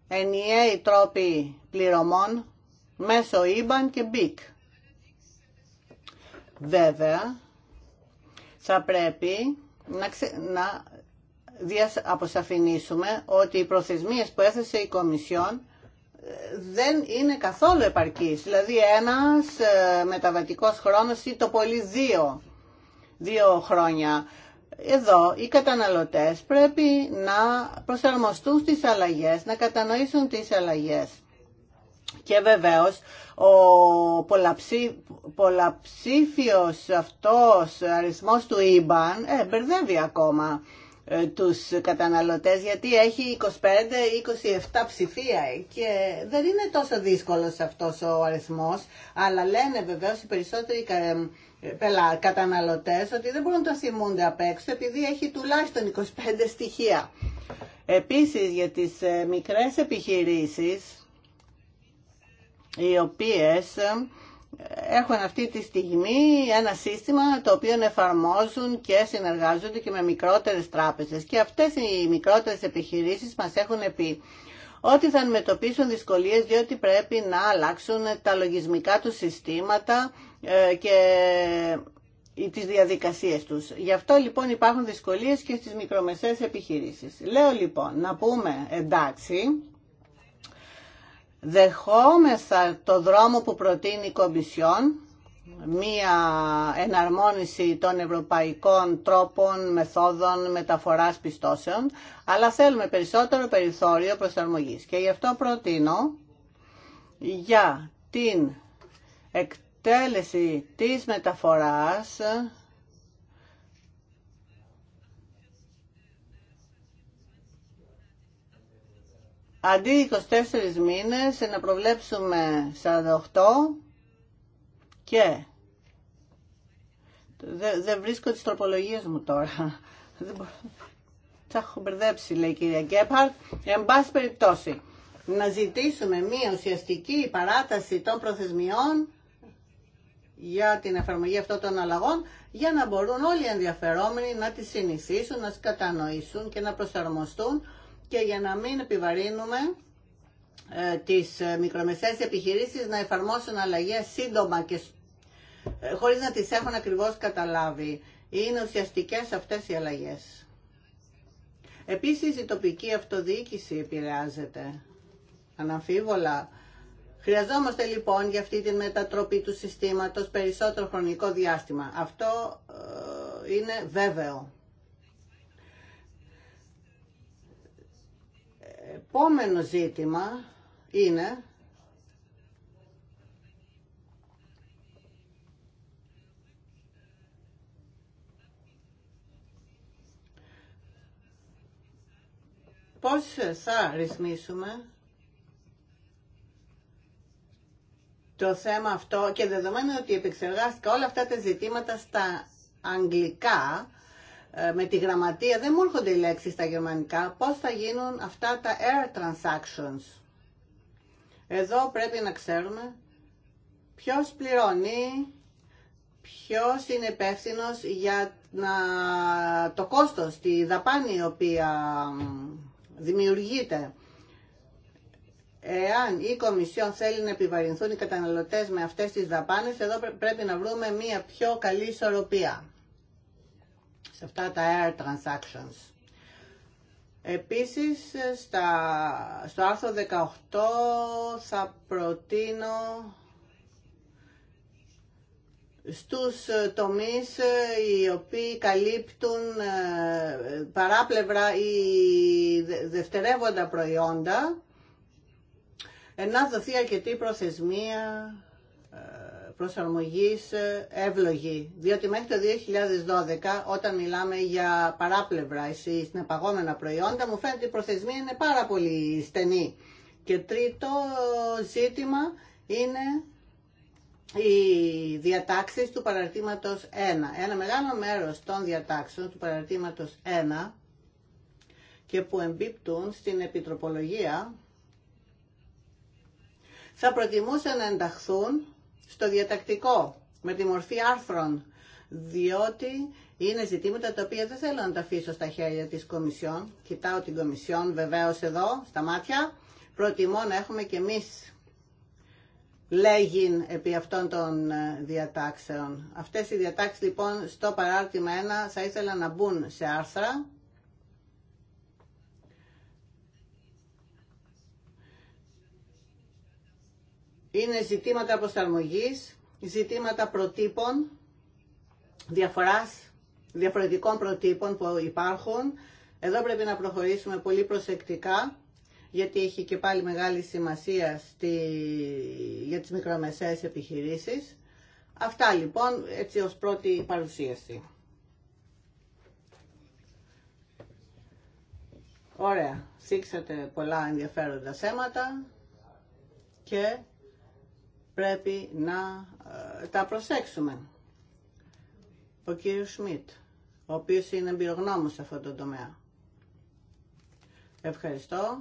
ενιαίοι τρόποι πληρωμών μέσω IBAN και BIC. Βέβαια, θα πρέπει να, ξε... αποσαφηνίσουμε ότι οι προθεσμίες που έθεσε η Κομισιόν ε, δεν είναι καθόλου επαρκής. Δηλαδή ένας ε, μεταβατικός χρόνος ή το πολύ δύο, δύο χρόνια εδώ οι καταναλωτές πρέπει να προσαρμοστούν στις αλλαγές, να κατανοήσουν τις αλλαγές. Και βεβαίως ο πολλαψή, πολλαψήφιος αυτός αριθμός του IBAN ε, μπερδεύει ακόμα ε, τους καταναλωτές γιατί έχει 25-27 ψηφία ε, και δεν είναι τόσο δύσκολος αυτός ο αριθμός αλλά λένε βεβαίως οι περισσότεροι ε, ε, πελά, καταναλωτές ότι δεν μπορούν να το θυμούνται απ' έξω επειδή έχει τουλάχιστον 25 στοιχεία. Επίσης για τις ε, μικρές επιχειρήσεις οι οποίες ε, έχουν αυτή τη στιγμή ένα σύστημα το οποίο εφαρμόζουν και συνεργάζονται και με μικρότερες τράπεζες και αυτές οι μικρότερες επιχειρήσεις μας έχουν πει ότι θα αντιμετωπίσουν δυσκολίες διότι πρέπει να αλλάξουν τα λογισμικά του συστήματα ε, και τις διαδικασίες τους. Γι' αυτό λοιπόν υπάρχουν δυσκολίες και στις μικρομεσαίες επιχειρήσεις. Λέω λοιπόν να πούμε εντάξει, δεχόμεσα το δρόμο που προτείνει η Κομπισιόν, μία εναρμόνιση των ευρωπαϊκών τρόπων, μεθόδων μεταφοράς πιστώσεων, αλλά θέλουμε περισσότερο περιθώριο προσαρμογής. Και γι' αυτό προτείνω για την Τέλεση της μεταφοράς αντί 24 μήνες να προβλέψουμε 48 και δεν βρίσκω τις τροπολογίες μου τώρα. Τα έχω μπερδέψει, λέει η κυρία Γκέπαρτ. Εν πάση περιπτώσει, να ζητήσουμε μία ουσιαστική παράταση των προθεσμιών για την εφαρμογή αυτών των αλλαγών για να μπορούν όλοι οι ενδιαφερόμενοι να τις συνηθίσουν, να τις κατανοήσουν και να προσαρμοστούν και για να μην επιβαρύνουμε ε, τις ε, μικρομεσαίες επιχειρήσεις να εφαρμόσουν αλλαγές σύντομα και ε, χωρίς να τις έχουν ακριβώς καταλάβει. Είναι ουσιαστικές αυτές οι αλλαγές. Επίσης η τοπική αυτοδιοίκηση επηρεάζεται. Αναμφίβολα Χρειαζόμαστε λοιπόν για αυτή τη μετατροπή του συστήματος περισσότερο χρονικό διάστημα. Αυτό ε, είναι βέβαιο. Επόμενο ζήτημα είναι πώς θα ρυθμίσουμε το θέμα αυτό και δεδομένου ότι επεξεργάστηκα όλα αυτά τα ζητήματα στα αγγλικά, ε, με τη γραμματεία δεν μου έρχονται οι λέξεις στα γερμανικά, πώς θα γίνουν αυτά τα air transactions. Εδώ πρέπει να ξέρουμε ποιος πληρώνει, ποιος είναι υπεύθυνο για να... το κόστος, τη δαπάνη η οποία δημιουργείται. Εάν η Κομισιόν θέλει να επιβαρυνθούν οι καταναλωτές με αυτές τις δαπάνες, εδώ πρέπει να βρούμε μια πιο καλή ισορροπία σε αυτά τα air transactions. Επίσης, στα, στο άρθρο 18 θα προτείνω στους τομείς ε, οι οποίοι καλύπτουν ε, παράπλευρα ή δευτερεύοντα προϊόντα να δοθεί αρκετή προθεσμία ε, προσαρμογής ε, εύλογη. Διότι μέχρι το 2012, όταν μιλάμε για παράπλευρα ή συνεπαγόμενα προϊόντα, μου φαίνεται η προθεσμία είναι πάρα πολύ στενή. Και τρίτο ζήτημα είναι οι διατάξεις του παραρτήματος 1. Ένα μεγάλο μέρος των διατάξεων του παραρτήματος 1 και που εμπίπτουν στην επιτροπολογία θα προτιμούσαν να ενταχθούν στο διατακτικό με τη μορφή άρθρων, διότι είναι ζητήματα τα οποία δεν θέλω να τα αφήσω στα χέρια της Κομισιόν. Κοιτάω την Κομισιόν βεβαίως εδώ, στα μάτια. Προτιμώ να έχουμε και εμείς λέγειν επί αυτών των ε, διατάξεων. Αυτές οι διατάξεις λοιπόν στο παράρτημα 1 θα ήθελα να μπουν σε άρθρα είναι ζητήματα προσαρμογής, ζητήματα προτύπων, διαφοράς, διαφορετικών προτύπων που υπάρχουν. Εδώ πρέπει να προχωρήσουμε πολύ προσεκτικά, γιατί έχει και πάλι μεγάλη σημασία στη... για τις μικρομεσαίες επιχειρήσεις. Αυτά λοιπόν, έτσι ως πρώτη παρουσίαση. Ωραία, σήξατε πολλά ενδιαφέροντα θέματα και πρέπει να ε, τα προσέξουμε. Ο κύριος Σμιτ, ο οποίος είναι εμπειρογνώμος σε αυτό το τομέα. Ευχαριστώ.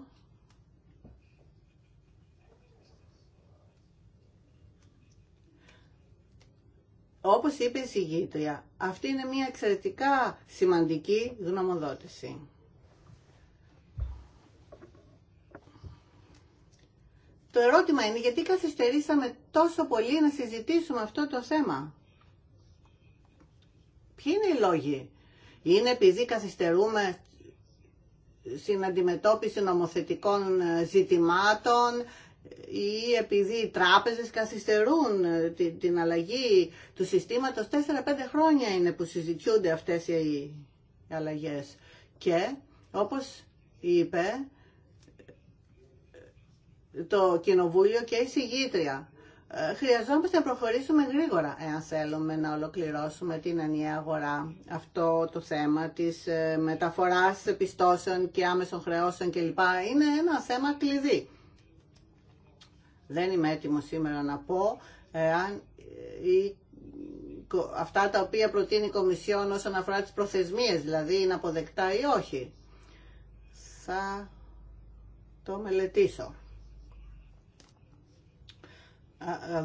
Όπως είπε η συγγήτρια, αυτή είναι μια εξαιρετικά σημαντική γνωμοδότηση. Το ερώτημα είναι γιατί καθυστερήσαμε τόσο πολύ να συζητήσουμε αυτό το θέμα. Ποιοι είναι οι λόγοι. Είναι επειδή καθυστερούμε στην αντιμετώπιση νομοθετικών ε, ζητημάτων ή επειδή οι τράπεζες καθυστερούν ε, την αλλαγή του συστήματος. 4-5 χρόνια είναι που συζητιούνται αυτές οι αλλαγές. Και όπως είπε το Κοινοβούλιο και η συγγήτρια. Ε, χρειαζόμαστε να προχωρήσουμε γρήγορα εάν θέλουμε να ολοκληρώσουμε την ενιαία αγορά. Αυτό το θέμα της ε, μεταφοράς πιστώσεων και άμεσων χρεώσεων κλπ. είναι ένα θέμα κλειδί. Δεν είμαι έτοιμο σήμερα να πω εάν ε, αυτά τα οποία προτείνει η Κομισιόν όσον αφορά τις προθεσμίες, δηλαδή είναι αποδεκτά ή όχι. Θα το μελετήσω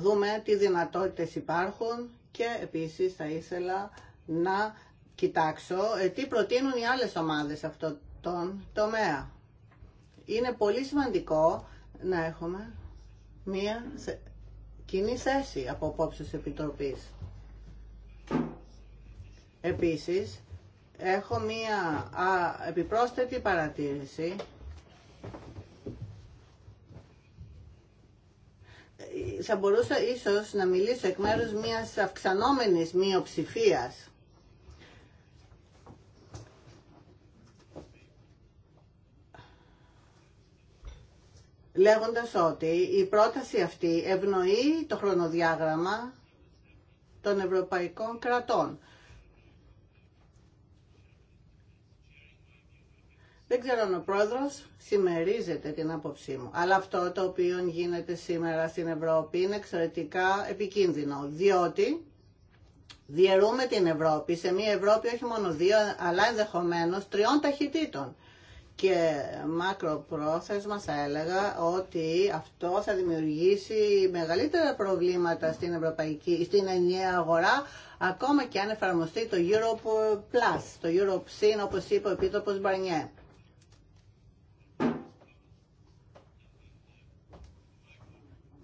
δούμε τι δυνατότητες υπάρχουν και επίσης θα ήθελα να κοιτάξω ε, τι προτείνουν οι άλλες ομάδες σε αυτό τον τομέα. Είναι πολύ σημαντικό να έχουμε μία κοινή θέση από απόψε της Επιτροπής. Επίσης, έχω μία επιπρόσθετη παρατήρηση Ε, θα μπορούσα ίσως να μιλήσω εκ μέρους μιας αυξανόμενης μειοψηφίας. Λέγοντας ότι η πρόταση αυτή ευνοεί το χρονοδιάγραμμα των ευρωπαϊκών κρατών. Δεν ξέρω αν ο πρόεδρο συμμερίζεται την άποψή μου. Αλλά αυτό το οποίο γίνεται σήμερα στην Ευρώπη είναι εξαιρετικά επικίνδυνο, διότι διαιρούμε την Ευρώπη σε μια Ευρώπη όχι μόνο δύο, αλλά ενδεχομένω τριών ταχυτήτων. Και μακροπρόθεσμα θα έλεγα ότι αυτό θα δημιουργήσει μεγαλύτερα προβλήματα στην, ευρωπαϊκή, στην ενιαία αγορά ακόμα και αν εφαρμοστεί το Europe Plus, το Europe Sin όπως είπε ο Επίτροπος Μπαρνιέ.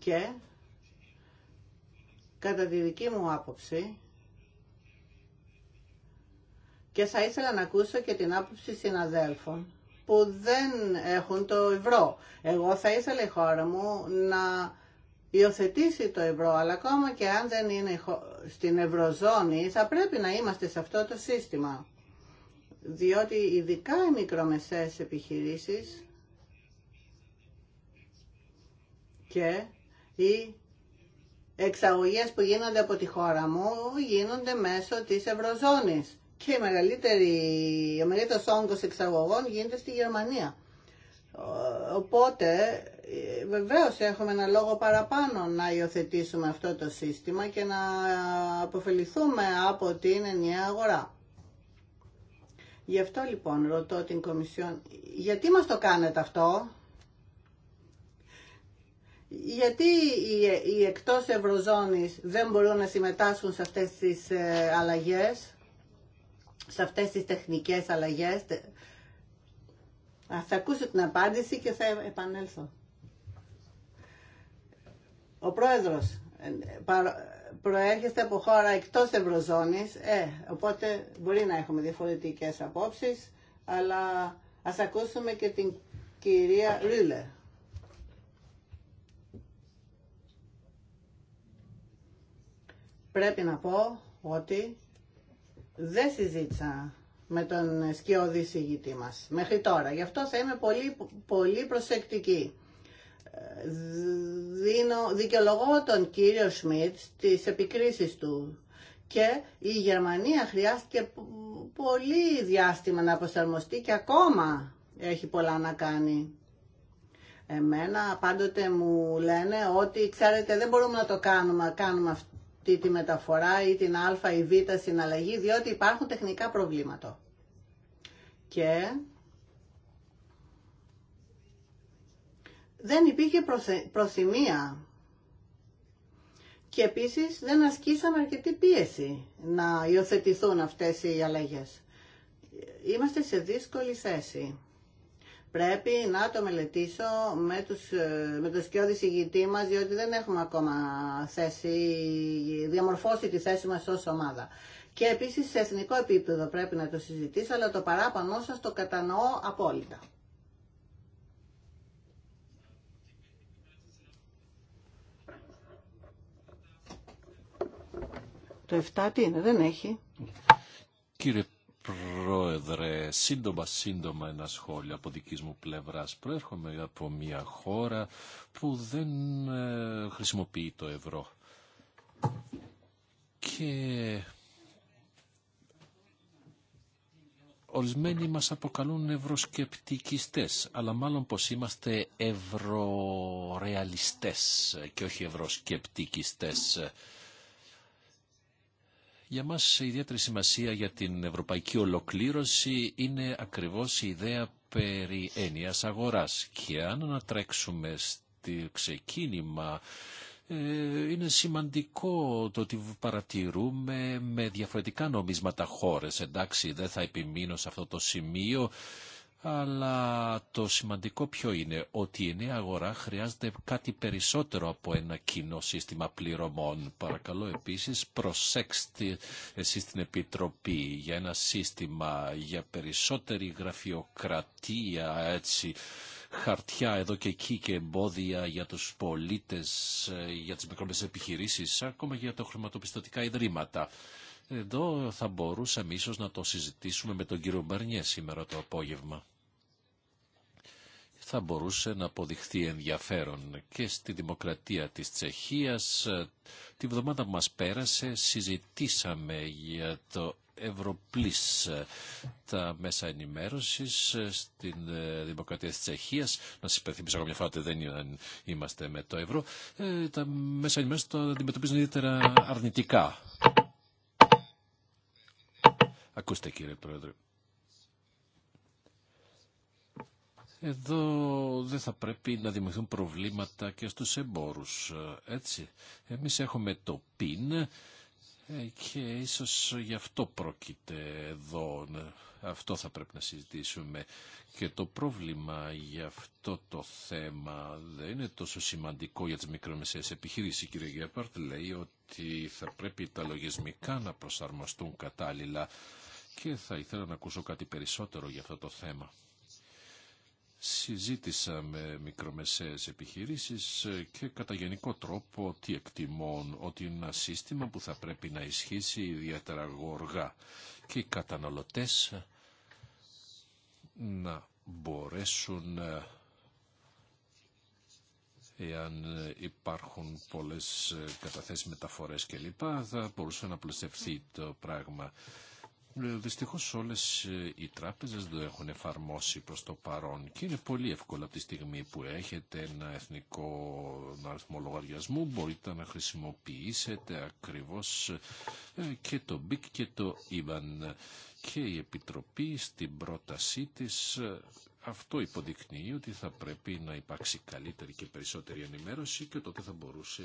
και κατά τη δική μου άποψη και θα ήθελα να ακούσω και την άποψη συναδέλφων που δεν έχουν το ευρώ. Εγώ θα ήθελα η χώρα μου να υιοθετήσει το ευρώ, αλλά ακόμα και αν δεν είναι στην ευρωζώνη, θα πρέπει να είμαστε σε αυτό το σύστημα. Διότι ειδικά οι μικρομεσαίες επιχειρήσεις και οι εξαγωγές που γίνονται από τη χώρα μου γίνονται μέσω της Ευρωζώνης και η μεγαλύτερη, ο μεγαλύτερος όγκος εξαγωγών γίνεται στη Γερμανία. Οπότε βεβαίω έχουμε ένα λόγο παραπάνω να υιοθετήσουμε αυτό το σύστημα και να αποφεληθούμε από την ενιαία αγορά. Γι' αυτό λοιπόν ρωτώ την Κομισιόν, γιατί μας το κάνετε αυτό, γιατί οι εκτός Ευρωζώνης δεν μπορούν να συμμετάσχουν σε αυτές τις ε, αλλαγές, σε αυτές τις τεχνικές αλλαγές. Θα ακούσω την απάντηση και θα επανέλθω. Ο πρόεδρος ε, προέρχεται από χώρα εκτός Ευρωζώνης, ε, οπότε μπορεί να έχουμε διαφορετικές απόψεις, αλλά ας ακούσουμε και την κυρία Ρίλε. πρέπει να πω ότι δεν συζήτησα με τον σκιώδη συγητή μας μέχρι τώρα. Γι' αυτό θα είμαι πολύ, πολύ προσεκτική. Δίνω, δικαιολογώ τον κύριο Σμιτ τις επικρίσεις του και η Γερμανία χρειάστηκε πολύ διάστημα να αποσαρμοστεί και ακόμα έχει πολλά να κάνει. Εμένα πάντοτε μου λένε ότι ξέρετε δεν μπορούμε να το κάνουμε, κάνουμε τη, τη μεταφορά ή την α ή β συναλλαγή, διότι υπάρχουν τεχνικά προβλήματα. Και δεν υπήρχε προθυμία και επίσης δεν ασκήσαμε αρκετή πίεση να υιοθετηθούν αυτές οι αλλαγές. Είμαστε σε δύσκολη θέση. Πρέπει να το μελετήσω με, τους, ε, με το σκιώδη συγγητή μας, διότι δεν έχουμε ακόμα θέση, διαμορφώσει τη θέση μας ως ομάδα. Και επίσης σε εθνικό επίπεδο πρέπει να το συζητήσω, αλλά το παράπανό σας το κατανοώ απόλυτα. Το 7 τι είναι, δεν έχει. Κύριε Πρόεδρε, σύντομα σύντομα ένα σχόλιο από δικής μου πλευράς. Προέρχομαι από μια χώρα που δεν ε, χρησιμοποιεί το ευρώ. Και ορισμένοι μας αποκαλούν ευρωσκεπτικιστές, αλλά μάλλον πως είμαστε ευρωρεαλιστές και όχι ευρωσκεπτικιστές. Για μας η ιδιαίτερη σημασία για την ευρωπαϊκή ολοκλήρωση είναι ακριβώς η ιδέα περί έννοιας αγοράς. Και αν ανατρέξουμε στη ξεκίνημα ε, είναι σημαντικό το ότι παρατηρούμε με διαφορετικά νομίσματα χώρες. Εντάξει, δεν θα επιμείνω σε αυτό το σημείο αλλά το σημαντικό ποιο είναι, ότι η νέα αγορά χρειάζεται κάτι περισσότερο από ένα κοινό σύστημα πληρωμών. Παρακαλώ επίσης προσέξτε εσείς την Επιτροπή για ένα σύστημα για περισσότερη γραφειοκρατία έτσι χαρτιά εδώ και εκεί και εμπόδια για τους πολίτες, ε, για τις μικρομεσαίες επιχειρήσεις, ακόμα για τα χρηματοπιστωτικά ιδρύματα. Εδώ θα μπορούσαμε ίσως να το συζητήσουμε με τον κύριο Μπαρνιέ σήμερα το απόγευμα θα μπορούσε να αποδειχθεί ενδιαφέρον και στη δημοκρατία της Τσεχίας. Τη βδομάδα που μας πέρασε συζητήσαμε για το Ευρωπλής τα μέσα ενημέρωσης στην ε, Δημοκρατία της Τσεχίας. Να σας υπενθυμίσω ακόμα μια φορά ότι δεν είμαστε με το ευρώ. Ε, τα μέσα ενημέρωση το αντιμετωπίζουν ιδιαίτερα αρνητικά. Ακούστε κύριε Πρόεδρε. Εδώ δεν θα πρέπει να δημιουργηθούν προβλήματα και στους εμπόρους, έτσι. Εμείς έχουμε το πίν ε, και ίσως γι' αυτό πρόκειται εδώ, αυτό θα πρέπει να συζητήσουμε. Και το πρόβλημα για αυτό το θέμα δεν είναι τόσο σημαντικό για τις μικρομεσαίες επιχειρήσεις. Η κυρία λέει ότι θα πρέπει τα λογισμικά να προσαρμοστούν κατάλληλα και θα ήθελα να ακούσω κάτι περισσότερο για αυτό το θέμα συζήτησα με μικρομεσαίες επιχειρήσεις ε, και κατά γενικό τρόπο ότι εκτιμών ότι είναι ένα σύστημα που θα πρέπει να ισχύσει ιδιαίτερα γοργά και οι καταναλωτές ε, να μπορέσουν ε, εάν υπάρχουν πολλές καταθέσεις μεταφορές κλπ θα μπορούσε να πλουστευτεί το πράγμα. Ε, δυστυχώς όλες ε, οι τράπεζες το έχουν εφαρμόσει προς το παρόν και είναι πολύ εύκολο από τη στιγμή που έχετε ένα εθνικό αριθμό λογαριασμού μπορείτε να χρησιμοποιήσετε ακριβώς ε, και το BIC και το IBAN και η Επιτροπή στην πρότασή της αυτό υποδεικνύει ότι θα πρέπει να υπάρξει καλύτερη και περισσότερη ενημέρωση και τότε θα μπορούσε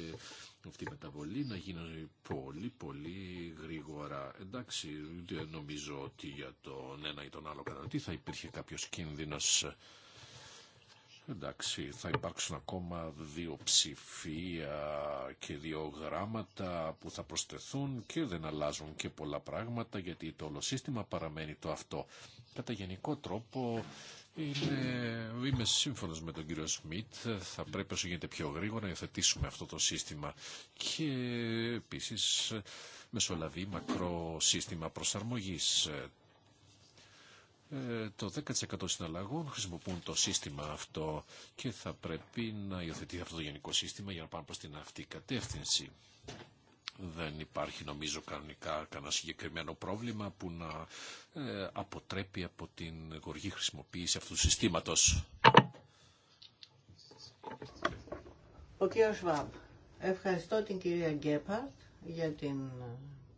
αυτή η μεταβολή να γίνει πολύ πολύ γρήγορα. Εντάξει, δεν νομίζω ότι για τον ένα ή τον άλλο καταναλωτή θα υπήρχε κάποιος κίνδυνος. Εντάξει, θα υπάρξουν ακόμα δύο ψηφία και δύο γράμματα που θα προσθεθούν και δεν αλλάζουν και πολλά πράγματα γιατί το όλο σύστημα παραμένει το αυτό. Κατά γενικό τρόπο είναι, είμαι σύμφωνο με τον κύριο Σμιτ. Θα πρέπει όσο γίνεται πιο γρήγορα να υιοθετήσουμε αυτό το σύστημα. Και επίση μεσολαβεί μακρό σύστημα προσαρμογή. Ε, το 10% συναλλαγών χρησιμοποιούν το σύστημα αυτό και θα πρέπει να υιοθετεί αυτό το γενικό σύστημα για να πάμε προς την αυτή κατεύθυνση. Δεν υπάρχει νομίζω κανονικά κανένα συγκεκριμένο πρόβλημα που να ε, αποτρέπει από την γοργή χρησιμοποίηση αυτού του συστήματος. Ο κύριος Σβάμπ, ευχαριστώ την κυρία Γκέπαρτ για την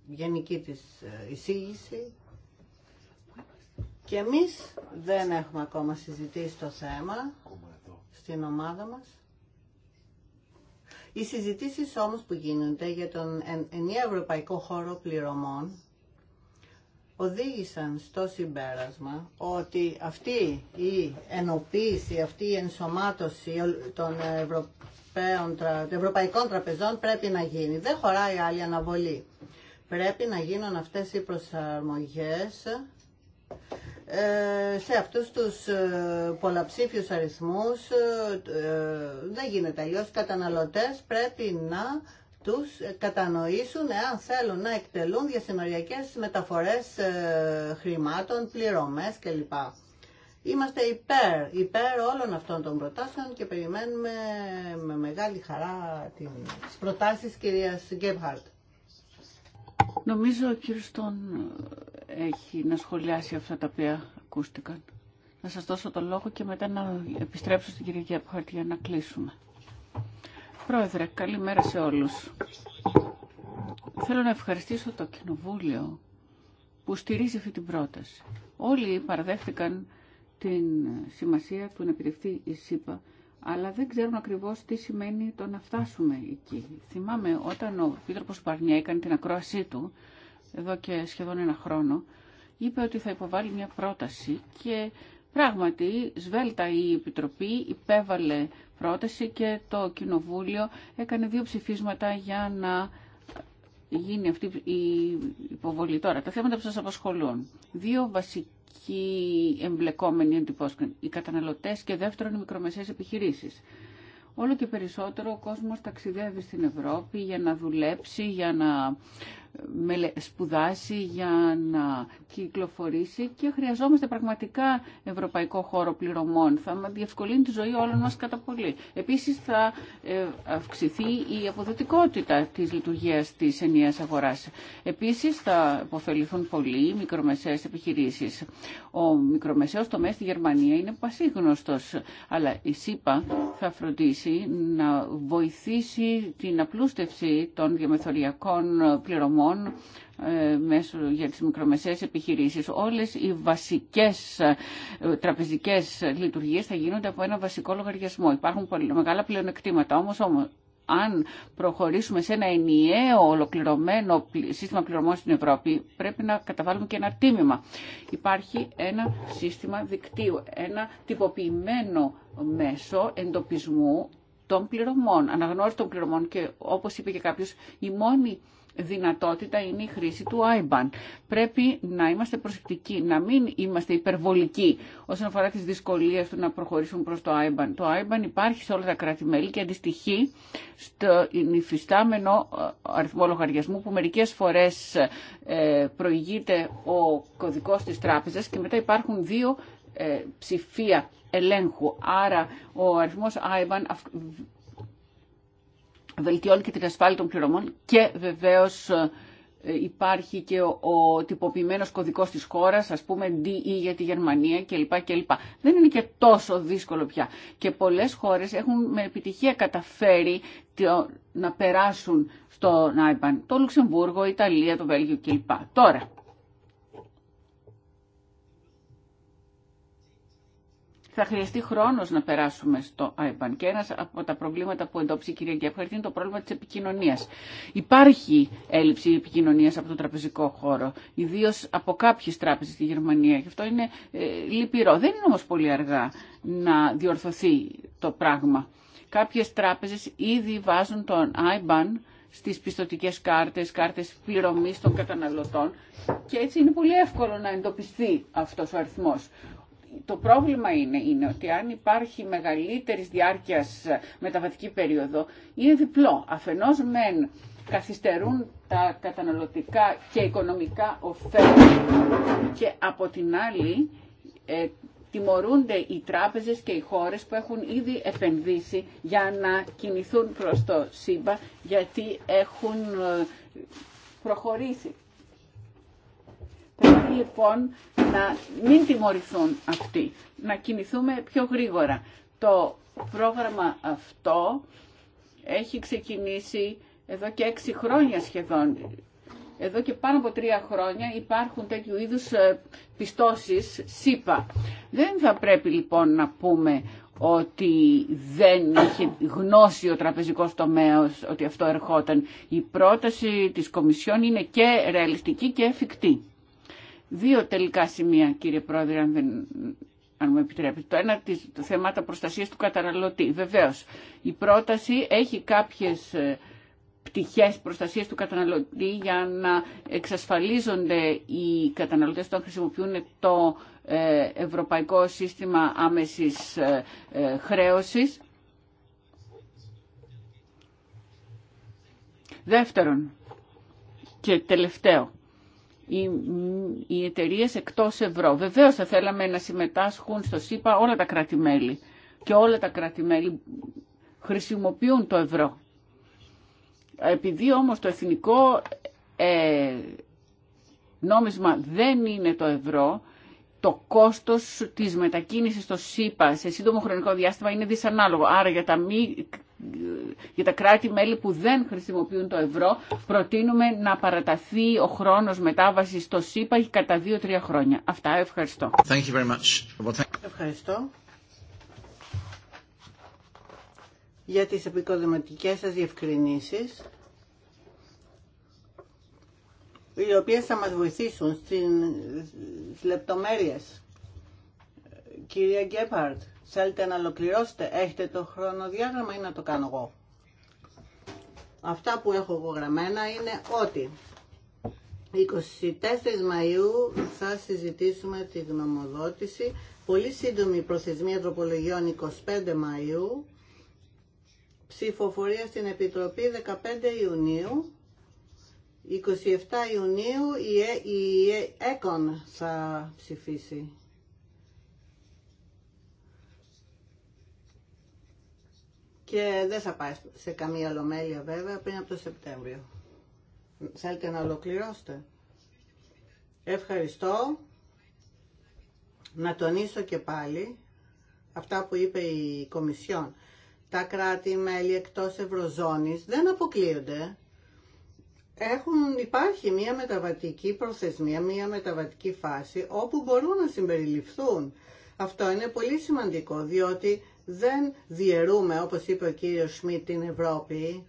γενική της ε, εισήγηση και εμείς δεν έχουμε ακόμα συζητήσει το θέμα στην ομάδα μας. Οι συζητήσει όμω που γίνονται για τον ενιαίο ευρωπαϊκό χώρο πληρωμών οδήγησαν στο συμπέρασμα ότι αυτή η ενοποίηση, αυτή η ενσωμάτωση των, των ευρωπαϊκών τραπεζών πρέπει να γίνει. Δεν χωράει άλλη αναβολή. Πρέπει να γίνουν αυτές οι προσαρμογές ε, σε αυτούς τους ε, πολλαψήφιους αριθμούς ε, δεν γίνεται αλλιώς καταναλωτές πρέπει να τους κατανοήσουν εάν θέλουν να εκτελούν διασυνοριακές μεταφορές χρημάτων, πληρωμές κλπ. Είμαστε υπέρ, υπέρ όλων αυτών των προτάσεων και περιμένουμε με μεγάλη χαρά τις προτάσεις κυρίας Γκέμπχαρτ. Νομίζω ο κύριος Τόν ε, έχει να σχολιάσει αυτά τα οποία ακούστηκαν. Να σας δώσω το λόγο και μετά να επιστρέψω στην κυρία Γκέπχαρτ για να κλείσουμε. Πρόεδρε, καλημέρα σε όλους. Θέλω να ευχαριστήσω το Κοινοβούλιο που στηρίζει αυτή την πρόταση. Όλοι παραδέχτηκαν την σημασία του να επιτευχθεί η ΣΥΠΑ αλλά δεν ξέρουν ακριβώς τι σημαίνει το να φτάσουμε εκεί. Θυμάμαι όταν ο Πίτροπος Παρνιά έκανε την ακρόασή του, εδώ και σχεδόν ένα χρόνο, είπε ότι θα υποβάλει μια πρόταση και πράγματι σβέλτα η Επιτροπή υπέβαλε πρόταση και το Κοινοβούλιο έκανε δύο ψηφίσματα για να γίνει αυτή η υποβολή. Τώρα, τα θέματα που σας απασχολούν. Δύο βασικά βασικοί εμπλεκόμενοι αντιπόσκον, οι καταναλωτέ και δεύτερον οι μικρομεσαίες επιχειρήσεις. Όλο και περισσότερο ο κόσμος ταξιδεύει στην Ευρώπη για να δουλέψει, για να σπουδάσει, για να κυκλοφορήσει και χρειαζόμαστε πραγματικά ευρωπαϊκό χώρο πληρωμών. Θα διευκολύνει τη ζωή όλων μας κατά πολύ. Επίσης θα ε, αυξηθεί η αποδοτικότητα της λειτουργίας της ενιαίας αγοράς. Επίσης θα υποφεληθούν πολλοί οι μικρομεσαίες επιχειρήσεις. Ο μικρομεσαίος τομέας στη Γερμανία είναι πασίγνωστος, αλλά η ΣΥΠΑ θα φροντίσει να βοηθήσει την απλούστευση των διαμεθοριακών πληρωμών ε, μέσω για τις μικρομεσαίες επιχειρήσεις. Όλες οι βασικές ε, τραπεζικές λειτουργίες θα γίνονται από ένα βασικό λογαριασμό. Υπάρχουν πολύ μεγάλα πλεονεκτήματα όμως, όμως αν προχωρήσουμε σε ένα ενιαίο ολοκληρωμένο σύστημα πληρωμών στην Ευρώπη, πρέπει να καταβάλουμε και ένα τίμημα. Υπάρχει ένα σύστημα δικτύου, ένα τυποποιημένο μέσο εντοπισμού των πληρωμών, αναγνώριση των πληρωμών και όπως είπε και κάποιος, η μόνη δυνατότητα είναι η χρήση του IBAN. Πρέπει να είμαστε προσεκτικοί, να μην είμαστε υπερβολικοί όσον αφορά τις δυσκολίες του να προχωρήσουν προς το IBAN. Το IBAN υπάρχει σε όλα τα κράτη-μέλη και αντιστοιχεί στο υφιστάμενο ε, αριθμό λογαριασμού που μερικές φορές ε, προηγείται ο κωδικός της τράπεζας και μετά υπάρχουν δύο ε, ψηφία ελέγχου. Άρα ο αριθμός IBAN βελτιώνει και την ασφάλεια των πληρωμών και βεβαίως ε, υπάρχει και ο, ο τυποποιημένος κωδικός της χώρας, ας πούμε DE για τη Γερμανία κλπ. κλπ. Δεν είναι και τόσο δύσκολο πια. Και πολλές χώρες έχουν με επιτυχία καταφέρει να περάσουν στο ΝΑΙΠΑΝ. Το Λουξεμβούργο, η Ιταλία, το Βέλγιο κλπ. Τώρα, θα χρειαστεί χρόνο να περάσουμε στο IBAN. Και ένα από τα προβλήματα που εντόπισε η κυρία Γκέφαρτ είναι το πρόβλημα τη επικοινωνία. Υπάρχει έλλειψη επικοινωνία από το τραπεζικό χώρο, ιδίω από κάποιες τράπεζε στη Γερμανία. Και αυτό είναι ε, λυπηρό. Δεν είναι όμω πολύ αργά να διορθωθεί το πράγμα. Κάποιες τράπεζες ήδη βάζουν τον IBAN στις πιστοτικές κάρτες, κάρτες πληρωμής των καταναλωτών και έτσι είναι πολύ εύκολο να εντοπιστεί αυτό ο αριθμό το πρόβλημα είναι, είναι ότι αν υπάρχει μεγαλύτερης διάρκειας μεταβατική περίοδο, είναι διπλό. Αφενός μεν καθυστερούν τα καταναλωτικά και οικονομικά ωφέλη και από την άλλη ε, τιμωρούνται οι τράπεζες και οι χώρες που έχουν ήδη επενδύσει για να κινηθούν προς το ΣΥΜΠΑ γιατί έχουν ε, προχωρήσει. Πρέπει λοιπόν να μην τιμωρηθούν αυτοί, να κινηθούμε πιο γρήγορα. Το πρόγραμμα αυτό έχει ξεκινήσει εδώ και έξι χρόνια σχεδόν. Εδώ και πάνω από τρία χρόνια υπάρχουν τέτοιου είδους ε, πιστώσεις ΣΥΠΑ. Δεν θα πρέπει λοιπόν να πούμε ότι δεν είχε γνώσει ο τραπεζικός τομέας ότι αυτό ερχόταν. Η πρόταση της Κομισιόν είναι και ρεαλιστική και εφικτή. Δύο τελικά σημεία, κύριε Πρόεδρε, αν, δεν, μου επιτρέπετε. Το ένα, το θέμα προστασίας του καταναλωτή. Βεβαίως, η πρόταση έχει κάποιες ε, πτυχές προστασίας του καταναλωτή για να εξασφαλίζονται οι καταναλωτές όταν χρησιμοποιούν το ε, Ευρωπαϊκό Σύστημα Άμεσης ε, Χρέωσης. Δεύτερον και τελευταίο, οι, οι εταιρείε εκτός ευρώ. Βεβαίως θα θέλαμε να συμμετάσχουν στο ΣΥΠΑ όλα τα κράτη-μέλη και όλα τα κράτη-μέλη χρησιμοποιούν το ευρώ. Επειδή όμως το εθνικό ε, νόμισμα δεν είναι το ευρώ, το κόστος της μετακίνησης στο ΣΥΠΑ σε σύντομο χρονικό διάστημα είναι δυσανάλογο. Άρα για τα μη για τα κράτη-μέλη που δεν χρησιμοποιούν το ευρώ, προτείνουμε να παραταθεί ο χρόνος μετάβασης στο ΣΥΠΑ κατά δύο-τρία χρόνια. Αυτά, ευχαριστώ. Ευχαριστώ για τις επικοδηματικές σας διευκρινήσεις οι οποίες θα μας βοηθήσουν στις λεπτομέρειες. Κυρία Γκέπαρτ, Θέλετε να ολοκληρώσετε, έχετε το χρονοδιάγραμμα ή να το κάνω εγώ. Αυτά που έχω γραμμένα είναι ότι 24 Μαΐου θα συζητήσουμε τη γνωμοδότηση. Πολύ σύντομη προθεσμία τροπολογιών 25 Μαΐου. Ψηφοφορία στην Επιτροπή 15 Ιουνίου. 27 Ιουνίου η ΕΚΟΝ θα ψηφίσει και δεν θα πάει σε καμία ολομέλεια βέβαια πριν από το Σεπτέμβριο. Θέλετε να ολοκληρώσετε. Ευχαριστώ. Να τονίσω και πάλι αυτά που είπε η Κομισιόν. Τα κράτη-μέλη εκτός Ευρωζώνης δεν αποκλείονται. Έχουν, υπάρχει μια μεταβατική προθεσμία, μια μεταβατική φάση όπου μπορούν να συμπεριληφθούν. Αυτό είναι πολύ σημαντικό διότι δεν διαιρούμε, όπως είπε ο κύριος Σμιτ, την Ευρώπη,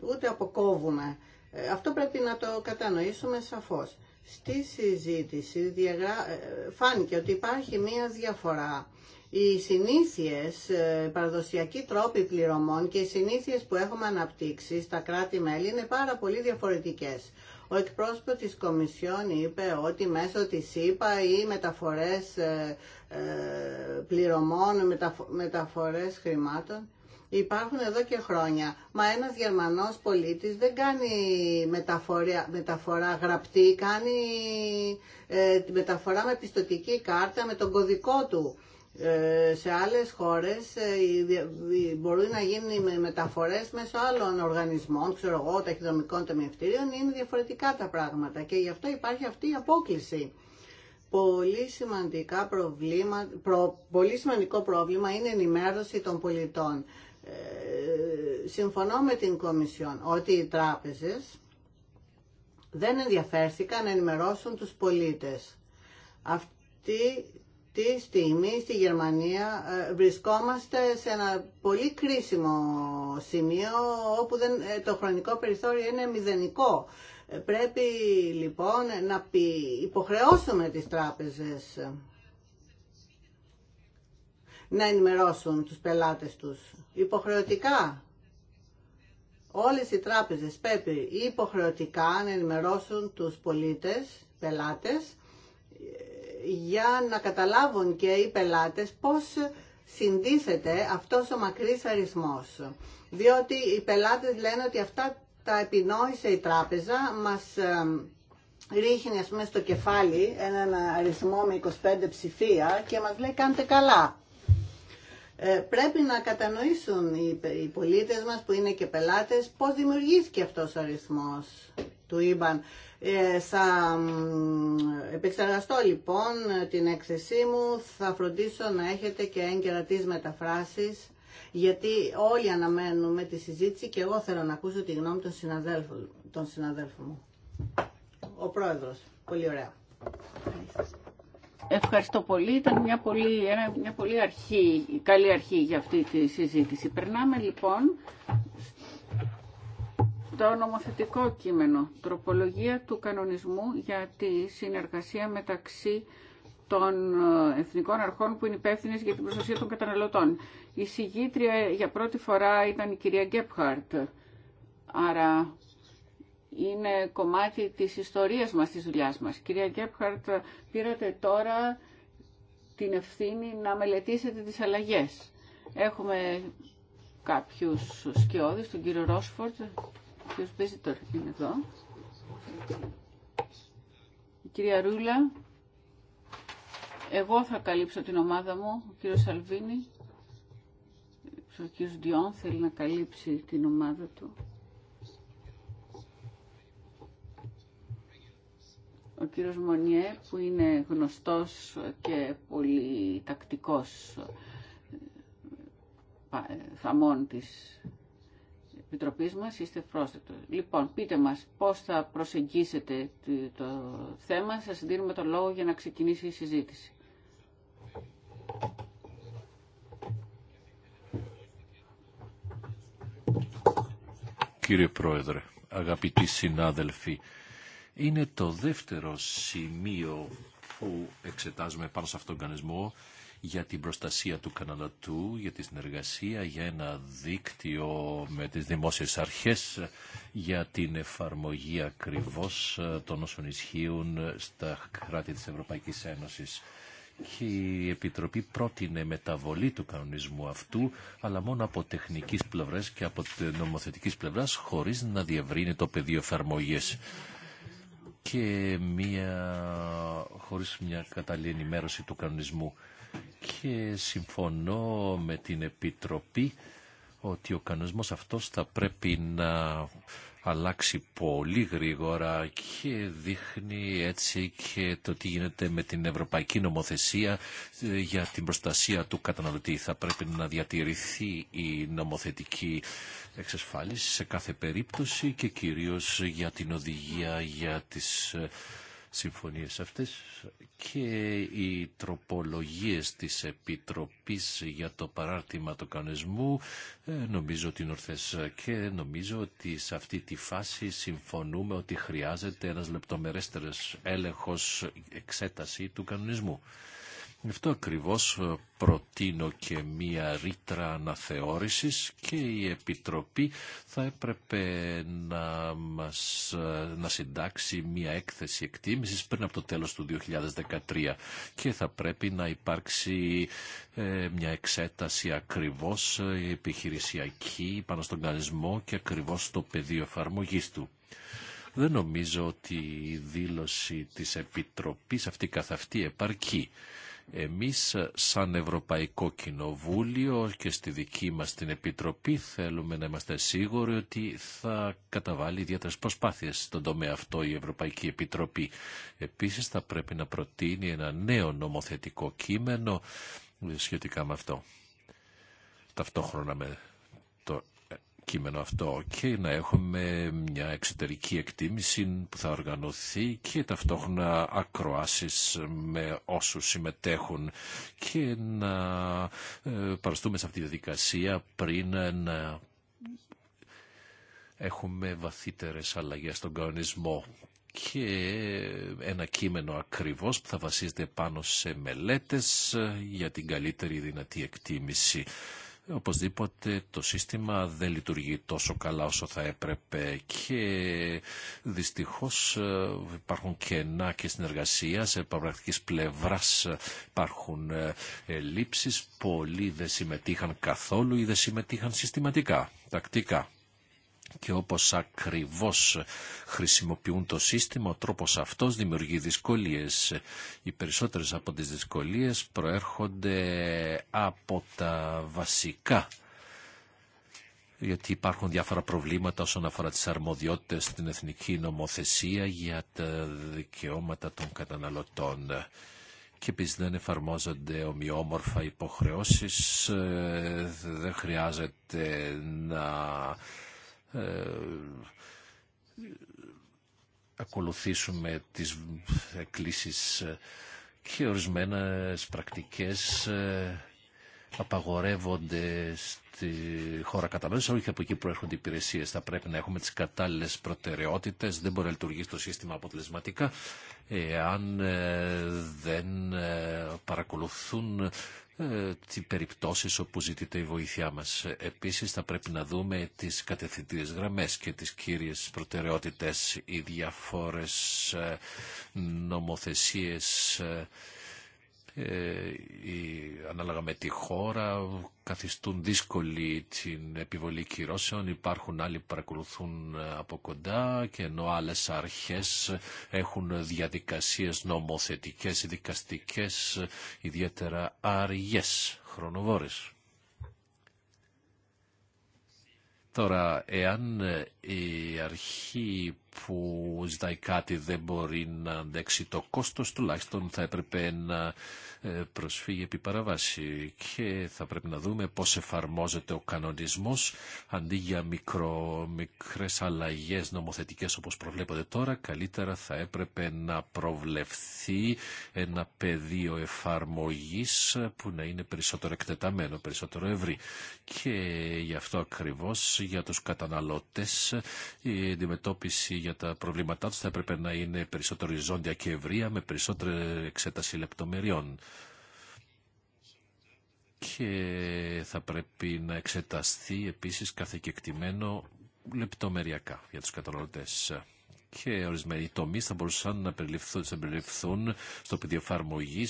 ούτε αποκόβουμε. Ε, αυτό πρέπει να το κατανοήσουμε σαφώς. Στη συζήτηση διαγρα... Ε, φάνηκε ότι υπάρχει μία διαφορά. Οι συνήθειες, ε, παραδοσιακοί τρόποι πληρωμών και οι συνήθειες που έχουμε αναπτύξει στα κράτη-μέλη είναι πάρα πολύ διαφορετικές. Ο εκπρόσωπος της Κομισιόν είπε ότι μέσω της ΣΥΠΑ ή μεταφορές ε, ε, πληρωμών, μεταφορές χρημάτων υπάρχουν εδώ και χρόνια. Μα ένας Γερμανός πολίτης δεν κάνει μεταφορά, μεταφορά γραπτή, κάνει ε, μεταφορά με πιστοτική κάρτα, με τον κωδικό του. Ε, σε άλλες χώρες ε, μπορεί να γίνουν μεταφορές μέσω άλλων οργανισμών, ξέρω εγώ, ταχυδρομικών τεμιευτηρίων είναι διαφορετικά τα πράγματα και γι' αυτό υπάρχει αυτή η απόκληση. Πολύ, σημαντικά προβλήμα, πολύ σημαντικό πρόβλημα είναι η ενημέρωση των πολιτών. Ε, συμφωνώ με την Κομισιόν ότι οι τράπεζες δεν ενδιαφέρθηκαν να ενημερώσουν τους πολίτες. Αυτή τη στιγμή στη Γερμανία ε, βρισκόμαστε σε ένα πολύ κρίσιμο σημείο όπου ε, το χρονικό περιθώριο είναι μηδενικό. Ε, πρέπει λοιπόν να υποχρεώσουμε τις τράπεζες να ενημερώσουν τους πελάτες τους υποχρεωτικά. Όλες οι τράπεζες πρέπει υποχρεωτικά να ενημερώσουν τους πολίτες, πελάτες, για να καταλάβουν και οι πελάτες πώς συντίθεται αυτός ο μακρύς αριθμός. Διότι οι πελάτες λένε ότι αυτά τα επινόησε η τράπεζα, μας ρίχνει ας στο κεφάλι έναν αριθμό με 25 ψηφία και μας λέει κάντε καλά. Ε, πρέπει να κατανοήσουν οι, πολίτες μας που είναι και πελάτες πώς δημιουργήθηκε αυτός ο αριθμός του ΙΜΠΑΝ. Ε, θα επεξεργαστώ λοιπόν την έκθεσή μου, θα φροντίσω να έχετε και έγκαιρα τι μεταφράσεις, γιατί όλοι αναμένουμε τη συζήτηση και εγώ θέλω να ακούσω τη γνώμη των συναδέλφων, των συναδέλφων μου. Ο πρόεδρος. Πολύ ωραία. Ευχαριστώ πολύ. Ήταν μια πολύ, μια πολύ αρχή, καλή αρχή για αυτή τη συζήτηση. Περνάμε λοιπόν το νομοθετικό κείμενο, τροπολογία του κανονισμού για τη συνεργασία μεταξύ των ε, εθνικών αρχών που είναι υπεύθυνε για την προστασία των καταναλωτών. Η συγγήτρια για πρώτη φορά ήταν η κυρία Γκέπχαρτ. Άρα είναι κομμάτι της ιστορίας μας, της δουλειάς μας. Κυρία Γκέπχαρτ, πήρατε τώρα την ευθύνη να μελετήσετε τις αλλαγές. Έχουμε κάποιους σκιώδεις, τον κύριο Ρόσφορτ, Ποιος παίζει τώρα, είναι εδώ. Η κυρία Ρούλα. Εγώ θα καλύψω την ομάδα μου, ο κύριος Σαλβίνη. Ο κύριος Διόν θέλει να καλύψει την ομάδα του. Ο κύριος Μονιέ που είναι γνωστός και πολύ τακτικός ε, ε, θαμών της Επιτροπής μας είστε πρόσθετο. Λοιπόν, πείτε μας πώς θα προσεγγίσετε το θέμα. Σας δίνουμε το λόγο για να ξεκινήσει η συζήτηση. Κύριε Πρόεδρε, αγαπητοί συνάδελφοι, είναι το δεύτερο σημείο που εξετάζουμε πάνω σε αυτόν τον κανονισμό για την προστασία του κανανατού, για τη συνεργασία, για ένα δίκτυο με τις δημόσιες αρχές, για την εφαρμογή ακριβώς των όσων ισχύουν στα κράτη της Ευρωπαϊκής Ένωσης. Και η Επιτροπή πρότεινε μεταβολή του κανονισμού αυτού, αλλά μόνο από τεχνικής πλευράς και από νομοθετικής πλευράς, χωρίς να διευρύνει το πεδίο εφαρμογής και μια, χωρίς μια κατάλληλη ενημέρωση του κανονισμού και συμφωνώ με την Επιτροπή ότι ο κανονισμός αυτός θα πρέπει να αλλάξει πολύ γρήγορα και δείχνει έτσι και το τι γίνεται με την ευρωπαϊκή νομοθεσία ε, για την προστασία του καταναλωτή. Θα πρέπει να διατηρηθεί η νομοθετική εξασφάλιση σε κάθε περίπτωση και κυρίως για την οδηγία για τις ε, συμφωνίες αυτές και οι τροπολογίες της Επιτροπής για το παράρτημα του κανονισμού ε, νομίζω ότι είναι ορθές και νομίζω ότι σε αυτή τη φάση συμφωνούμε ότι χρειάζεται ένας λεπτομερέστερος έλεγχος εξέταση του κανονισμού. Γι' αυτό ακριβώς ε, προτείνω και μία ρήτρα αναθεώρησης και η Επιτροπή θα έπρεπε να, μας, ε, να συντάξει μία έκθεση εκτίμησης πριν από το τέλος του 2013 και θα πρέπει να υπάρξει ε, μία εξέταση ακριβώς επιχειρησιακή πάνω στον κανονισμό και ακριβώς στο πεδίο εφαρμογής του. Δεν νομίζω ότι η δήλωση της Επιτροπής αυτή καθ' αυτή επαρκεί. Εμείς ε, σαν Ευρωπαϊκό Κοινοβούλιο και στη δική μας την Επιτροπή θέλουμε να είμαστε σίγουροι ότι θα καταβάλει ιδιαίτερε προσπάθειες στον τομέα αυτό η Ευρωπαϊκή Επιτροπή. Επίσης θα πρέπει να προτείνει ένα νέο νομοθετικό κείμενο ε, σχετικά με αυτό. Ταυτόχρονα με κείμενο αυτό και να έχουμε μια εξωτερική εκτίμηση που θα οργανωθεί και ταυτόχρονα ακροάσεις με όσους συμμετέχουν και να ε, παραστούμε σε αυτή τη διαδικασία πριν να έχουμε βαθύτερες αλλαγές στον κανονισμό και ένα κείμενο ακριβώς που θα βασίζεται πάνω σε μελέτες για την καλύτερη δυνατή εκτίμηση. Οπωσδήποτε το σύστημα δεν λειτουργεί τόσο καλά όσο θα έπρεπε και δυστυχώς ε, υπάρχουν κενά και συνεργασία σε πρακτικής πλευράς υπάρχουν ε, λήψεις. Πολλοί δεν συμμετείχαν καθόλου ή δεν συμμετείχαν συστηματικά, τακτικά και όπως ακριβώς χρησιμοποιούν το σύστημα, ο τρόπος αυτός δημιουργεί δυσκολίες. Οι περισσότερες από τις δυσκολίες προέρχονται από τα βασικά γιατί υπάρχουν διάφορα προβλήματα όσον αφορά τις αρμοδιότητες στην εθνική νομοθεσία για τα δικαιώματα των καταναλωτών και επειδή δεν εφαρμόζονται ομοιόμορφα υποχρεώσεις ε, δεν χρειάζεται να ε, ακολουθήσουμε τις εκκλήσεις ε, και ορισμένες πρακτικές ε, απαγορεύονται στη χώρα μέσα, όχι από εκεί προέρχονται οι υπηρεσίες Θα πρέπει να έχουμε τις κατάλληλες προτεραιότητες. Δεν μπορεί να λειτουργήσει το σύστημα αποτελεσματικά εάν δεν παρακολουθούν ε, τι περιπτώσεις όπου ζητείται η βοήθειά μας. Επίσης θα πρέπει να δούμε τις κατευθυντήριες γραμμές και τις κύριες προτεραιότητες, οι διαφόρες ε, νομοθεσίες ε, ε, η, ανάλογα με τη χώρα καθιστούν δύσκολη την επιβολή κυρώσεων, υπάρχουν άλλοι που παρακολουθούν ε, από κοντά και ενώ άλλες αρχές έχουν διαδικασίες νομοθετικές, δικαστικές, ιδιαίτερα αργές, χρονοβόρες. Τώρα, εάν ε, η αρχή που ζητάει κάτι δεν μπορεί να αντέξει το κόστος, τουλάχιστον θα έπρεπε να ε, προσφύγει επί παραβάση και θα πρέπει να δούμε πώς εφαρμόζεται ο κανονισμός αντί για μικρο, μικρές αλλαγές νομοθετικές όπως προβλέπονται τώρα καλύτερα θα έπρεπε να προβλεφθεί ένα πεδίο εφαρμογής που να είναι περισσότερο εκτεταμένο, περισσότερο ευρύ και γι' αυτό ακριβώς για τους καταναλώτες η αντιμετώπιση για τα προβλήματά του. θα έπρεπε να είναι περισσότερο οριζόντια και ευρεία με περισσότερη εξέταση λεπτομεριών. Και θα πρέπει να εξεταστεί επίσης κάθε κεκτημένο λεπτομεριακά για τους καταναλωτές και ορισμένοι τομείς θα μπορούσαν να περιληφθούν, να περιληφθούν στο πεδίο εφαρμογή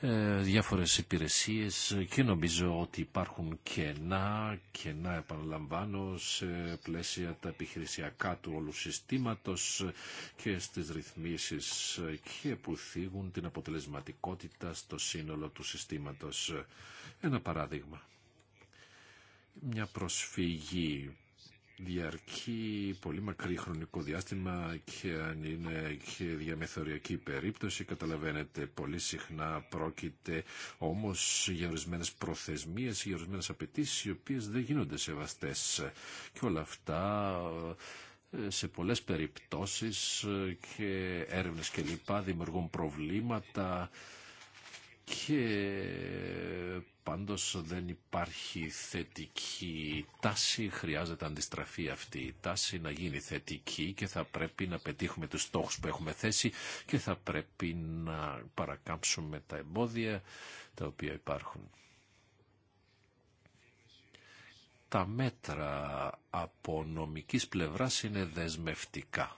ε, διάφορες υπηρεσίες και νομίζω ότι υπάρχουν κενά, κενά επαναλαμβάνω σε πλαίσια τα επιχειρησιακά του όλου συστήματος και στις ρυθμίσεις και που θίγουν την αποτελεσματικότητα στο σύνολο του συστήματος. Ένα παράδειγμα. Μια προσφυγή διαρκεί πολύ μακρύ χρονικό διάστημα και αν είναι και διαμεθοριακή περίπτωση καταλαβαίνετε πολύ συχνά πρόκειται όμως για ορισμένες προθεσμίες, για ορισμένες απαιτήσει οι οποίες δεν γίνονται σεβαστές και όλα αυτά ε, σε πολλές περιπτώσεις ε, και έρευνες και δημιουργούν προβλήματα και πάντως δεν υπάρχει θετική τάση, χρειάζεται αντιστραφή αυτή η τάση να γίνει θετική και θα πρέπει να πετύχουμε τους στόχους που έχουμε θέσει και θα πρέπει να παρακάμψουμε τα εμπόδια τα οποία υπάρχουν. Τα μέτρα από νομικής πλευράς είναι δεσμευτικά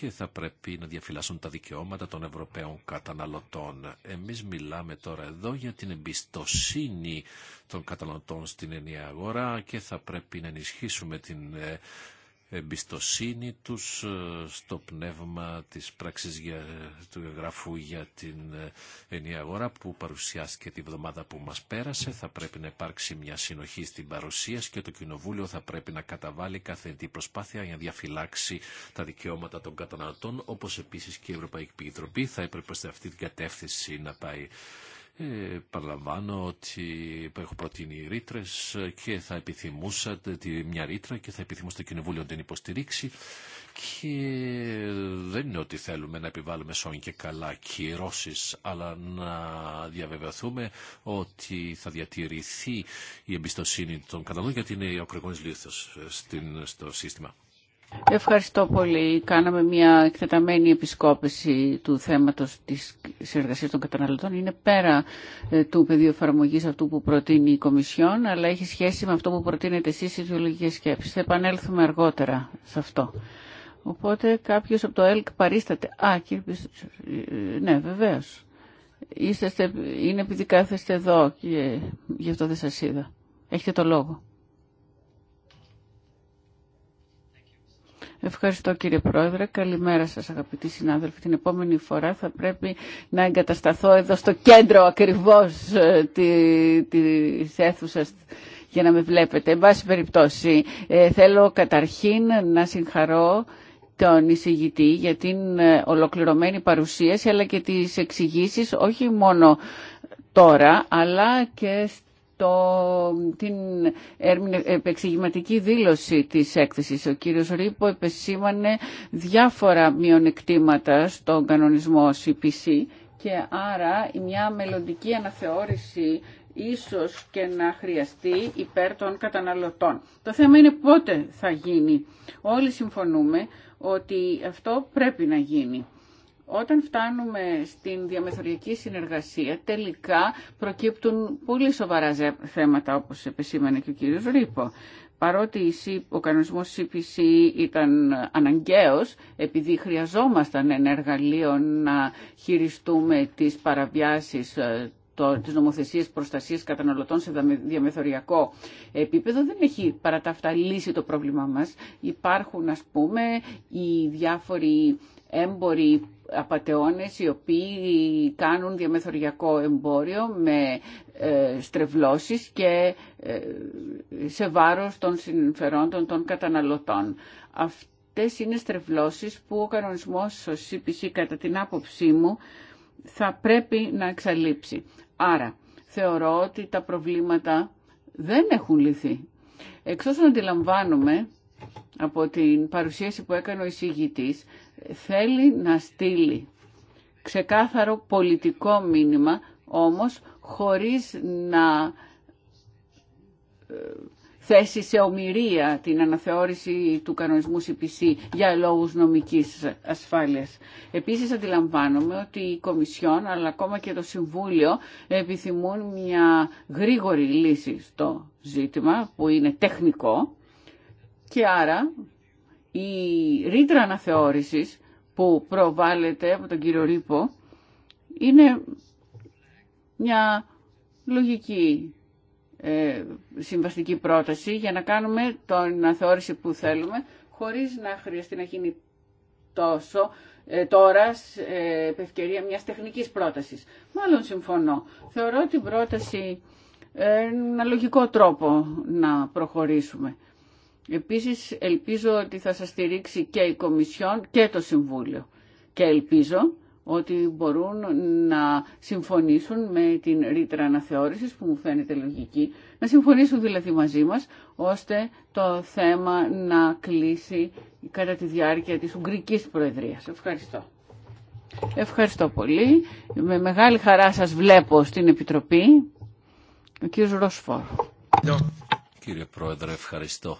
και θα πρέπει να διαφυλάσσουν τα δικαιώματα των Ευρωπαίων καταναλωτών. Εμείς μιλάμε τώρα εδώ για την εμπιστοσύνη των καταναλωτών στην ενιαία αγορά και θα πρέπει να ενισχύσουμε την ε, εμπιστοσύνη τους ε, στο πνεύμα της πράξης για, του εγγραφού για την ε, ενιαία αγορά που παρουσιάστηκε τη βδομάδα που μας πέρασε. Θα πρέπει να υπάρξει μια συνοχή στην παρουσίαση και το Κοινοβούλιο θα πρέπει να καταβάλει κάθε τι προσπάθεια για να διαφυλάξει τα δικαιώματα των καταναλωτών όπως επίσης και η Ευρωπαϊκή Επιτροπή θα έπρεπε σε αυτή την κατεύθυνση να πάει ε, παραλαμβάνω ότι έχω προτείνει ρήτρε και θα επιθυμούσατε τη, μια ρήτρα και θα επιθυμούσατε το Κοινοβούλιο να την υποστηρίξει και δεν είναι ότι θέλουμε να επιβάλλουμε σόν και καλά κυρώσει, αλλά να διαβεβαιωθούμε ότι θα διατηρηθεί η εμπιστοσύνη των καταναλωτών γιατί είναι ο ακρογωνής λήθος στο σύστημα. Ευχαριστώ πολύ. Κάναμε μια εκτεταμένη επισκόπηση του θέματος της συνεργασίας των καταναλωτών. Είναι πέρα ε, του πεδίου εφαρμογή αυτού που προτείνει η Κομισιόν, αλλά έχει σχέση με αυτό που προτείνετε εσείς οι βιολογικές σκέψεις. Θα επανέλθουμε αργότερα σε αυτό. Οπότε κάποιος από το ΕΛΚ παρίσταται. Α, κύριε ε, ναι βεβαίως. Είστε είναι επειδή κάθεστε εδώ και γι' αυτό δεν σας είδα. Έχετε το λόγο. Ευχαριστώ κύριε Πρόεδρε. Καλημέρα σας αγαπητοί συνάδελφοι. Την επόμενη φορά θα πρέπει να εγκατασταθώ εδώ στο κέντρο ακριβώς ε, της αίθουσας για να με βλέπετε. Εν πάση περιπτώσει, ε, θέλω καταρχήν να συγχαρώ τον εισηγητή για την ε, ολοκληρωμένη παρουσίαση αλλά και τις εξηγήσει όχι μόνο τώρα αλλά και το, την επεξηγηματική δήλωση της έκθεσης. Ο κύριος Ρίπο επεσήμανε διάφορα μειονεκτήματα στον κανονισμό CPC και άρα μια μελλοντική αναθεώρηση ίσως και να χρειαστεί υπέρ των καταναλωτών. Το θέμα είναι πότε θα γίνει. Όλοι συμφωνούμε ότι αυτό πρέπει να γίνει. Όταν φτάνουμε στην διαμεθοριακή συνεργασία, τελικά προκύπτουν πολύ σοβαρά θέματα, όπως επεσήμανε και ο κύριος Ρήπο. Παρότι ο κανονισμός CPC ήταν αναγκαίος, επειδή χρειαζόμασταν ένα εργαλείο να χειριστούμε τις παραβιάσεις ε, το, της νομοθεσίες προστασίας καταναλωτών σε διαμεθοριακό επίπεδο δεν έχει παρά τα αυτά λύσει το πρόβλημά μας. Υπάρχουν ας πούμε οι διάφοροι έμποροι απατεώνες οι οποίοι κάνουν διαμεθοριακό εμπόριο με ε, στρεβλώσεις και ε, σε βάρος των συμφερόντων των καταναλωτών. Αυτές είναι στρεβλώσεις που ο κανονισμός ο CPC κατά την άποψή μου θα πρέπει να εξαλείψει. Άρα θεωρώ ότι τα προβλήματα δεν έχουν λυθεί. Εξ όσων από την παρουσίαση που έκανε ο εισηγητής, θέλει να στείλει ξεκάθαρο πολιτικό μήνυμα, όμως χωρίς να ε, θέσει σε ομοιρία την αναθεώρηση του κανονισμού CPC για λόγους νομικής ασφάλειας. Επίσης αντιλαμβάνομαι ότι η Κομισιόν αλλά ακόμα και το Συμβούλιο επιθυμούν μια γρήγορη λύση στο ζήτημα που είναι τεχνικό και άρα η ρήτρα αναθεώρησης που προβάλλεται από τον κύριο Ρήπο είναι μια λογική ε, συμβαστική πρόταση για να κάνουμε την αναθεώρηση που θέλουμε χωρίς να χρειαστεί να γίνει τόσο ε, τώρα ε, ευκαιρία μιας τεχνικής πρότασης. Μάλλον συμφωνώ. Θεωρώ την πρόταση ε, ένα λογικό τρόπο να προχωρήσουμε. Επίσης ελπίζω ότι θα σας στηρίξει και η Κομισιόν και το Συμβούλιο. Και ελπίζω ότι μπορούν να συμφωνήσουν με την ρήτρα αναθεώρησης που μου φαίνεται λογική, να συμφωνήσουν δηλαδή μαζί μας, ώστε το θέμα να κλείσει κατά τη διάρκεια της Ουγγρικής Προεδρίας. Ευχαριστώ. Ευχαριστώ πολύ. Με μεγάλη χαρά σας βλέπω στην Επιτροπή. Ο κύριος Ροσφόρ. Κύριε Πρόεδρε, ευχαριστώ.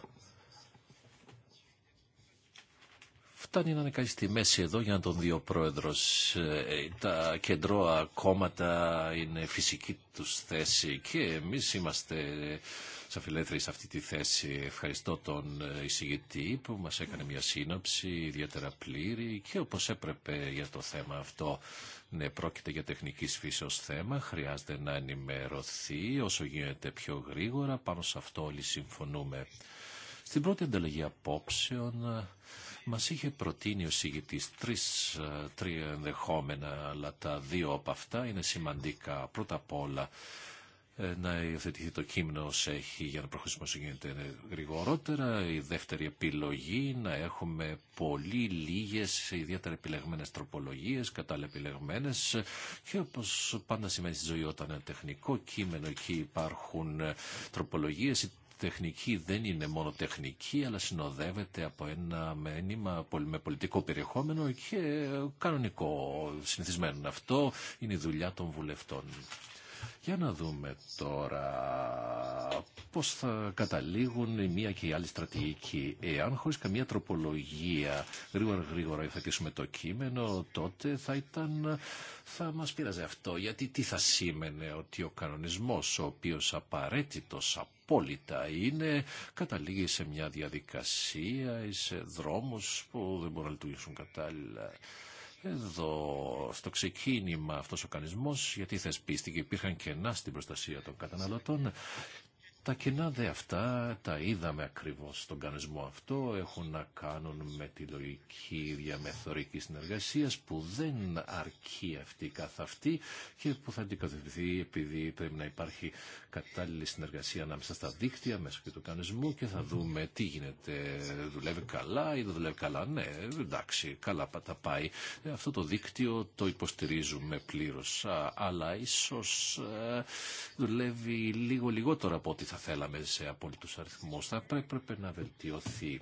Φτάνει να είναι στη μέση εδώ για να τον δει ο πρόεδρο. Ε, τα κεντρώα κόμματα είναι φυσική του θέση και εμεί είμαστε σαφιλέθροι σε αυτή τη θέση. Ευχαριστώ τον ε, εισηγητή που μας έκανε μια σύνοψη ιδιαίτερα πλήρη και όπω έπρεπε για το θέμα αυτό. Ναι, πρόκειται για τεχνικής φύσεως θέμα, χρειάζεται να ενημερωθεί όσο γίνεται πιο γρήγορα, πάνω σε αυτό όλοι συμφωνούμε. Στην πρώτη ανταλλαγή απόψεων μα είχε προτείνει ο συγητής τρεις, ε, τρία ενδεχόμενα, αλλά τα δύο από αυτά είναι σημαντικά. Πρώτα απ' όλα, ε, να υιοθετηθεί το κείμενο όσο έχει για να προχωρήσουμε όσο γίνεται γρηγορότερα. Η δεύτερη επιλογή να έχουμε πολύ λίγες ιδιαίτερα επιλεγμένες τροπολογίες, κατάλληλα και όπως πάντα σημαίνει στη ζωή όταν είναι τεχνικό κείμενο εκεί υπάρχουν ε, τροπολογίες τεχνική δεν είναι μόνο τεχνική, αλλά συνοδεύεται από ένα μένυμα με πολιτικό περιεχόμενο και κανονικό συνηθισμένο. Αυτό είναι η δουλειά των βουλευτών. Για να δούμε τώρα πώς θα καταλήγουν η μία και η άλλη στρατηγική. Εάν χωρίς καμία τροπολογία γρήγορα γρήγορα κλείσουμε το κείμενο, τότε θα ήταν, θα μας πείραζε αυτό. Γιατί τι θα σήμαινε ότι ο κανονισμός, ο οποίος απαραίτητος, απόλυτα. Είναι, καταλήγει σε μια διαδικασία ή σε δρόμους που δεν μπορούν να λειτουργήσουν κατάλληλα. Εδώ στο ξεκίνημα αυτός ο κανισμός γιατί θεσπίστηκε υπήρχαν κενά στην προστασία των καταναλωτών τα κενά δε αυτά τα είδαμε ακριβώς στον κανονισμό αυτό, έχουν να κάνουν με τη λογική διαμεθορική συνεργασία που δεν αρκεί αυτή καθ' αυτή και που θα αντικατευθεί επειδή πρέπει να υπάρχει κατάλληλη συνεργασία ανάμεσα στα δίκτυα μέσω και του κανονισμού και θα δούμε τι γίνεται. Δουλεύει καλά ή δεν δουλεύει καλά. Ναι, εντάξει, καλά τα πάει. Ε, αυτό το δίκτυο το υποστηρίζουμε πλήρω. Αλλά ίσω ε, δουλεύει λίγο λιγότερο από ό,τι θα θέλαμε σε απόλυτου αριθμού. Θα πρέπει να βελτιωθεί.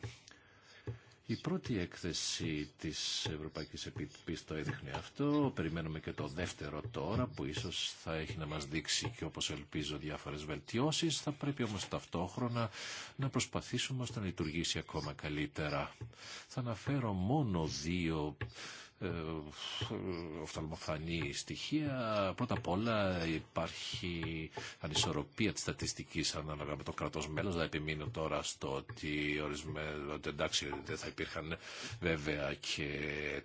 Η πρώτη έκθεση της Ευρωπαϊκής Επιτροπής το έδειχνε αυτό. Περιμένουμε και το δεύτερο τώρα που ίσως θα έχει να μας δείξει και όπως ελπίζω διάφορες βελτιώσεις. Θα πρέπει όμως ταυτόχρονα να προσπαθήσουμε ώστε να λειτουργήσει ακόμα καλύτερα. Θα αναφέρω μόνο δύο ε, οφθαλμοφανή στοιχεία. Πρώτα απ' όλα υπάρχει ανισορροπία της στατιστικής ανάλογα με το κρατός μέλος. Θα επιμείνω τώρα στο ότι εντάξει δεν θα υπήρχαν βέβαια και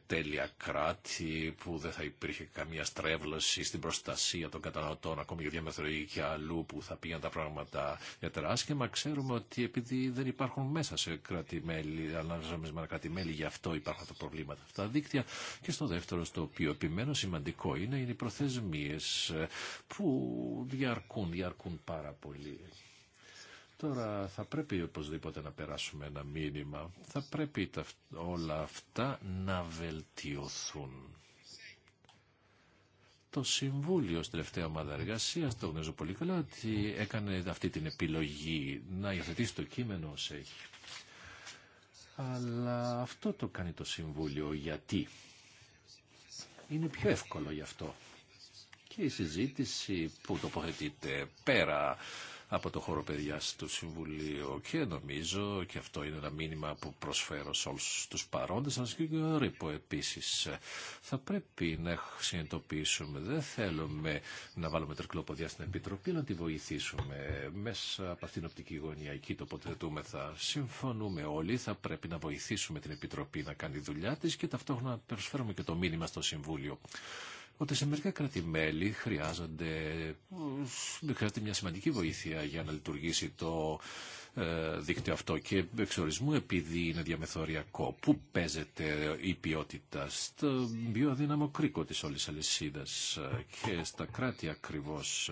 τέλεια κράτη που δεν θα υπήρχε καμία στρέβλωση στην προστασία των καταναλωτών ακόμη και διαμεθροί και αλλού που θα πήγαν τα πράγματα για άσχημα. Ξέρουμε ότι επειδή δεν υπάρχουν μέσα σε κράτη-μέλη, ανάλογα με κράτη-μέλη, γι' αυτό υπάρχουν τα προβλήματα. Αυτά δίκτυα και στο δεύτερο, στο οποίο επιμένω σημαντικό είναι, είναι οι προθεσμίες ε, που διαρκούν, διαρκούν πάρα πολύ. Τώρα θα πρέπει οπωσδήποτε να περάσουμε ένα μήνυμα. Θα πρέπει τα, όλα αυτά να βελτιωθούν. Το Συμβούλιο στην τελευταία ομάδα εργασία, το γνωρίζω πολύ καλά, ότι έκανε αυτή την επιλογή να υιοθετήσει το κείμενο όσο έχει. Αλλά αυτό το κάνει το Συμβούλιο γιατί είναι πιο εύκολο γι' αυτό. Και η συζήτηση που τοποθετείται πέρα από το χώρο παιδιά του Συμβουλίου και νομίζω και αυτό είναι ένα μήνυμα που προσφέρω σε όλους τους παρόντες σας και ρίπο επίσης. Θα πρέπει να συνειδητοποιήσουμε, δεν θέλουμε να βάλουμε τρικλόποδια στην Επιτροπή, να τη βοηθήσουμε μέσα από αυτήν την οπτική γωνία εκεί τοποθετούμεθα. Συμφωνούμε όλοι, θα πρέπει να βοηθήσουμε την Επιτροπή να κάνει δουλειά της και ταυτόχρονα προσφέρουμε και το μήνυμα στο Συμβούλιο ότι σε μερικά κράτη-μέλη χρειάζονται, χρειάζεται μια σημαντική βοήθεια για να λειτουργήσει το ε, δίκτυο αυτό και εξορισμού επειδή είναι διαμεθοριακό. Πού παίζεται η ποιότητα στο πιο αδύναμο κρίκο της όλης αλυσίδας ε, και στα κράτη ακριβώς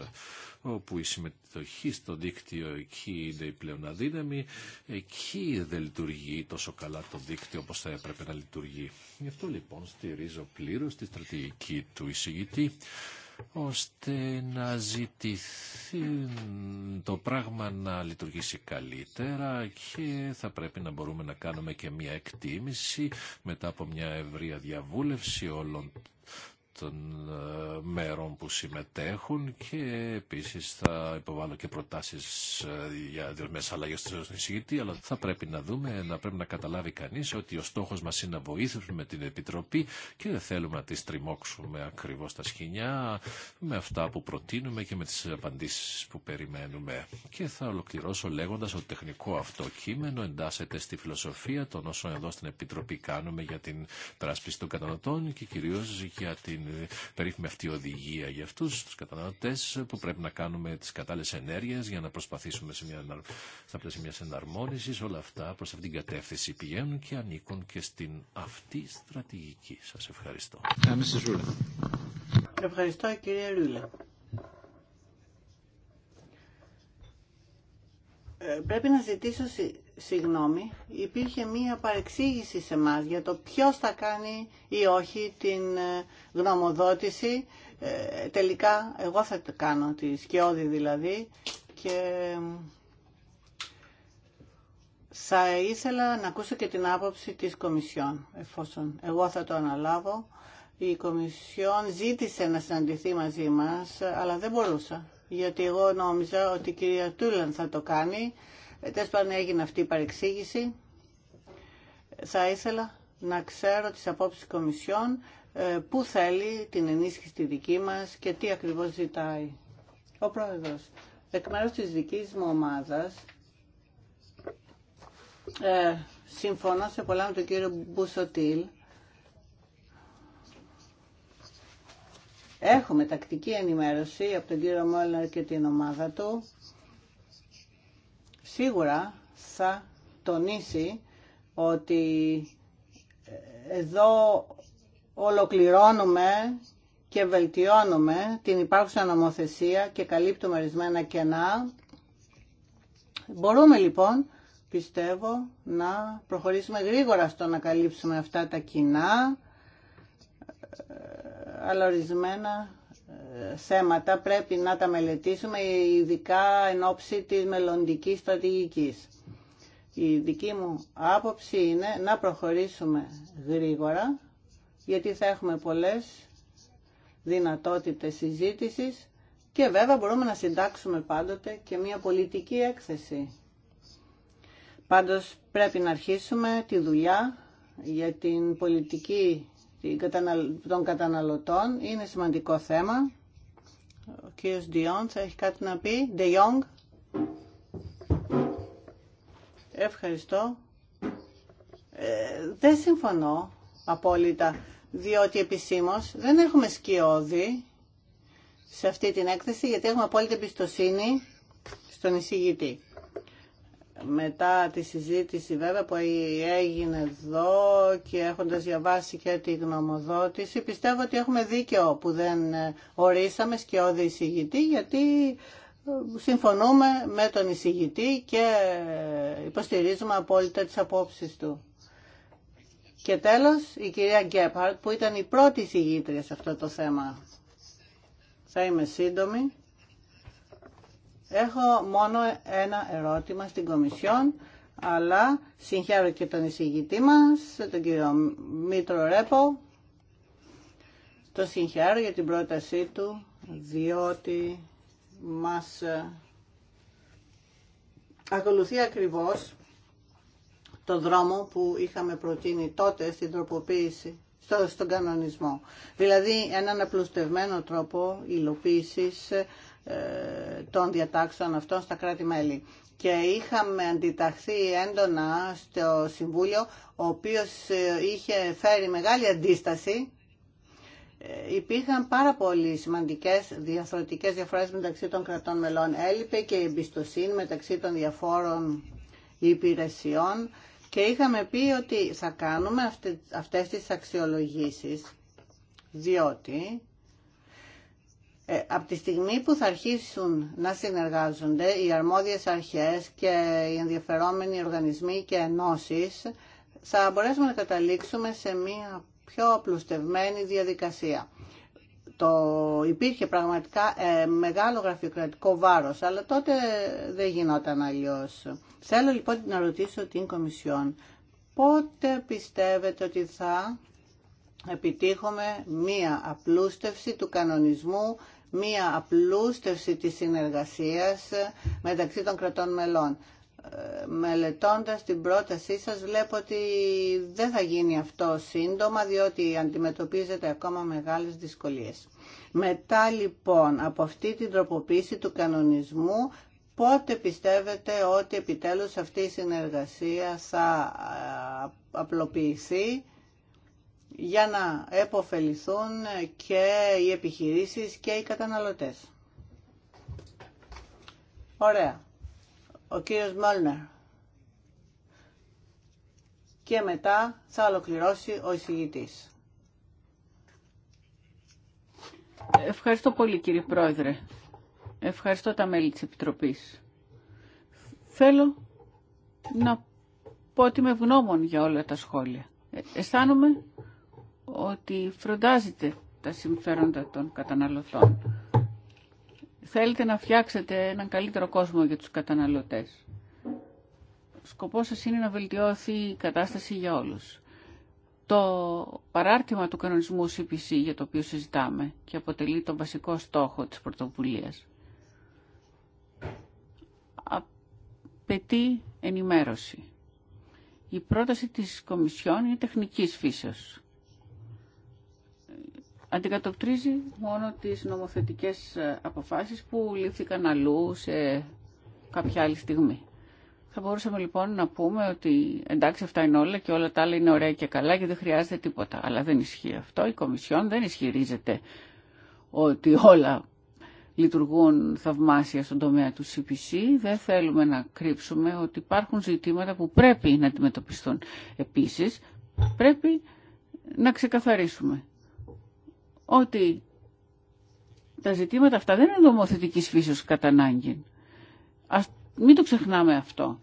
όπου η συμμετοχή στο δίκτυο εκεί είναι η πλέον αδύναμη, εκεί δεν λειτουργεί τόσο καλά το δίκτυο όπως θα έπρεπε να λειτουργεί. Γι' αυτό λοιπόν στηρίζω πλήρως τη στρατηγική του εισηγητή ώστε να ζητηθεί το πράγμα να λειτουργήσει καλύτερα και θα πρέπει να μπορούμε να κάνουμε και μια εκτίμηση μετά από μια ευρεία διαβούλευση όλων των ε, μέρων που συμμετέχουν και επίσης θα υποβάλω και προτάσεις ε, για διορμές αλλαγές στον εισηγητή, αλλά θα πρέπει να δούμε, να πρέπει να καταλάβει κανείς ότι ο στόχος μας είναι να βοήθουμε την Επιτροπή και δεν θέλουμε να τη στριμώξουμε ακριβώς τα σκηνιά με αυτά που προτείνουμε και με τις απαντήσεις που περιμένουμε. Και θα ολοκληρώσω λέγοντας ότι το τεχνικό αυτό κείμενο εντάσσεται στη φιλοσοφία των όσων εδώ στην Επιτροπή κάνουμε για την πράσπιση των καταναλωτών και κυρίω για την περίφημη αυτή οδηγία για αυτού, του καταναλωτέ, που πρέπει να κάνουμε τις κατάλληλε ενέργειε για να προσπαθήσουμε σε μια, στα πλαίσια μια εναρμόνιση. Όλα αυτά προς αυτήν την κατεύθυνση πηγαίνουν και ανήκουν και στην αυτή στρατηγική. Σας ευχαριστώ. Ε, ευχαριστώ κύριε Ρούλα. Ε, πρέπει να ζητήσω συγγνώμη. Υπήρχε μία παρεξήγηση σε εμά για το ποιος θα κάνει ή όχι την ε, γνωμοδότηση. Ε, τελικά εγώ θα το κάνω, τη σκιώδη δηλαδή. Και θα ήθελα να ακούσω και την άποψη της Κομισιόν, εφόσον εγώ θα το αναλάβω. Η Κομισιόν ζήτησε να συναντηθεί μαζί μας, αλλά δεν μπορούσα γιατί εγώ νόμιζα ότι η κυρία Τούλαν θα το κάνει. Ε, Τέλο πάντων έγινε αυτή η παρεξήγηση. Θα ήθελα να ξέρω τις απόψεις της Κομισιόν ε, πού θέλει την ενίσχυση τη δική μας και τι ακριβώς ζητάει. Ο Πρόεδρος, εκ μέρους της δικής μου ομάδας, ε, συμφωνώ σε πολλά με τον κύριο Μπουσοτήλ, Έχουμε τακτική ενημέρωση από τον κύριο Μόλνερ και την ομάδα του. Σίγουρα θα τονίσει ότι ε, εδώ ολοκληρώνουμε και βελτιώνουμε την υπάρχουσα νομοθεσία και καλύπτουμε ορισμένα κενά. Μπορούμε λοιπόν, πιστεύω, να προχωρήσουμε γρήγορα στο να καλύψουμε αυτά τα κοινά ε, αλλά ορισμένα ε, θέματα πρέπει να τα μελετήσουμε ειδικά εν ώψη της μελλοντικής στρατηγικής. Η δική μου άποψη είναι να προχωρήσουμε γρήγορα γιατί θα έχουμε πολλές δυνατότητες συζήτησης και βέβαια μπορούμε να συντάξουμε πάντοτε και μια πολιτική έκθεση. Πάντως πρέπει να αρχίσουμε τη δουλειά για την πολιτική των καταναλωτών είναι σημαντικό θέμα. Ο κύριος Διόντς έχει κάτι να πει. De Jong. Ευχαριστώ. Ε, δεν συμφωνώ απόλυτα, διότι επισήμως δεν έχουμε σκιώδη σε αυτή την έκθεση, γιατί έχουμε απόλυτη εμπιστοσύνη στον εισηγητή μετά τη συζήτηση βέβαια που έγινε εδώ και έχοντας διαβάσει και τη γνωμοδότηση πιστεύω ότι έχουμε δίκαιο που δεν ε, ορίσαμε σκιώδη εισηγητή γιατί ε, συμφωνούμε με τον εισηγητή και ε, υποστηρίζουμε απόλυτα τις απόψεις του. Και τέλος η κυρία Γκέπαρτ που ήταν η πρώτη εισηγήτρια σε αυτό το θέμα. Θα είμαι σύντομη. Έχω μόνο ένα ερώτημα στην Κομισιόν, αλλά συγχαίρω και τον εισηγητή μας, τον κύριο Μήτρο Ρέπο. Το συγχαίρω για την πρότασή του, διότι μας ε, ακολουθεί ακριβώς το δρόμο που είχαμε προτείνει τότε στην τροποποίηση, στο, στον κανονισμό. Δηλαδή έναν απλουστευμένο τρόπο υλοποίησης ε, των διατάξεων αυτών στα κράτη-μέλη. Και είχαμε αντιταχθεί έντονα στο Συμβούλιο, ο οποίος ε, είχε φέρει μεγάλη αντίσταση. Ε, υπήρχαν πάρα πολύ σημαντικές διαφορετικές διαφορές μεταξύ των κρατών μελών. Έλειπε και η εμπιστοσύνη μεταξύ των διαφόρων υπηρεσιών και είχαμε πει ότι θα κάνουμε αυτές τις αξιολογήσεις διότι ε, από τη στιγμή που θα αρχίσουν να συνεργάζονται οι αρμόδιες αρχές και οι ενδιαφερόμενοι οργανισμοί και ενώσεις, θα μπορέσουμε να καταλήξουμε σε μια πιο απλουστευμένη διαδικασία. Το υπήρχε πραγματικά ε, μεγάλο γραφειοκρατικό βάρος, αλλά τότε δεν γινόταν αλλιώς. Θέλω λοιπόν να ρωτήσω την Κομισιόν, πότε πιστεύετε ότι θα επιτύχουμε μία απλούστευση του κανονισμού, μία απλούστευση της συνεργασίας μεταξύ των κρατών μελών. Ε, μελετώντας την πρότασή σας βλέπω ότι δεν θα γίνει αυτό σύντομα διότι αντιμετωπίζεται ακόμα μεγάλες δυσκολίες. Μετά λοιπόν από αυτή την τροποποίηση του κανονισμού πότε πιστεύετε ότι επιτέλους αυτή η συνεργασία θα ε, απλοποιηθεί για να επωφεληθούν και οι επιχειρήσεις και οι καταναλωτές. Ωραία. Ο κύριος Μόλνερ. Και μετά θα ολοκληρώσει ο εισηγητής. Ευχαριστώ πολύ κύριε Πρόεδρε. Ευχαριστώ τα μέλη της Επιτροπής. Θέλω να πω ότι είμαι ευγνώμων για όλα τα σχόλια. Ε, αισθάνομαι ότι φροντάζετε τα συμφέροντα των καταναλωτών. Θέλετε να φτιάξετε έναν καλύτερο κόσμο για τους καταναλωτές. Ο σκοπός σας είναι να βελτιώθει η κατάσταση για όλους. Το παράρτημα του κανονισμού CPC για το οποίο συζητάμε και αποτελεί τον βασικό στόχο της πρωτοβουλίας απαιτεί ενημέρωση. Η πρόταση της Κομισιόν είναι τεχνικής φύσεως αντικατοπτρίζει μόνο τις νομοθετικές ε, αποφάσεις που λήφθηκαν αλλού σε κάποια άλλη στιγμή. Θα μπορούσαμε λοιπόν να πούμε ότι εντάξει αυτά είναι όλα και όλα τα άλλα είναι ωραία και καλά και δεν χρειάζεται τίποτα. Αλλά δεν ισχύει αυτό. Η Κομισιόν δεν ισχυρίζεται ότι όλα λειτουργούν θαυμάσια στον τομέα του CPC. Δεν θέλουμε να κρύψουμε ότι υπάρχουν ζητήματα που πρέπει να αντιμετωπιστούν. Επίσης πρέπει να ξεκαθαρίσουμε ότι τα ζητήματα αυτά δεν είναι νομοθετική φύσεως κατά ανάγκη. Ας μην το ξεχνάμε αυτό.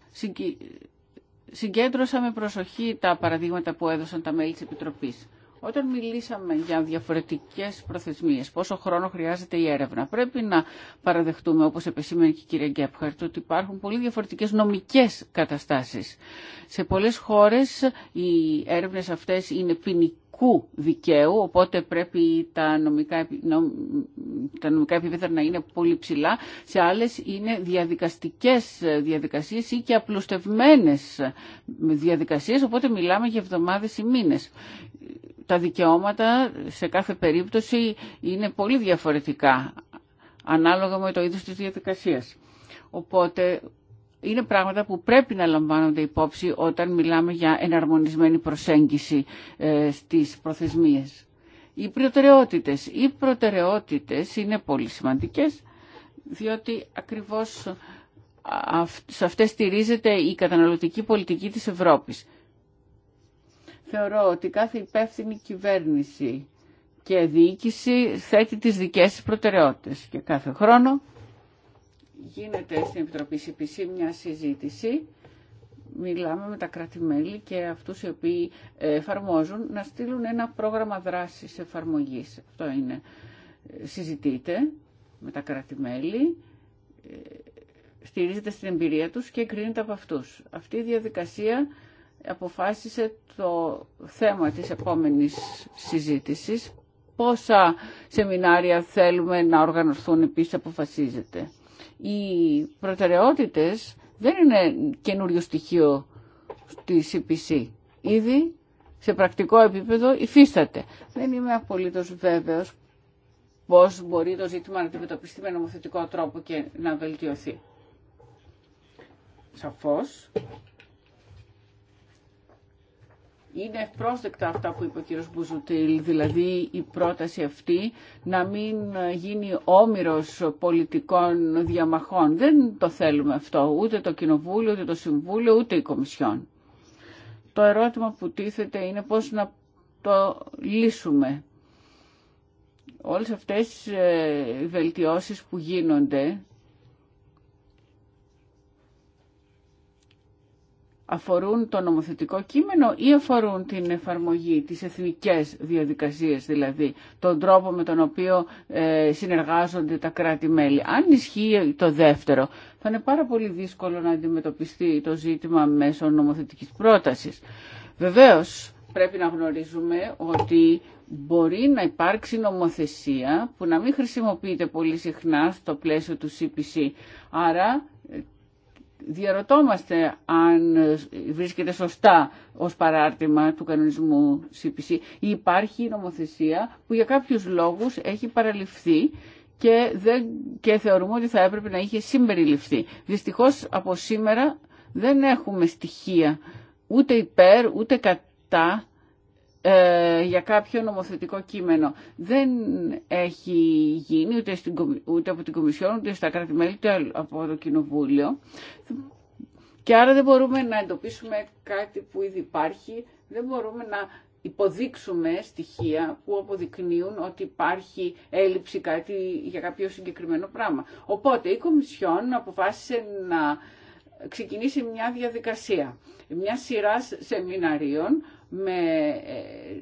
Συγκέντρωσα με προσοχή τα παραδείγματα που έδωσαν τα μέλη της Επιτροπής. Όταν μιλήσαμε για διαφορετικές προθεσμίες, πόσο χρόνο χρειάζεται η έρευνα, πρέπει να παραδεχτούμε, όπως επεσήμενε και η κυρία Γκέπχαρτ, ότι υπάρχουν πολύ διαφορετικές νομικές καταστάσεις. Σε πολλές χώρες οι έρευνες αυτές είναι ποινικέ νομικού δικαίου, οπότε πρέπει τα νομικά, τα νομικά επίπεδα να είναι πολύ ψηλά. Σε άλλες είναι διαδικαστικές διαδικασίες ή και απλουστευμένες διαδικασίες, οπότε μιλάμε για εβδομάδες ή μήνες. Τα δικαιώματα σε κάθε περίπτωση είναι πολύ διαφορετικά ανάλογα με το είδος της διαδικασίας. Οπότε είναι πράγματα που πρέπει να λαμβάνονται υπόψη όταν μιλάμε για εναρμονισμένη προσέγγιση ε, στις προθεσμίες. Οι προτεραιότητες. Οι προτεραιότητες είναι πολύ σημαντικές, διότι ακριβώς σε αυτές στηρίζεται η καταναλωτική πολιτική της Ευρώπης. Θεωρώ ότι κάθε υπεύθυνη κυβέρνηση και διοίκηση θέτει τις δικές της προτεραιότητες και κάθε χρόνο γίνεται στην Επιτροπή ΣΥΠΙΣΗ μια συζήτηση. Μιλάμε με τα κρατη και αυτούς οι οποίοι εφαρμόζουν να στείλουν ένα πρόγραμμα δράσης εφαρμογής. Αυτό είναι. Συζητείτε με τα κράτη-μέλη, στηρίζεται στην εμπειρία τους και εγκρίνεται από αυτούς. Αυτή η διαδικασία αποφάσισε το θέμα της επόμενης συζήτησης. Πόσα σεμινάρια θέλουμε να οργανωθούν επίσης αποφασίζεται οι προτεραιότητες δεν είναι καινούριο στοιχείο στη CPC. Ήδη σε πρακτικό επίπεδο υφίσταται. Δεν είμαι απολύτως βέβαιος πώς μπορεί το ζήτημα να αντιμετωπιστεί με νομοθετικό τρόπο και να βελτιωθεί. Σαφώς είναι ευπρόσδεκτα αυτά που είπε ο κύριος Μπουζουτήλ, δηλαδή η πρόταση αυτή να μην γίνει όμοιρος πολιτικών διαμαχών. Δεν το θέλουμε αυτό, ούτε το Κοινοβούλιο, ούτε το Συμβούλιο, ούτε η Κομισιόν. Το ερώτημα που τίθεται είναι πώς να το λύσουμε. Όλες αυτές ε, οι βελτιώσεις που γίνονται αφορούν το νομοθετικό κείμενο ή αφορούν την εφαρμογή, τις εθνικές διαδικασίες δηλαδή, τον τρόπο με τον οποίο ε, συνεργάζονται τα κράτη-μέλη. Αν ισχύει το δεύτερο, θα είναι πάρα πολύ δύσκολο να αντιμετωπιστεί το ζήτημα μέσω νομοθετικής πρότασης. Βεβαίως, πρέπει να γνωρίζουμε ότι μπορεί να υπάρξει νομοθεσία που να μην χρησιμοποιείται πολύ συχνά στο πλαίσιο του CPC. Άρα διαρωτόμαστε αν βρίσκεται σωστά ως παράρτημα του κανονισμού CPC. Υπάρχει νομοθεσία που για κάποιους λόγους έχει παραληφθεί και, δεν, και θεωρούμε ότι θα έπρεπε να είχε συμπεριληφθεί. Δυστυχώς από σήμερα δεν έχουμε στοιχεία ούτε υπέρ ούτε κατά ε, για κάποιο νομοθετικό κείμενο. Δεν έχει γίνει ούτε, στην, ούτε από την Κομισιόν, ούτε στα κράτη-μέλη, ούτε από το Κοινοβούλιο. Και άρα δεν μπορούμε να εντοπίσουμε κάτι που ήδη υπάρχει, δεν μπορούμε να υποδείξουμε στοιχεία που αποδεικνύουν ότι υπάρχει έλλειψη κάτι για κάποιο συγκεκριμένο πράγμα. Οπότε η Κομισιόν αποφάσισε να ξεκινήσει μια διαδικασία, μια σειρά σεμιναρίων με ε,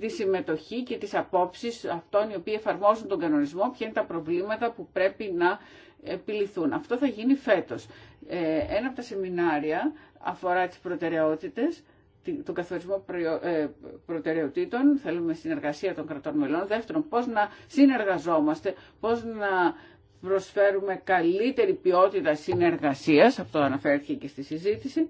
τη συμμετοχή και τις απόψεις αυτών οι οποίοι εφαρμόζουν τον κανονισμό, ποια είναι τα προβλήματα που πρέπει να επιληθούν. Αυτό θα γίνει φέτος. Ε, ένα από τα σεμινάρια αφορά τις προτεραιότητες, τον καθορισμό ε, προτεραιοτήτων, θέλουμε συνεργασία των κρατών μελών. Δεύτερον, πώς να συνεργαζόμαστε, πώς να προσφέρουμε καλύτερη ποιότητα συνεργασίας, αυτό αναφέρθηκε και στη συζήτηση.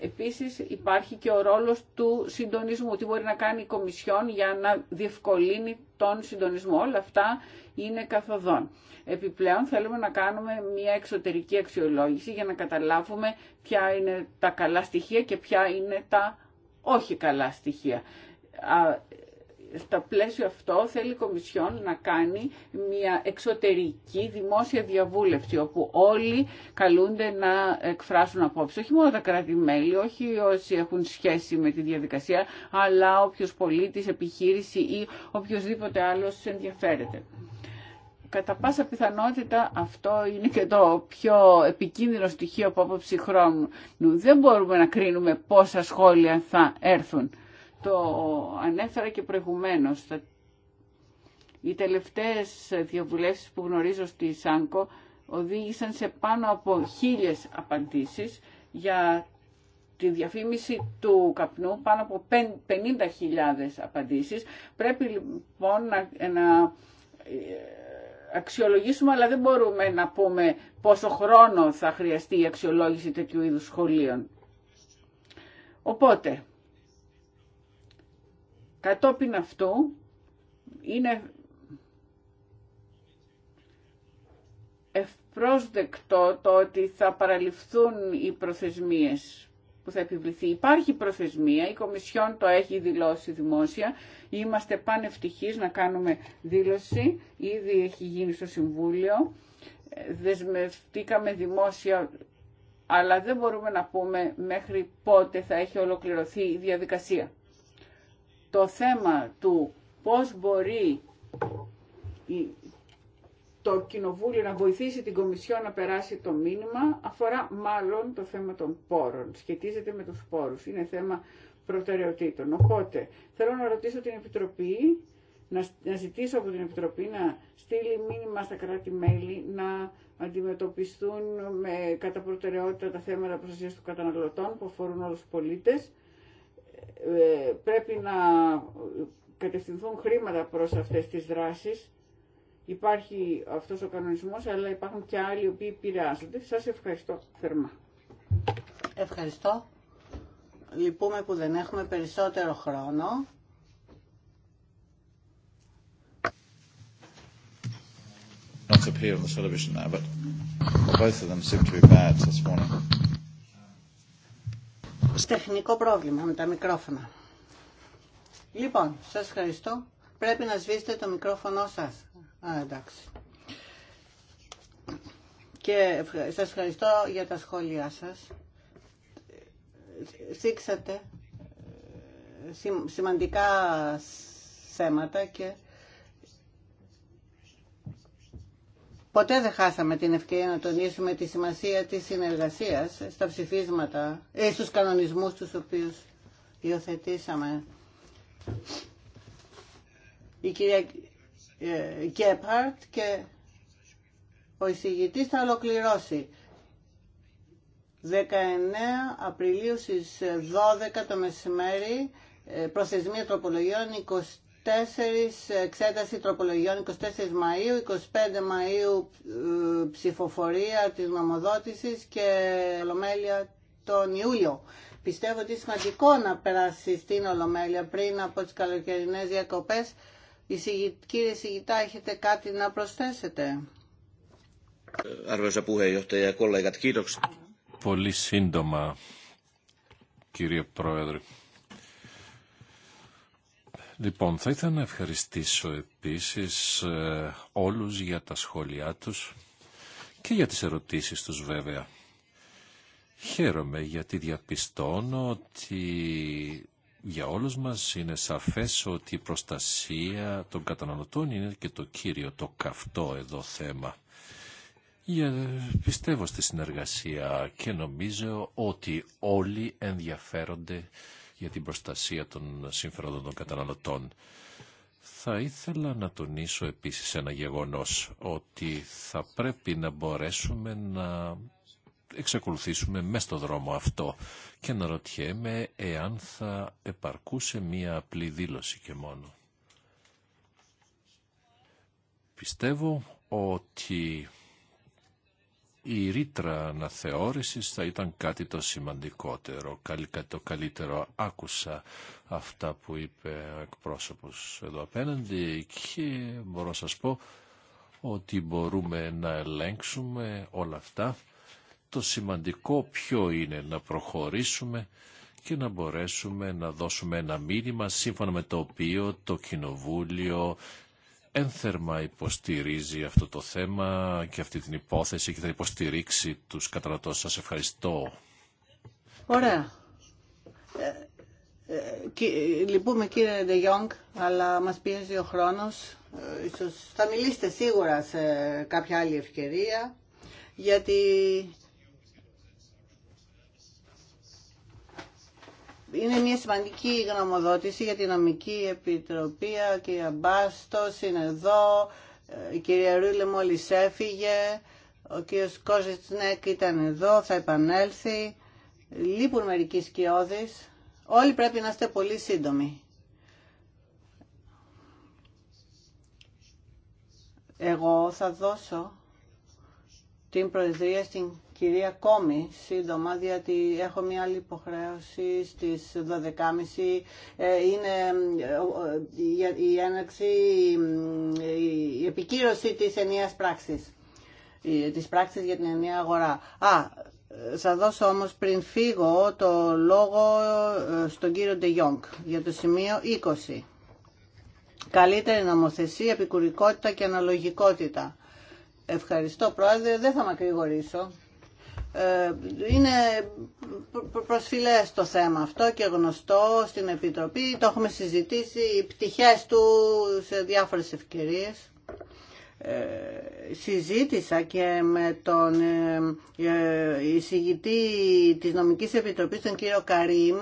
Επίσης υπάρχει και ο ρόλος του συντονισμού, τι μπορεί να κάνει η Κομισιόν για να διευκολύνει τον συντονισμό. Όλα αυτά είναι καθοδόν. Επιπλέον θέλουμε να κάνουμε μια εξωτερική αξιολόγηση για να καταλάβουμε ποια είναι τα καλά στοιχεία και ποια είναι τα όχι καλά στοιχεία. Στα πλαίσιο αυτό θέλει η Κομισιόν να κάνει μια εξωτερική δημόσια διαβούλευση όπου όλοι καλούνται να εκφράσουν απόψεις. Όχι μόνο τα κράτη-μέλη, όχι όσοι έχουν σχέση με τη διαδικασία, αλλά όποιος πολίτης, επιχείρηση ή οποιοδήποτε άλλος ενδιαφέρεται. Κατά πάσα πιθανότητα αυτό είναι και το πιο επικίνδυνο στοιχείο από άποψη χρόνου. Δεν μπορούμε να κρίνουμε πόσα σχόλια θα έρθουν. Το ανέφερα και προηγουμένως. Οι τελευταίες διαβουλεύσεις που γνωρίζω στη ΣΑΝΚΟ οδήγησαν σε πάνω από χίλιες απαντήσεις για τη διαφήμιση του καπνού, πάνω από 50.000 απαντήσεις. Πρέπει λοιπόν να, να ε, αξιολογήσουμε, αλλά δεν μπορούμε να πούμε πόσο χρόνο θα χρειαστεί η αξιολόγηση τέτοιου είδους σχολείων. Οπότε, Κατόπιν αυτού είναι ευπρόσδεκτο το ότι θα παραληφθούν οι προθεσμίες που θα επιβληθεί. Υπάρχει προθεσμία, η Κομισιόν το έχει δηλώσει δημόσια. Είμαστε πανευτυχείς να κάνουμε δήλωση, ήδη έχει γίνει στο Συμβούλιο. Δεσμευτήκαμε δημόσια, αλλά δεν μπορούμε να πούμε μέχρι πότε θα έχει ολοκληρωθεί η διαδικασία το θέμα του πώς μπορεί το Κοινοβούλιο να βοηθήσει την Κομισιό να περάσει το μήνυμα αφορά μάλλον το θέμα των πόρων. Σχετίζεται με τους πόρους. Είναι θέμα προτεραιοτήτων. Οπότε θέλω να ρωτήσω την Επιτροπή, να, ζητήσω από την Επιτροπή να στείλει μήνυμα στα κράτη-μέλη να αντιμετωπιστούν με κατά προτεραιότητα τα θέματα προστασίας των καταναλωτών που αφορούν όλους τους πολίτες ε, πρέπει να κατευθυνθούν χρήματα προς αυτές τις δράσεις. Υπάρχει αυτός ο κανονισμός, αλλά υπάρχουν και άλλοι οι οποίοι επηρεάζονται. Σας ευχαριστώ θερμά. Ευχαριστώ. Λυπούμε που δεν έχουμε περισσότερο χρόνο. Not appear the television now, but both of them seem Τεχνικό πρόβλημα με τα μικρόφωνα. Λοιπόν, σας ευχαριστώ. Πρέπει να σβήσετε το μικρόφωνο σας. Α, εντάξει. Και σας ευχαριστώ για τα σχόλιά σας. Σήξατε ε, σημαντικά θέματα και Ποτέ δεν χάσαμε την ευκαιρία να τονίσουμε τη σημασία της συνεργασίας στα ψηφίσματα, η ε, στους κανονισμούς τους οποίους υιοθετήσαμε. Η κυρία Γκέπαρτ ε, και ο εισηγητής θα ολοκληρώσει. 19 Απριλίου στις 12 το μεσημέρι, ε, προθεσμία τροπολογιών 4 εξέταση τροπολογιών 24 Μαΐου, 25 Μαΐου ε, ψηφοφορία της νομοδότησης και ολομέλεια τον Ιούλιο. Πιστεύω ότι είναι σημαντικό να περάσει στην Ολομέλεια πριν από τις καλοκαιρινές διακοπές. Κύριε Σιγητά, έχετε κάτι να προσθέσετε. Πολύ σύντομα, κύριε Πρόεδρε. Λοιπόν, θα ήθελα να ευχαριστήσω επίσης ε, όλους για τα σχόλιά τους και για τις ερωτήσεις τους βέβαια. Χαίρομαι γιατί διαπιστώνω ότι για όλους μας είναι σαφές ότι η προστασία των καταναλωτών είναι και το κύριο, το καυτό εδώ θέμα. Για, πιστεύω στη συνεργασία και νομίζω ότι όλοι ενδιαφέρονται για την προστασία των συμφερόντων των καταναλωτών. Θα ήθελα να τονίσω επίσης ένα γεγονός, ότι θα πρέπει να μπορέσουμε να εξακολουθήσουμε μέσα στο δρόμο αυτό και να ρωτιέμαι εάν θα επαρκούσε μία απλή δήλωση και μόνο. Πιστεύω ότι η ρήτρα αναθεώρηση θα ήταν κάτι το σημαντικότερο, το καλύτερο. Άκουσα αυτά που είπε ο εκπρόσωπος εδώ απέναντι και μπορώ να σας πω ότι μπορούμε να ελέγξουμε όλα αυτά. Το σημαντικό ποιο είναι να προχωρήσουμε και να μπορέσουμε να δώσουμε ένα μήνυμα σύμφωνα με το οποίο το Κοινοβούλιο ένθερμα υποστηρίζει αυτό το θέμα και αυτή την υπόθεση και θα υποστηρίξει τους καταναλωτές. Σας ευχαριστώ. Ωραία. Ε, ε, λυπούμε κύριε Ντεγιόγκ, αλλά μας πιέζει ο χρόνος. Ε, ίσως θα μιλήσετε σίγουρα σε κάποια άλλη ευκαιρία, γιατί είναι μια σημαντική γνωμοδότηση για την νομική επιτροπή. Ο κ. Μπάστο είναι εδώ, η κυρία Ρούλε μόλι έφυγε, ο κύριος Νέκ ήταν εδώ, θα επανέλθει. Λείπουν μερικοί σκιώδει. Όλοι πρέπει να είστε πολύ σύντομοι. Εγώ θα δώσω την προεδρία στην κυρία Κόμη σύντομα, διότι έχω μια άλλη υποχρέωση στις 12.30. Ε, είναι ε, ε, η έναρξη, η επικύρωση της ενίας πράξης, της πράξης για την ενία αγορά. Α, θα δώσω όμως πριν φύγω το λόγο στον κύριο Ντεγιόγκ για το σημείο 20. Καλύτερη νομοθεσία, επικουρικότητα και αναλογικότητα. Ευχαριστώ πρόεδρε, δεν θα ακρηγορήσω. Ε, είναι προσφυλές το θέμα αυτό και γνωστό στην Επιτροπή. Το έχουμε συζητήσει, οι πτυχές του σε διάφορες ευκαιρίες. Ε, συζήτησα και με τον ε, εισηγητή της Νομικής Επιτροπής, τον κύριο Καρίμ,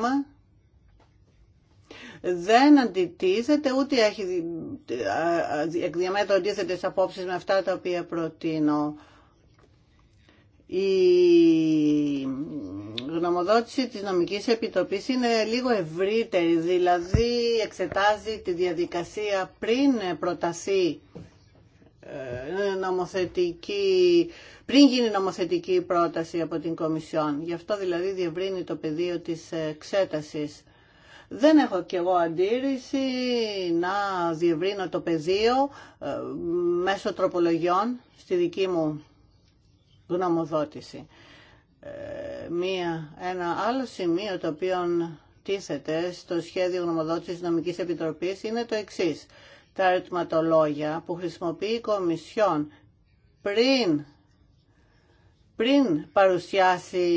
δεν αντιτίθεται, ούτε έχει εκδιαμέτω αντίθετες απόψεις με αυτά τα οποία προτείνω η γνωμοδότηση της νομικής επιτοπής είναι λίγο ευρύτερη, δηλαδή εξετάζει τη διαδικασία πριν προταθεί ε, νομοθετική, πριν γίνει νομοθετική πρόταση από την Κομισιόν. Γι' αυτό δηλαδή διευρύνει το πεδίο της εξέτασης. Δεν έχω κι εγώ αντίρρηση να διευρύνω το πεδίο ε, μέσω τροπολογιών στη δική μου γνωμοδότηση. Ε, μία, ένα άλλο σημείο το οποίο τίθεται στο σχέδιο γνωμοδότησης νομικής επιτροπής είναι το εξής. Τα ερωτηματολόγια που χρησιμοποιεί η Κομισιόν πριν πριν παρουσιάσει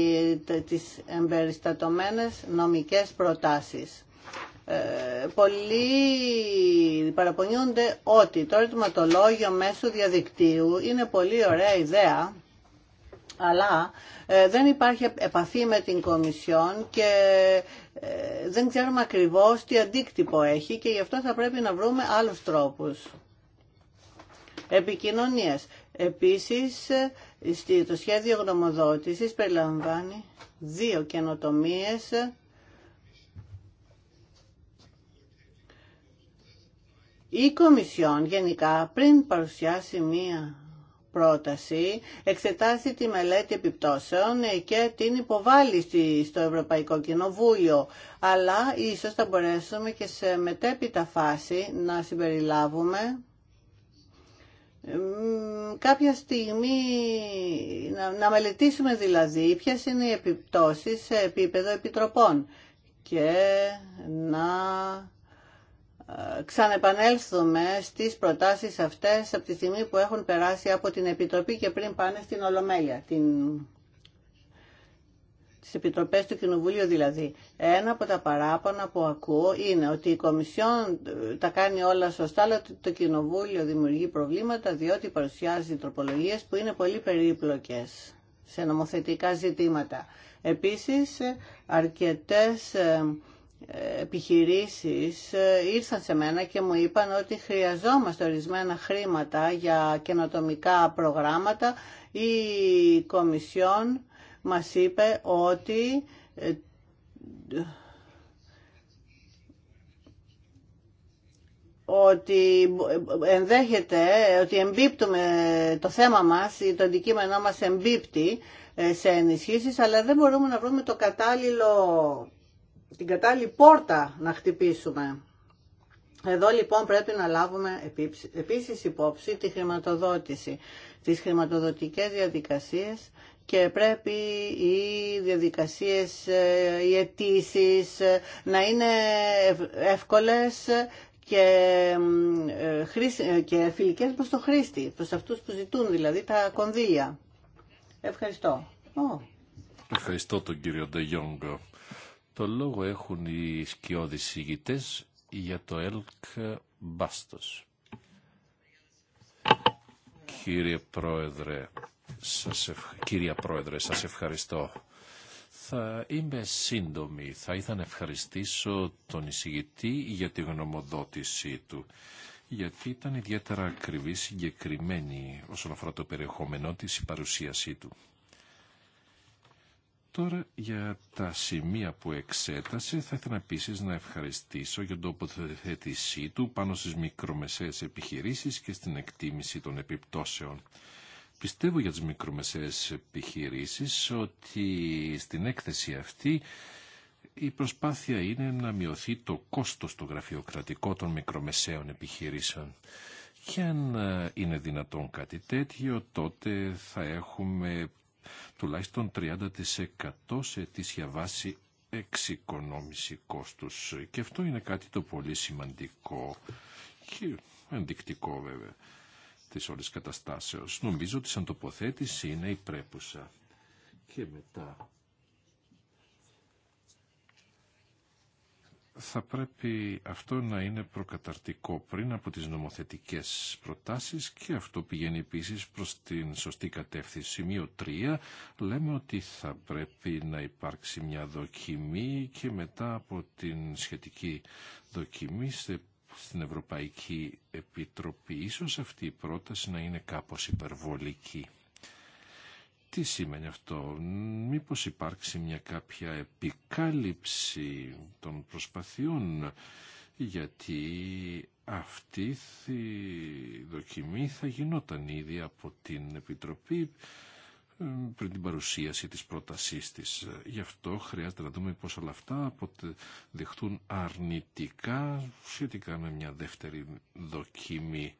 τις εμπεριστατωμένες νομικές προτάσεις. Ε, πολλοί παραπονιούνται ότι το ερωτηματολόγιο μέσω διαδικτύου είναι πολύ ωραία ιδέα αλλά ε, δεν υπάρχει επαφή με την Κομισιόν και ε, δεν ξέρουμε ακριβώς τι αντίκτυπο έχει και γι' αυτό θα πρέπει να βρούμε άλλους τρόπους επικοινωνίας. Επίσης, ε, το σχέδιο γνωμοδότησης περιλαμβάνει δύο καινοτομίες Η Κομισιόν γενικά πριν παρουσιάσει μία πρόταση εξετάζει τη μελέτη επιπτώσεων και την υποβάλληση στο Ευρωπαϊκό Κοινοβούλιο. Αλλά ίσως θα μπορέσουμε και σε μετέπειτα φάση να συμπεριλάβουμε κάποια στιγμή να, να μελετήσουμε δηλαδή ποιε είναι οι επιπτώσεις σε επίπεδο επιτροπών και να ξανεπανέλθουμε στις προτάσεις αυτές από τη στιγμή που έχουν περάσει από την Επιτροπή και πριν πάνε στην Ολομέλεια, την... τις Επιτροπές του Κοινοβουλίου δηλαδή. Ένα από τα παράπονα που ακούω είναι ότι η Κομισιόν ε, τα κάνει όλα σωστά, αλλά το Κοινοβούλιο δημιουργεί προβλήματα διότι παρουσιάζει τροπολογίες που είναι πολύ περίπλοκες σε νομοθετικά ζητήματα. Επίσης, ε, αρκετές ε, επιχειρήσεις ε, ήρθαν σε μένα και μου είπαν ότι χρειαζόμαστε ορισμένα χρήματα για καινοτομικά προγράμματα. Η Κομισιόν μας είπε ότι ε, ότι ενδέχεται ότι εμπίπτουμε το θέμα μας ή το αντικείμενό μας εμπίπτει ε, σε ενισχύσεις αλλά δεν μπορούμε να βρούμε το κατάλληλο την κατάλληλη πόρτα να χτυπήσουμε. Εδώ λοιπόν πρέπει να λάβουμε επίσης υπόψη τη χρηματοδότηση, τις χρηματοδοτικές διαδικασίες και πρέπει οι διαδικασίες, ε, οι αιτήσει ε, να είναι εύκολες ε, και φιλικές προς το χρήστη, προς αυτούς που ζητούν δηλαδή τα κονδύλια. Ευχαριστώ. Ευχαριστώ τον κύριο Ντεγιόγκο. Το λόγο έχουν οι σκιώδεις ηγητές για το ΕΛΚ Μπάστος. Κύριε Πρόεδρε, σας σας ευχαριστώ. Θα είμαι σύντομη. Θα ήθελα να ευχαριστήσω τον εισηγητή για τη γνωμοδότησή του γιατί ήταν ιδιαίτερα ακριβή, συγκεκριμένη όσον αφορά το περιεχόμενό της, η παρουσίασή του. Τώρα για τα σημεία που εξέτασε θα ήθελα επίση να ευχαριστήσω για την τοποθετησή του πάνω στις μικρομεσαίες επιχειρήσεις και στην εκτίμηση των επιπτώσεων. Πιστεύω για τις μικρομεσαίες επιχειρήσεις ότι στην έκθεση αυτή η προσπάθεια είναι να μειωθεί το κόστος το γραφειοκρατικό των μικρομεσαίων επιχειρήσεων. Και αν ε, είναι δυνατόν κάτι τέτοιο, τότε θα έχουμε τουλάχιστον 30% σε αιτήσια βάση εξοικονόμηση κόστους. Και αυτό είναι κάτι το πολύ σημαντικό και ενδεικτικό βέβαια της όλης καταστάσεως. Νομίζω ότι σαν τοποθέτηση είναι η πρέπουσα. Και μετά θα πρέπει αυτό να είναι προκαταρτικό πριν από τις νομοθετικές προτάσεις και αυτό πηγαίνει επίσης προς την σωστή κατεύθυνση. Σημείο 3 λέμε ότι θα πρέπει να υπάρξει μια δοκιμή και μετά από την σχετική δοκιμή στην Ευρωπαϊκή Επιτροπή ίσως αυτή η πρόταση να είναι κάπως υπερβολική. Τι σημαίνει αυτό, μήπως υπάρξει μια κάποια επικάλυψη των προσπαθειών, γιατί αυτή η δοκιμή θα γινόταν ήδη από την Επιτροπή ε, πριν την παρουσίαση της πρότασής της. Γι' αυτό χρειάζεται να δούμε πώς όλα αυτά δεχτούν αρνητικά σχετικά με μια δεύτερη δοκιμή.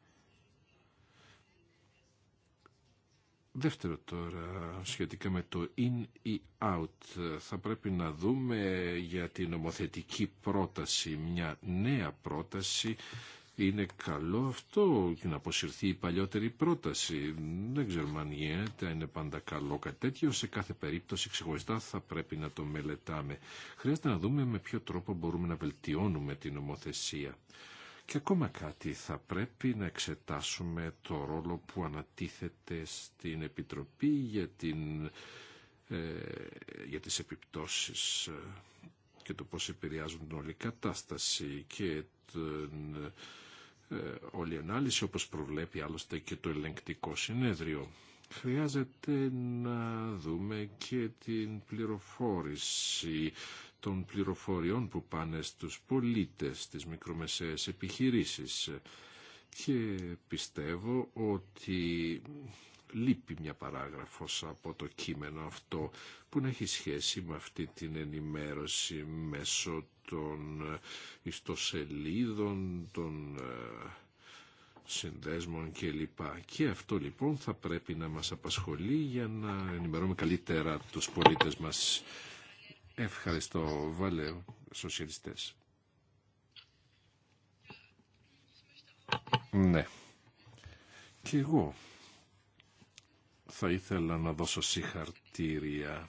Δεύτερο τώρα, σχετικά με το in ή out, θα πρέπει να δούμε για την νομοθετική πρόταση, μια νέα πρόταση. Είναι καλό αυτό και να αποσυρθεί η παλιότερη πρόταση. Δεν ξέρουμε αν είναι πάντα καλό κάτι τέτοιο. Σε κάθε περίπτωση ξεχωριστά θα πρέπει να το μελετάμε. Χρειάζεται να δούμε με ποιο τρόπο μπορούμε να βελτιώνουμε την νομοθεσία. Και ακόμα κάτι, θα πρέπει να εξετάσουμε το ρόλο που ανατίθεται στην Επιτροπή για, την, ε, για τις επιπτώσεις ε, και το πώς επηρεάζουν την όλη κατάσταση και την, ε, όλη ανάλυση όπως προβλέπει άλλωστε και το ελεγκτικό συνέδριο. Χρειάζεται να δούμε και την πληροφόρηση των πληροφοριών που πάνε στους πολίτες, στις μικρομεσαίες επιχειρήσεις. Και πιστεύω ότι λείπει μια παράγραφος από το κείμενο αυτό που να έχει σχέση με αυτή την ενημέρωση μέσω των ιστοσελίδων, των ε, συνδέσμων κλπ. Και αυτό λοιπόν θα πρέπει να μας απασχολεί για να ενημερώνουμε καλύτερα τους πολίτες μας. Ευχαριστώ, Βάλε, σοσιαλιστές. Ναι. Και εγώ θα ήθελα να δώσω συγχαρτήρια.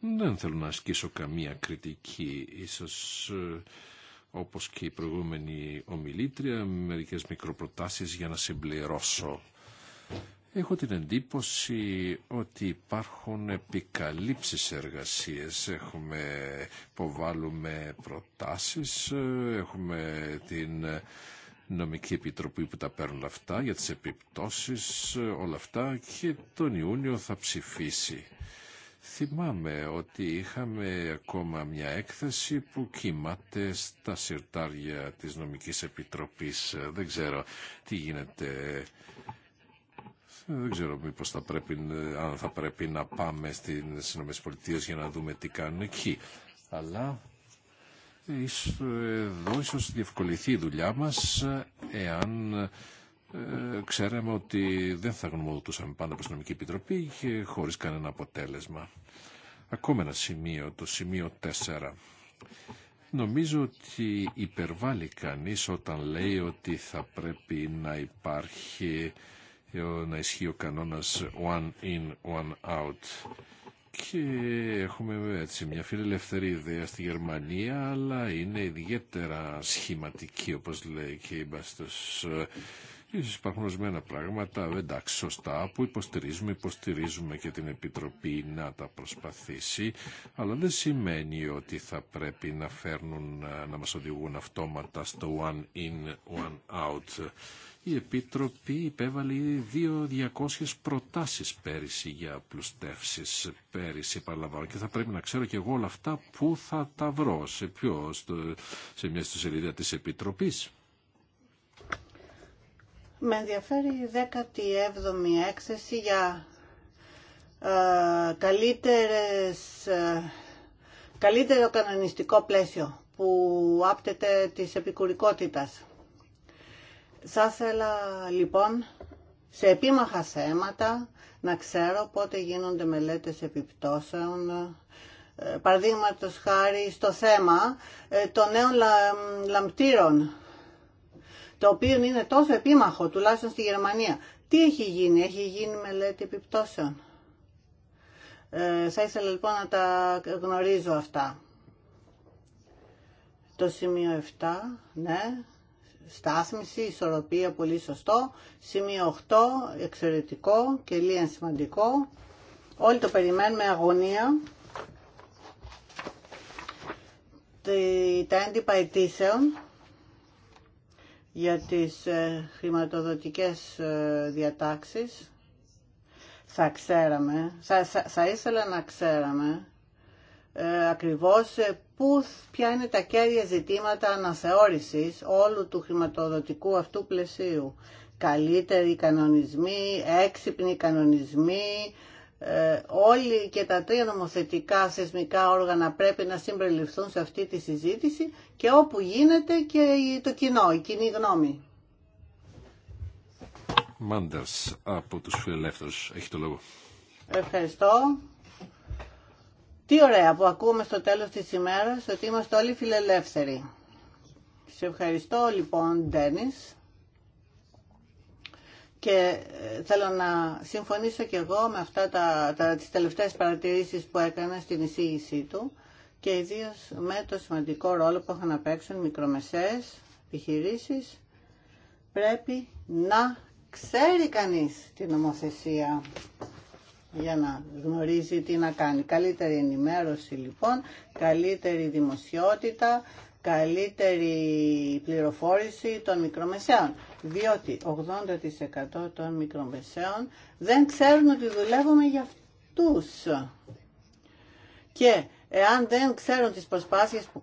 Δεν θέλω να ασκήσω καμία κριτική. Ίσως ε, όπως και η προηγούμενη ομιλήτρια, μερικές μικροπροτάσεις για να συμπληρώσω. Έχω την εντύπωση ότι υπάρχουν επικαλύψεις εργασίες. Έχουμε, υποβάλλουμε προτάσεις, έχουμε την νομική επιτροπή που τα παίρνουν αυτά για τις επιπτώσεις, όλα αυτά και τον Ιούνιο θα ψηφίσει. Θυμάμαι ότι είχαμε ακόμα μια έκθεση που κοιμάται στα συρτάρια της νομικής επιτροπής. Δεν ξέρω τι γίνεται ε, δεν ξέρω μήπως θα πρέπει, ε, αν θα πρέπει να πάμε στις ΗΠΑ για να δούμε τι κάνουν εκεί. Αλλά εδώ ίσως διευκολυθεί η δουλειά μας εάν ε, ξέραμε ότι δεν θα γνωμοδοτούσαμε πάντα από νομική επιτροπή και χωρίς κανένα αποτέλεσμα. Ακόμα ένα σημείο, το σημείο 4. Νομίζω ότι υπερβάλλει κανείς όταν λέει ότι θα πρέπει να υπάρχει να ισχύει ο κανόνας one in, one out. Και έχουμε έτσι μια φιλελευθερή ιδέα στη Γερμανία, αλλά είναι ιδιαίτερα σχηματική, όπως λέει και η Μπαστος. Ίσως υπάρχουν ορισμένα πράγματα, εντάξει, σωστά, που υποστηρίζουμε, υποστηρίζουμε και την Επιτροπή να τα προσπαθήσει, αλλά δεν σημαίνει ότι θα πρέπει να φέρνουν, να μας οδηγούν αυτόματα στο one in, one out η Επίτροπη υπέβαλε ήδη 2.200 προτάσεις πέρυσι για πλουστεύσεις. πέρυσι παραλαμβάνω και θα πρέπει να ξέρω κι εγώ όλα αυτά που θα τα βρω σε ποιο, σε μια ιστοσελίδα της Επιτροπής. Με ενδιαφέρει η 17η έκθεση για ε, καλύτερες, ε, καλύτερο κανονιστικό πλαίσιο που άπτεται της επικουρικότητας. Θα ήθελα λοιπόν σε επίμαχα θέματα να ξέρω πότε γίνονται μελέτες επιπτώσεων ε, παραδείγματο χάρη στο θέμα ε, των νέων λαμπτήρων το οποίο είναι τόσο επίμαχο τουλάχιστον στη Γερμανία. Τι έχει γίνει, έχει γίνει μελέτη επιπτώσεων. Ε, θα ήθελα λοιπόν να τα γνωρίζω αυτά. Το σημείο 7, ναι, στάθμιση, ισορροπία, πολύ σωστό. Σημείο 8, εξαιρετικό και λίγα σημαντικό. Όλοι το περιμένουμε αγωνία. Τα έντυπα αιτήσεων για τις ε, χρηματοδοτικές ε, διατάξεις θα ξέραμε, θα, θα, ήθελα να ξέραμε ε, ακριβώς ε, Πού, ποια είναι τα κέρια ζητήματα αναθεώρησης όλου του χρηματοδοτικού αυτού πλαισίου. Καλύτεροι κανονισμοί, έξυπνοι κανονισμοί, ε, όλοι και τα τρία νομοθετικά θεσμικά όργανα πρέπει να συμπεριληφθούν σε αυτή τη συζήτηση και όπου γίνεται και το κοινό, η κοινή γνώμη. από τους φιλελεύθερους έχει λόγο. Ευχαριστώ. Τι ωραία που ακούμε στο τέλος της ημέρας ότι είμαστε όλοι φιλελεύθεροι. Σε ευχαριστώ λοιπόν Ντένις και ε, θέλω να συμφωνήσω και εγώ με αυτά τα, τα, τις τελευταίες παρατηρήσεις που έκανα στην εισήγησή του και ιδίω με το σημαντικό ρόλο που έχουν να παίξουν μικρομεσαίες επιχειρήσεις πρέπει να ξέρει κανείς την νομοθεσία για να γνωρίζει τι να κάνει. Καλύτερη ενημέρωση λοιπόν, καλύτερη δημοσιότητα, καλύτερη πληροφόρηση των μικρομεσαίων. Διότι 80% των μικρομεσαίων δεν ξέρουν ότι δουλεύουμε για αυτούς. Και εάν δεν ξέρουν τις προσπάθειες που,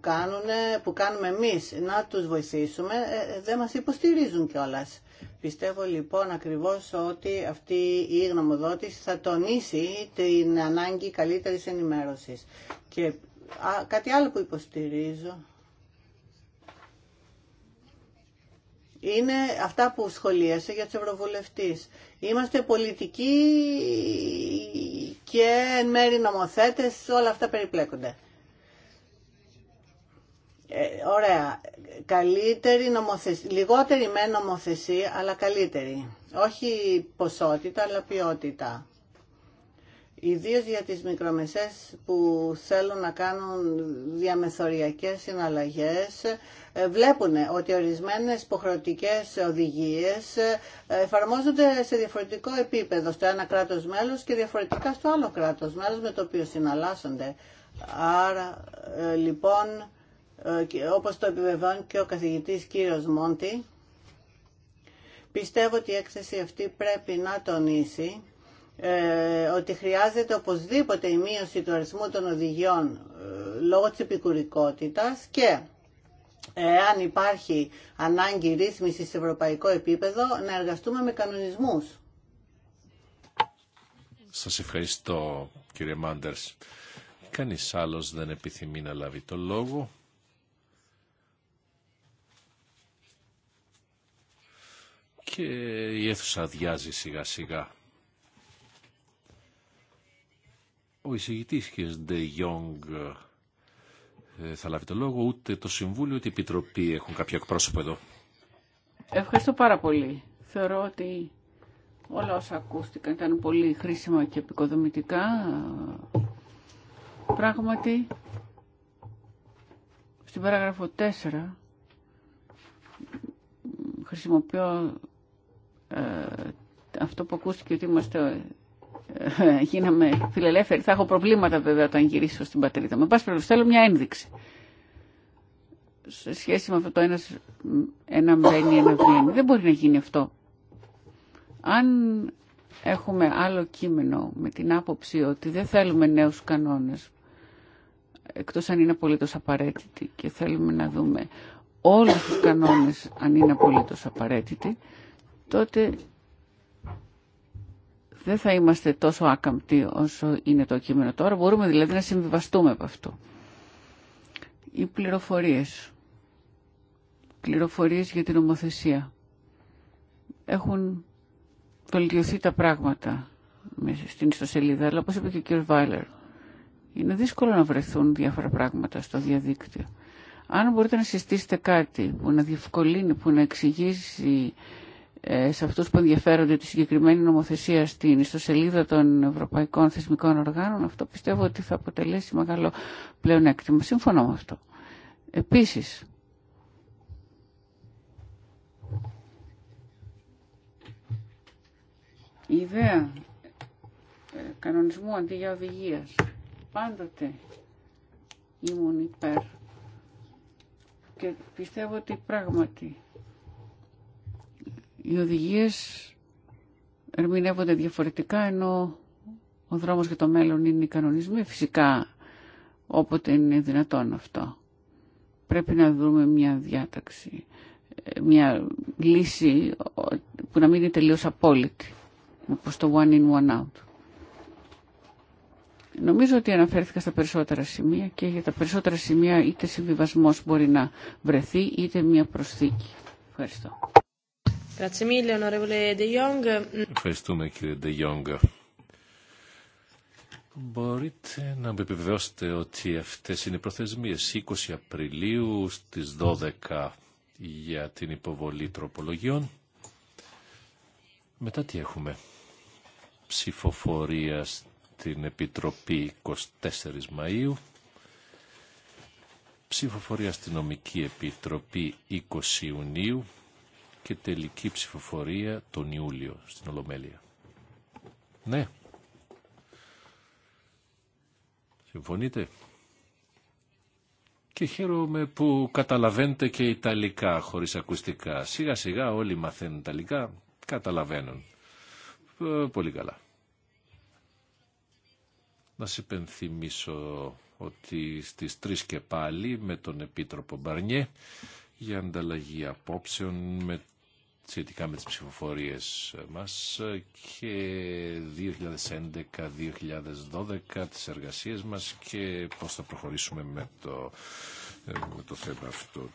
που κάνουμε εμείς να τους βοηθήσουμε, ε, ε, δεν μας υποστηρίζουν κιόλας. Πιστεύω λοιπόν ακριβώς ότι αυτή η γνωμοδότηση θα τονίσει την ανάγκη καλύτερης ενημέρωσης. Και κάτι άλλο που υποστηρίζω είναι αυτά που σχολίασε για τους ευρωβουλευτές. Είμαστε πολιτικοί και εν μέρη νομοθέτες, όλα αυτά περιπλέκονται. Ε, ωραία, καλύτερη νομοθεσία, λιγότερη με νομοθεσία, αλλά καλύτερη. Όχι ποσότητα, αλλά ποιότητα. Ιδίως για τις μικρομεσές που θέλουν να κάνουν διαμεθοριακές συναλλαγές, ε, βλέπουν ότι ορισμένες υποχρεωτικές οδηγίες ε, εφαρμόζονται σε διαφορετικό επίπεδο στο ένα κράτος μέλος και διαφορετικά στο άλλο κράτος μέλος με το οποίο συναλλάσσονται. Άρα, λοιπόν, ε, όπως το επιβεβαιώνει και ο καθηγητής κύριος Μόντι, πιστεύω ότι η έκθεση αυτή πρέπει να τονίσει ε, ότι χρειάζεται οπωσδήποτε η μείωση του αριθμού των οδηγιών ε, λόγω της επικουρικότητας και αν υπάρχει ανάγκη ρύθμιση σε ευρωπαϊκό επίπεδο να εργαστούμε με κανονισμούς. Σας ευχαριστώ κύριε Μάντερς. Κανείς άλλος δεν επιθυμεί να λάβει το λόγο. και η αίθουσα αδειάζει σιγά σιγά. Ο εισηγητής ο Ντε Γιόγκ θα λάβει το λόγο, ούτε το Συμβούλιο, ούτε η Επιτροπή έχουν κάποιο εκπρόσωπο εδώ. Ευχαριστώ πάρα πολύ. Θεωρώ ότι όλα όσα ακούστηκαν ήταν πολύ χρήσιμα και επικοδομητικά. Πράγματι, στην παράγραφο 4 χρησιμοποιώ ε, αυτό που ακούστηκε ότι είμαστε ε, ε, γίναμε φιλελεύθεροι. Θα έχω προβλήματα βέβαια όταν γυρίσω στην πατρίδα μου. Πάση περιπτώσει, θέλω μια ένδειξη. Σε σχέση με αυτό το ένας, ένα μπαίνει, ένα βγαίνει. Δεν μπορεί να γίνει αυτό. Αν έχουμε άλλο κείμενο με την άποψη ότι δεν θέλουμε νέους κανόνες, εκτός αν είναι απολύτως απαραίτητοι και θέλουμε να δούμε όλους τους κανόνες αν είναι απολύτως απαραίτητοι, τότε δεν θα είμαστε τόσο άκαμπτοι όσο είναι το κείμενο τώρα. Μπορούμε δηλαδή να συμβιβαστούμε από αυτό. Οι πληροφορίες. Πληροφορίες για την ομοθεσία. Έχουν βελτιωθεί τα πράγματα στην ιστοσελίδα, αλλά όπως είπε και ο κ. Βάιλερ, είναι δύσκολο να βρεθούν διάφορα πράγματα στο διαδίκτυο. Αν μπορείτε να συστήσετε κάτι που να διευκολύνει, που να εξηγήσει ε, σε αυτούς που ενδιαφέρονται τη συγκεκριμένη νομοθεσία στην ιστοσελίδα των Ευρωπαϊκών Θεσμικών Οργάνων, αυτό πιστεύω ότι θα αποτελέσει μεγάλο πλεονέκτημα. Σύμφωνα με αυτό. Επίσης, η ιδέα ε, κανονισμού αντί για οδηγίας πάντοτε ήμουν υπέρ και πιστεύω ότι πράγματι οι οδηγίες ερμηνεύονται διαφορετικά ενώ ο δρόμος για το μέλλον είναι οι κανονισμοί φυσικά όποτε είναι δυνατόν αυτό. Πρέπει να δούμε μια διάταξη, μια λύση που να μην είναι τελείως απόλυτη, όπως το one in, one out. Νομίζω ότι αναφέρθηκα στα περισσότερα σημεία και για τα περισσότερα σημεία είτε συμβιβασμός μπορεί να βρεθεί είτε μια προσθήκη. Ευχαριστώ. Ευχαριστούμε κύριε Ντε Jong. Μπορείτε να με επιβεβαιώσετε ότι αυτές είναι οι προθεσμίες 20 Απριλίου στις 12 για την υποβολή τροπολογιών. Μετά τι έχουμε. Ψηφοφορία στην Επιτροπή 24 Μαΐου. Ψηφοφορία στην Νομική Επιτροπή 20 Ιουνίου και τελική ψηφοφορία τον Ιούλιο στην Ολομέλεια. Ναι. Συμφωνείτε. Και χαίρομαι που καταλαβαίνετε και Ιταλικά χωρίς ακουστικά. Σιγά σιγά όλοι μαθαίνουν Ιταλικά, καταλαβαίνουν. Ε, πολύ καλά. Να σε υπενθυμίσω ότι στις 3 και πάλι με τον Επίτροπο Μπαρνιέ για ανταλλαγή απόψεων με σχετικά με τις ψηφοφορίες μας και 2011-2012 τις εργασίες μας και πώς θα προχωρήσουμε με το, ε, με το θέμα αυτό.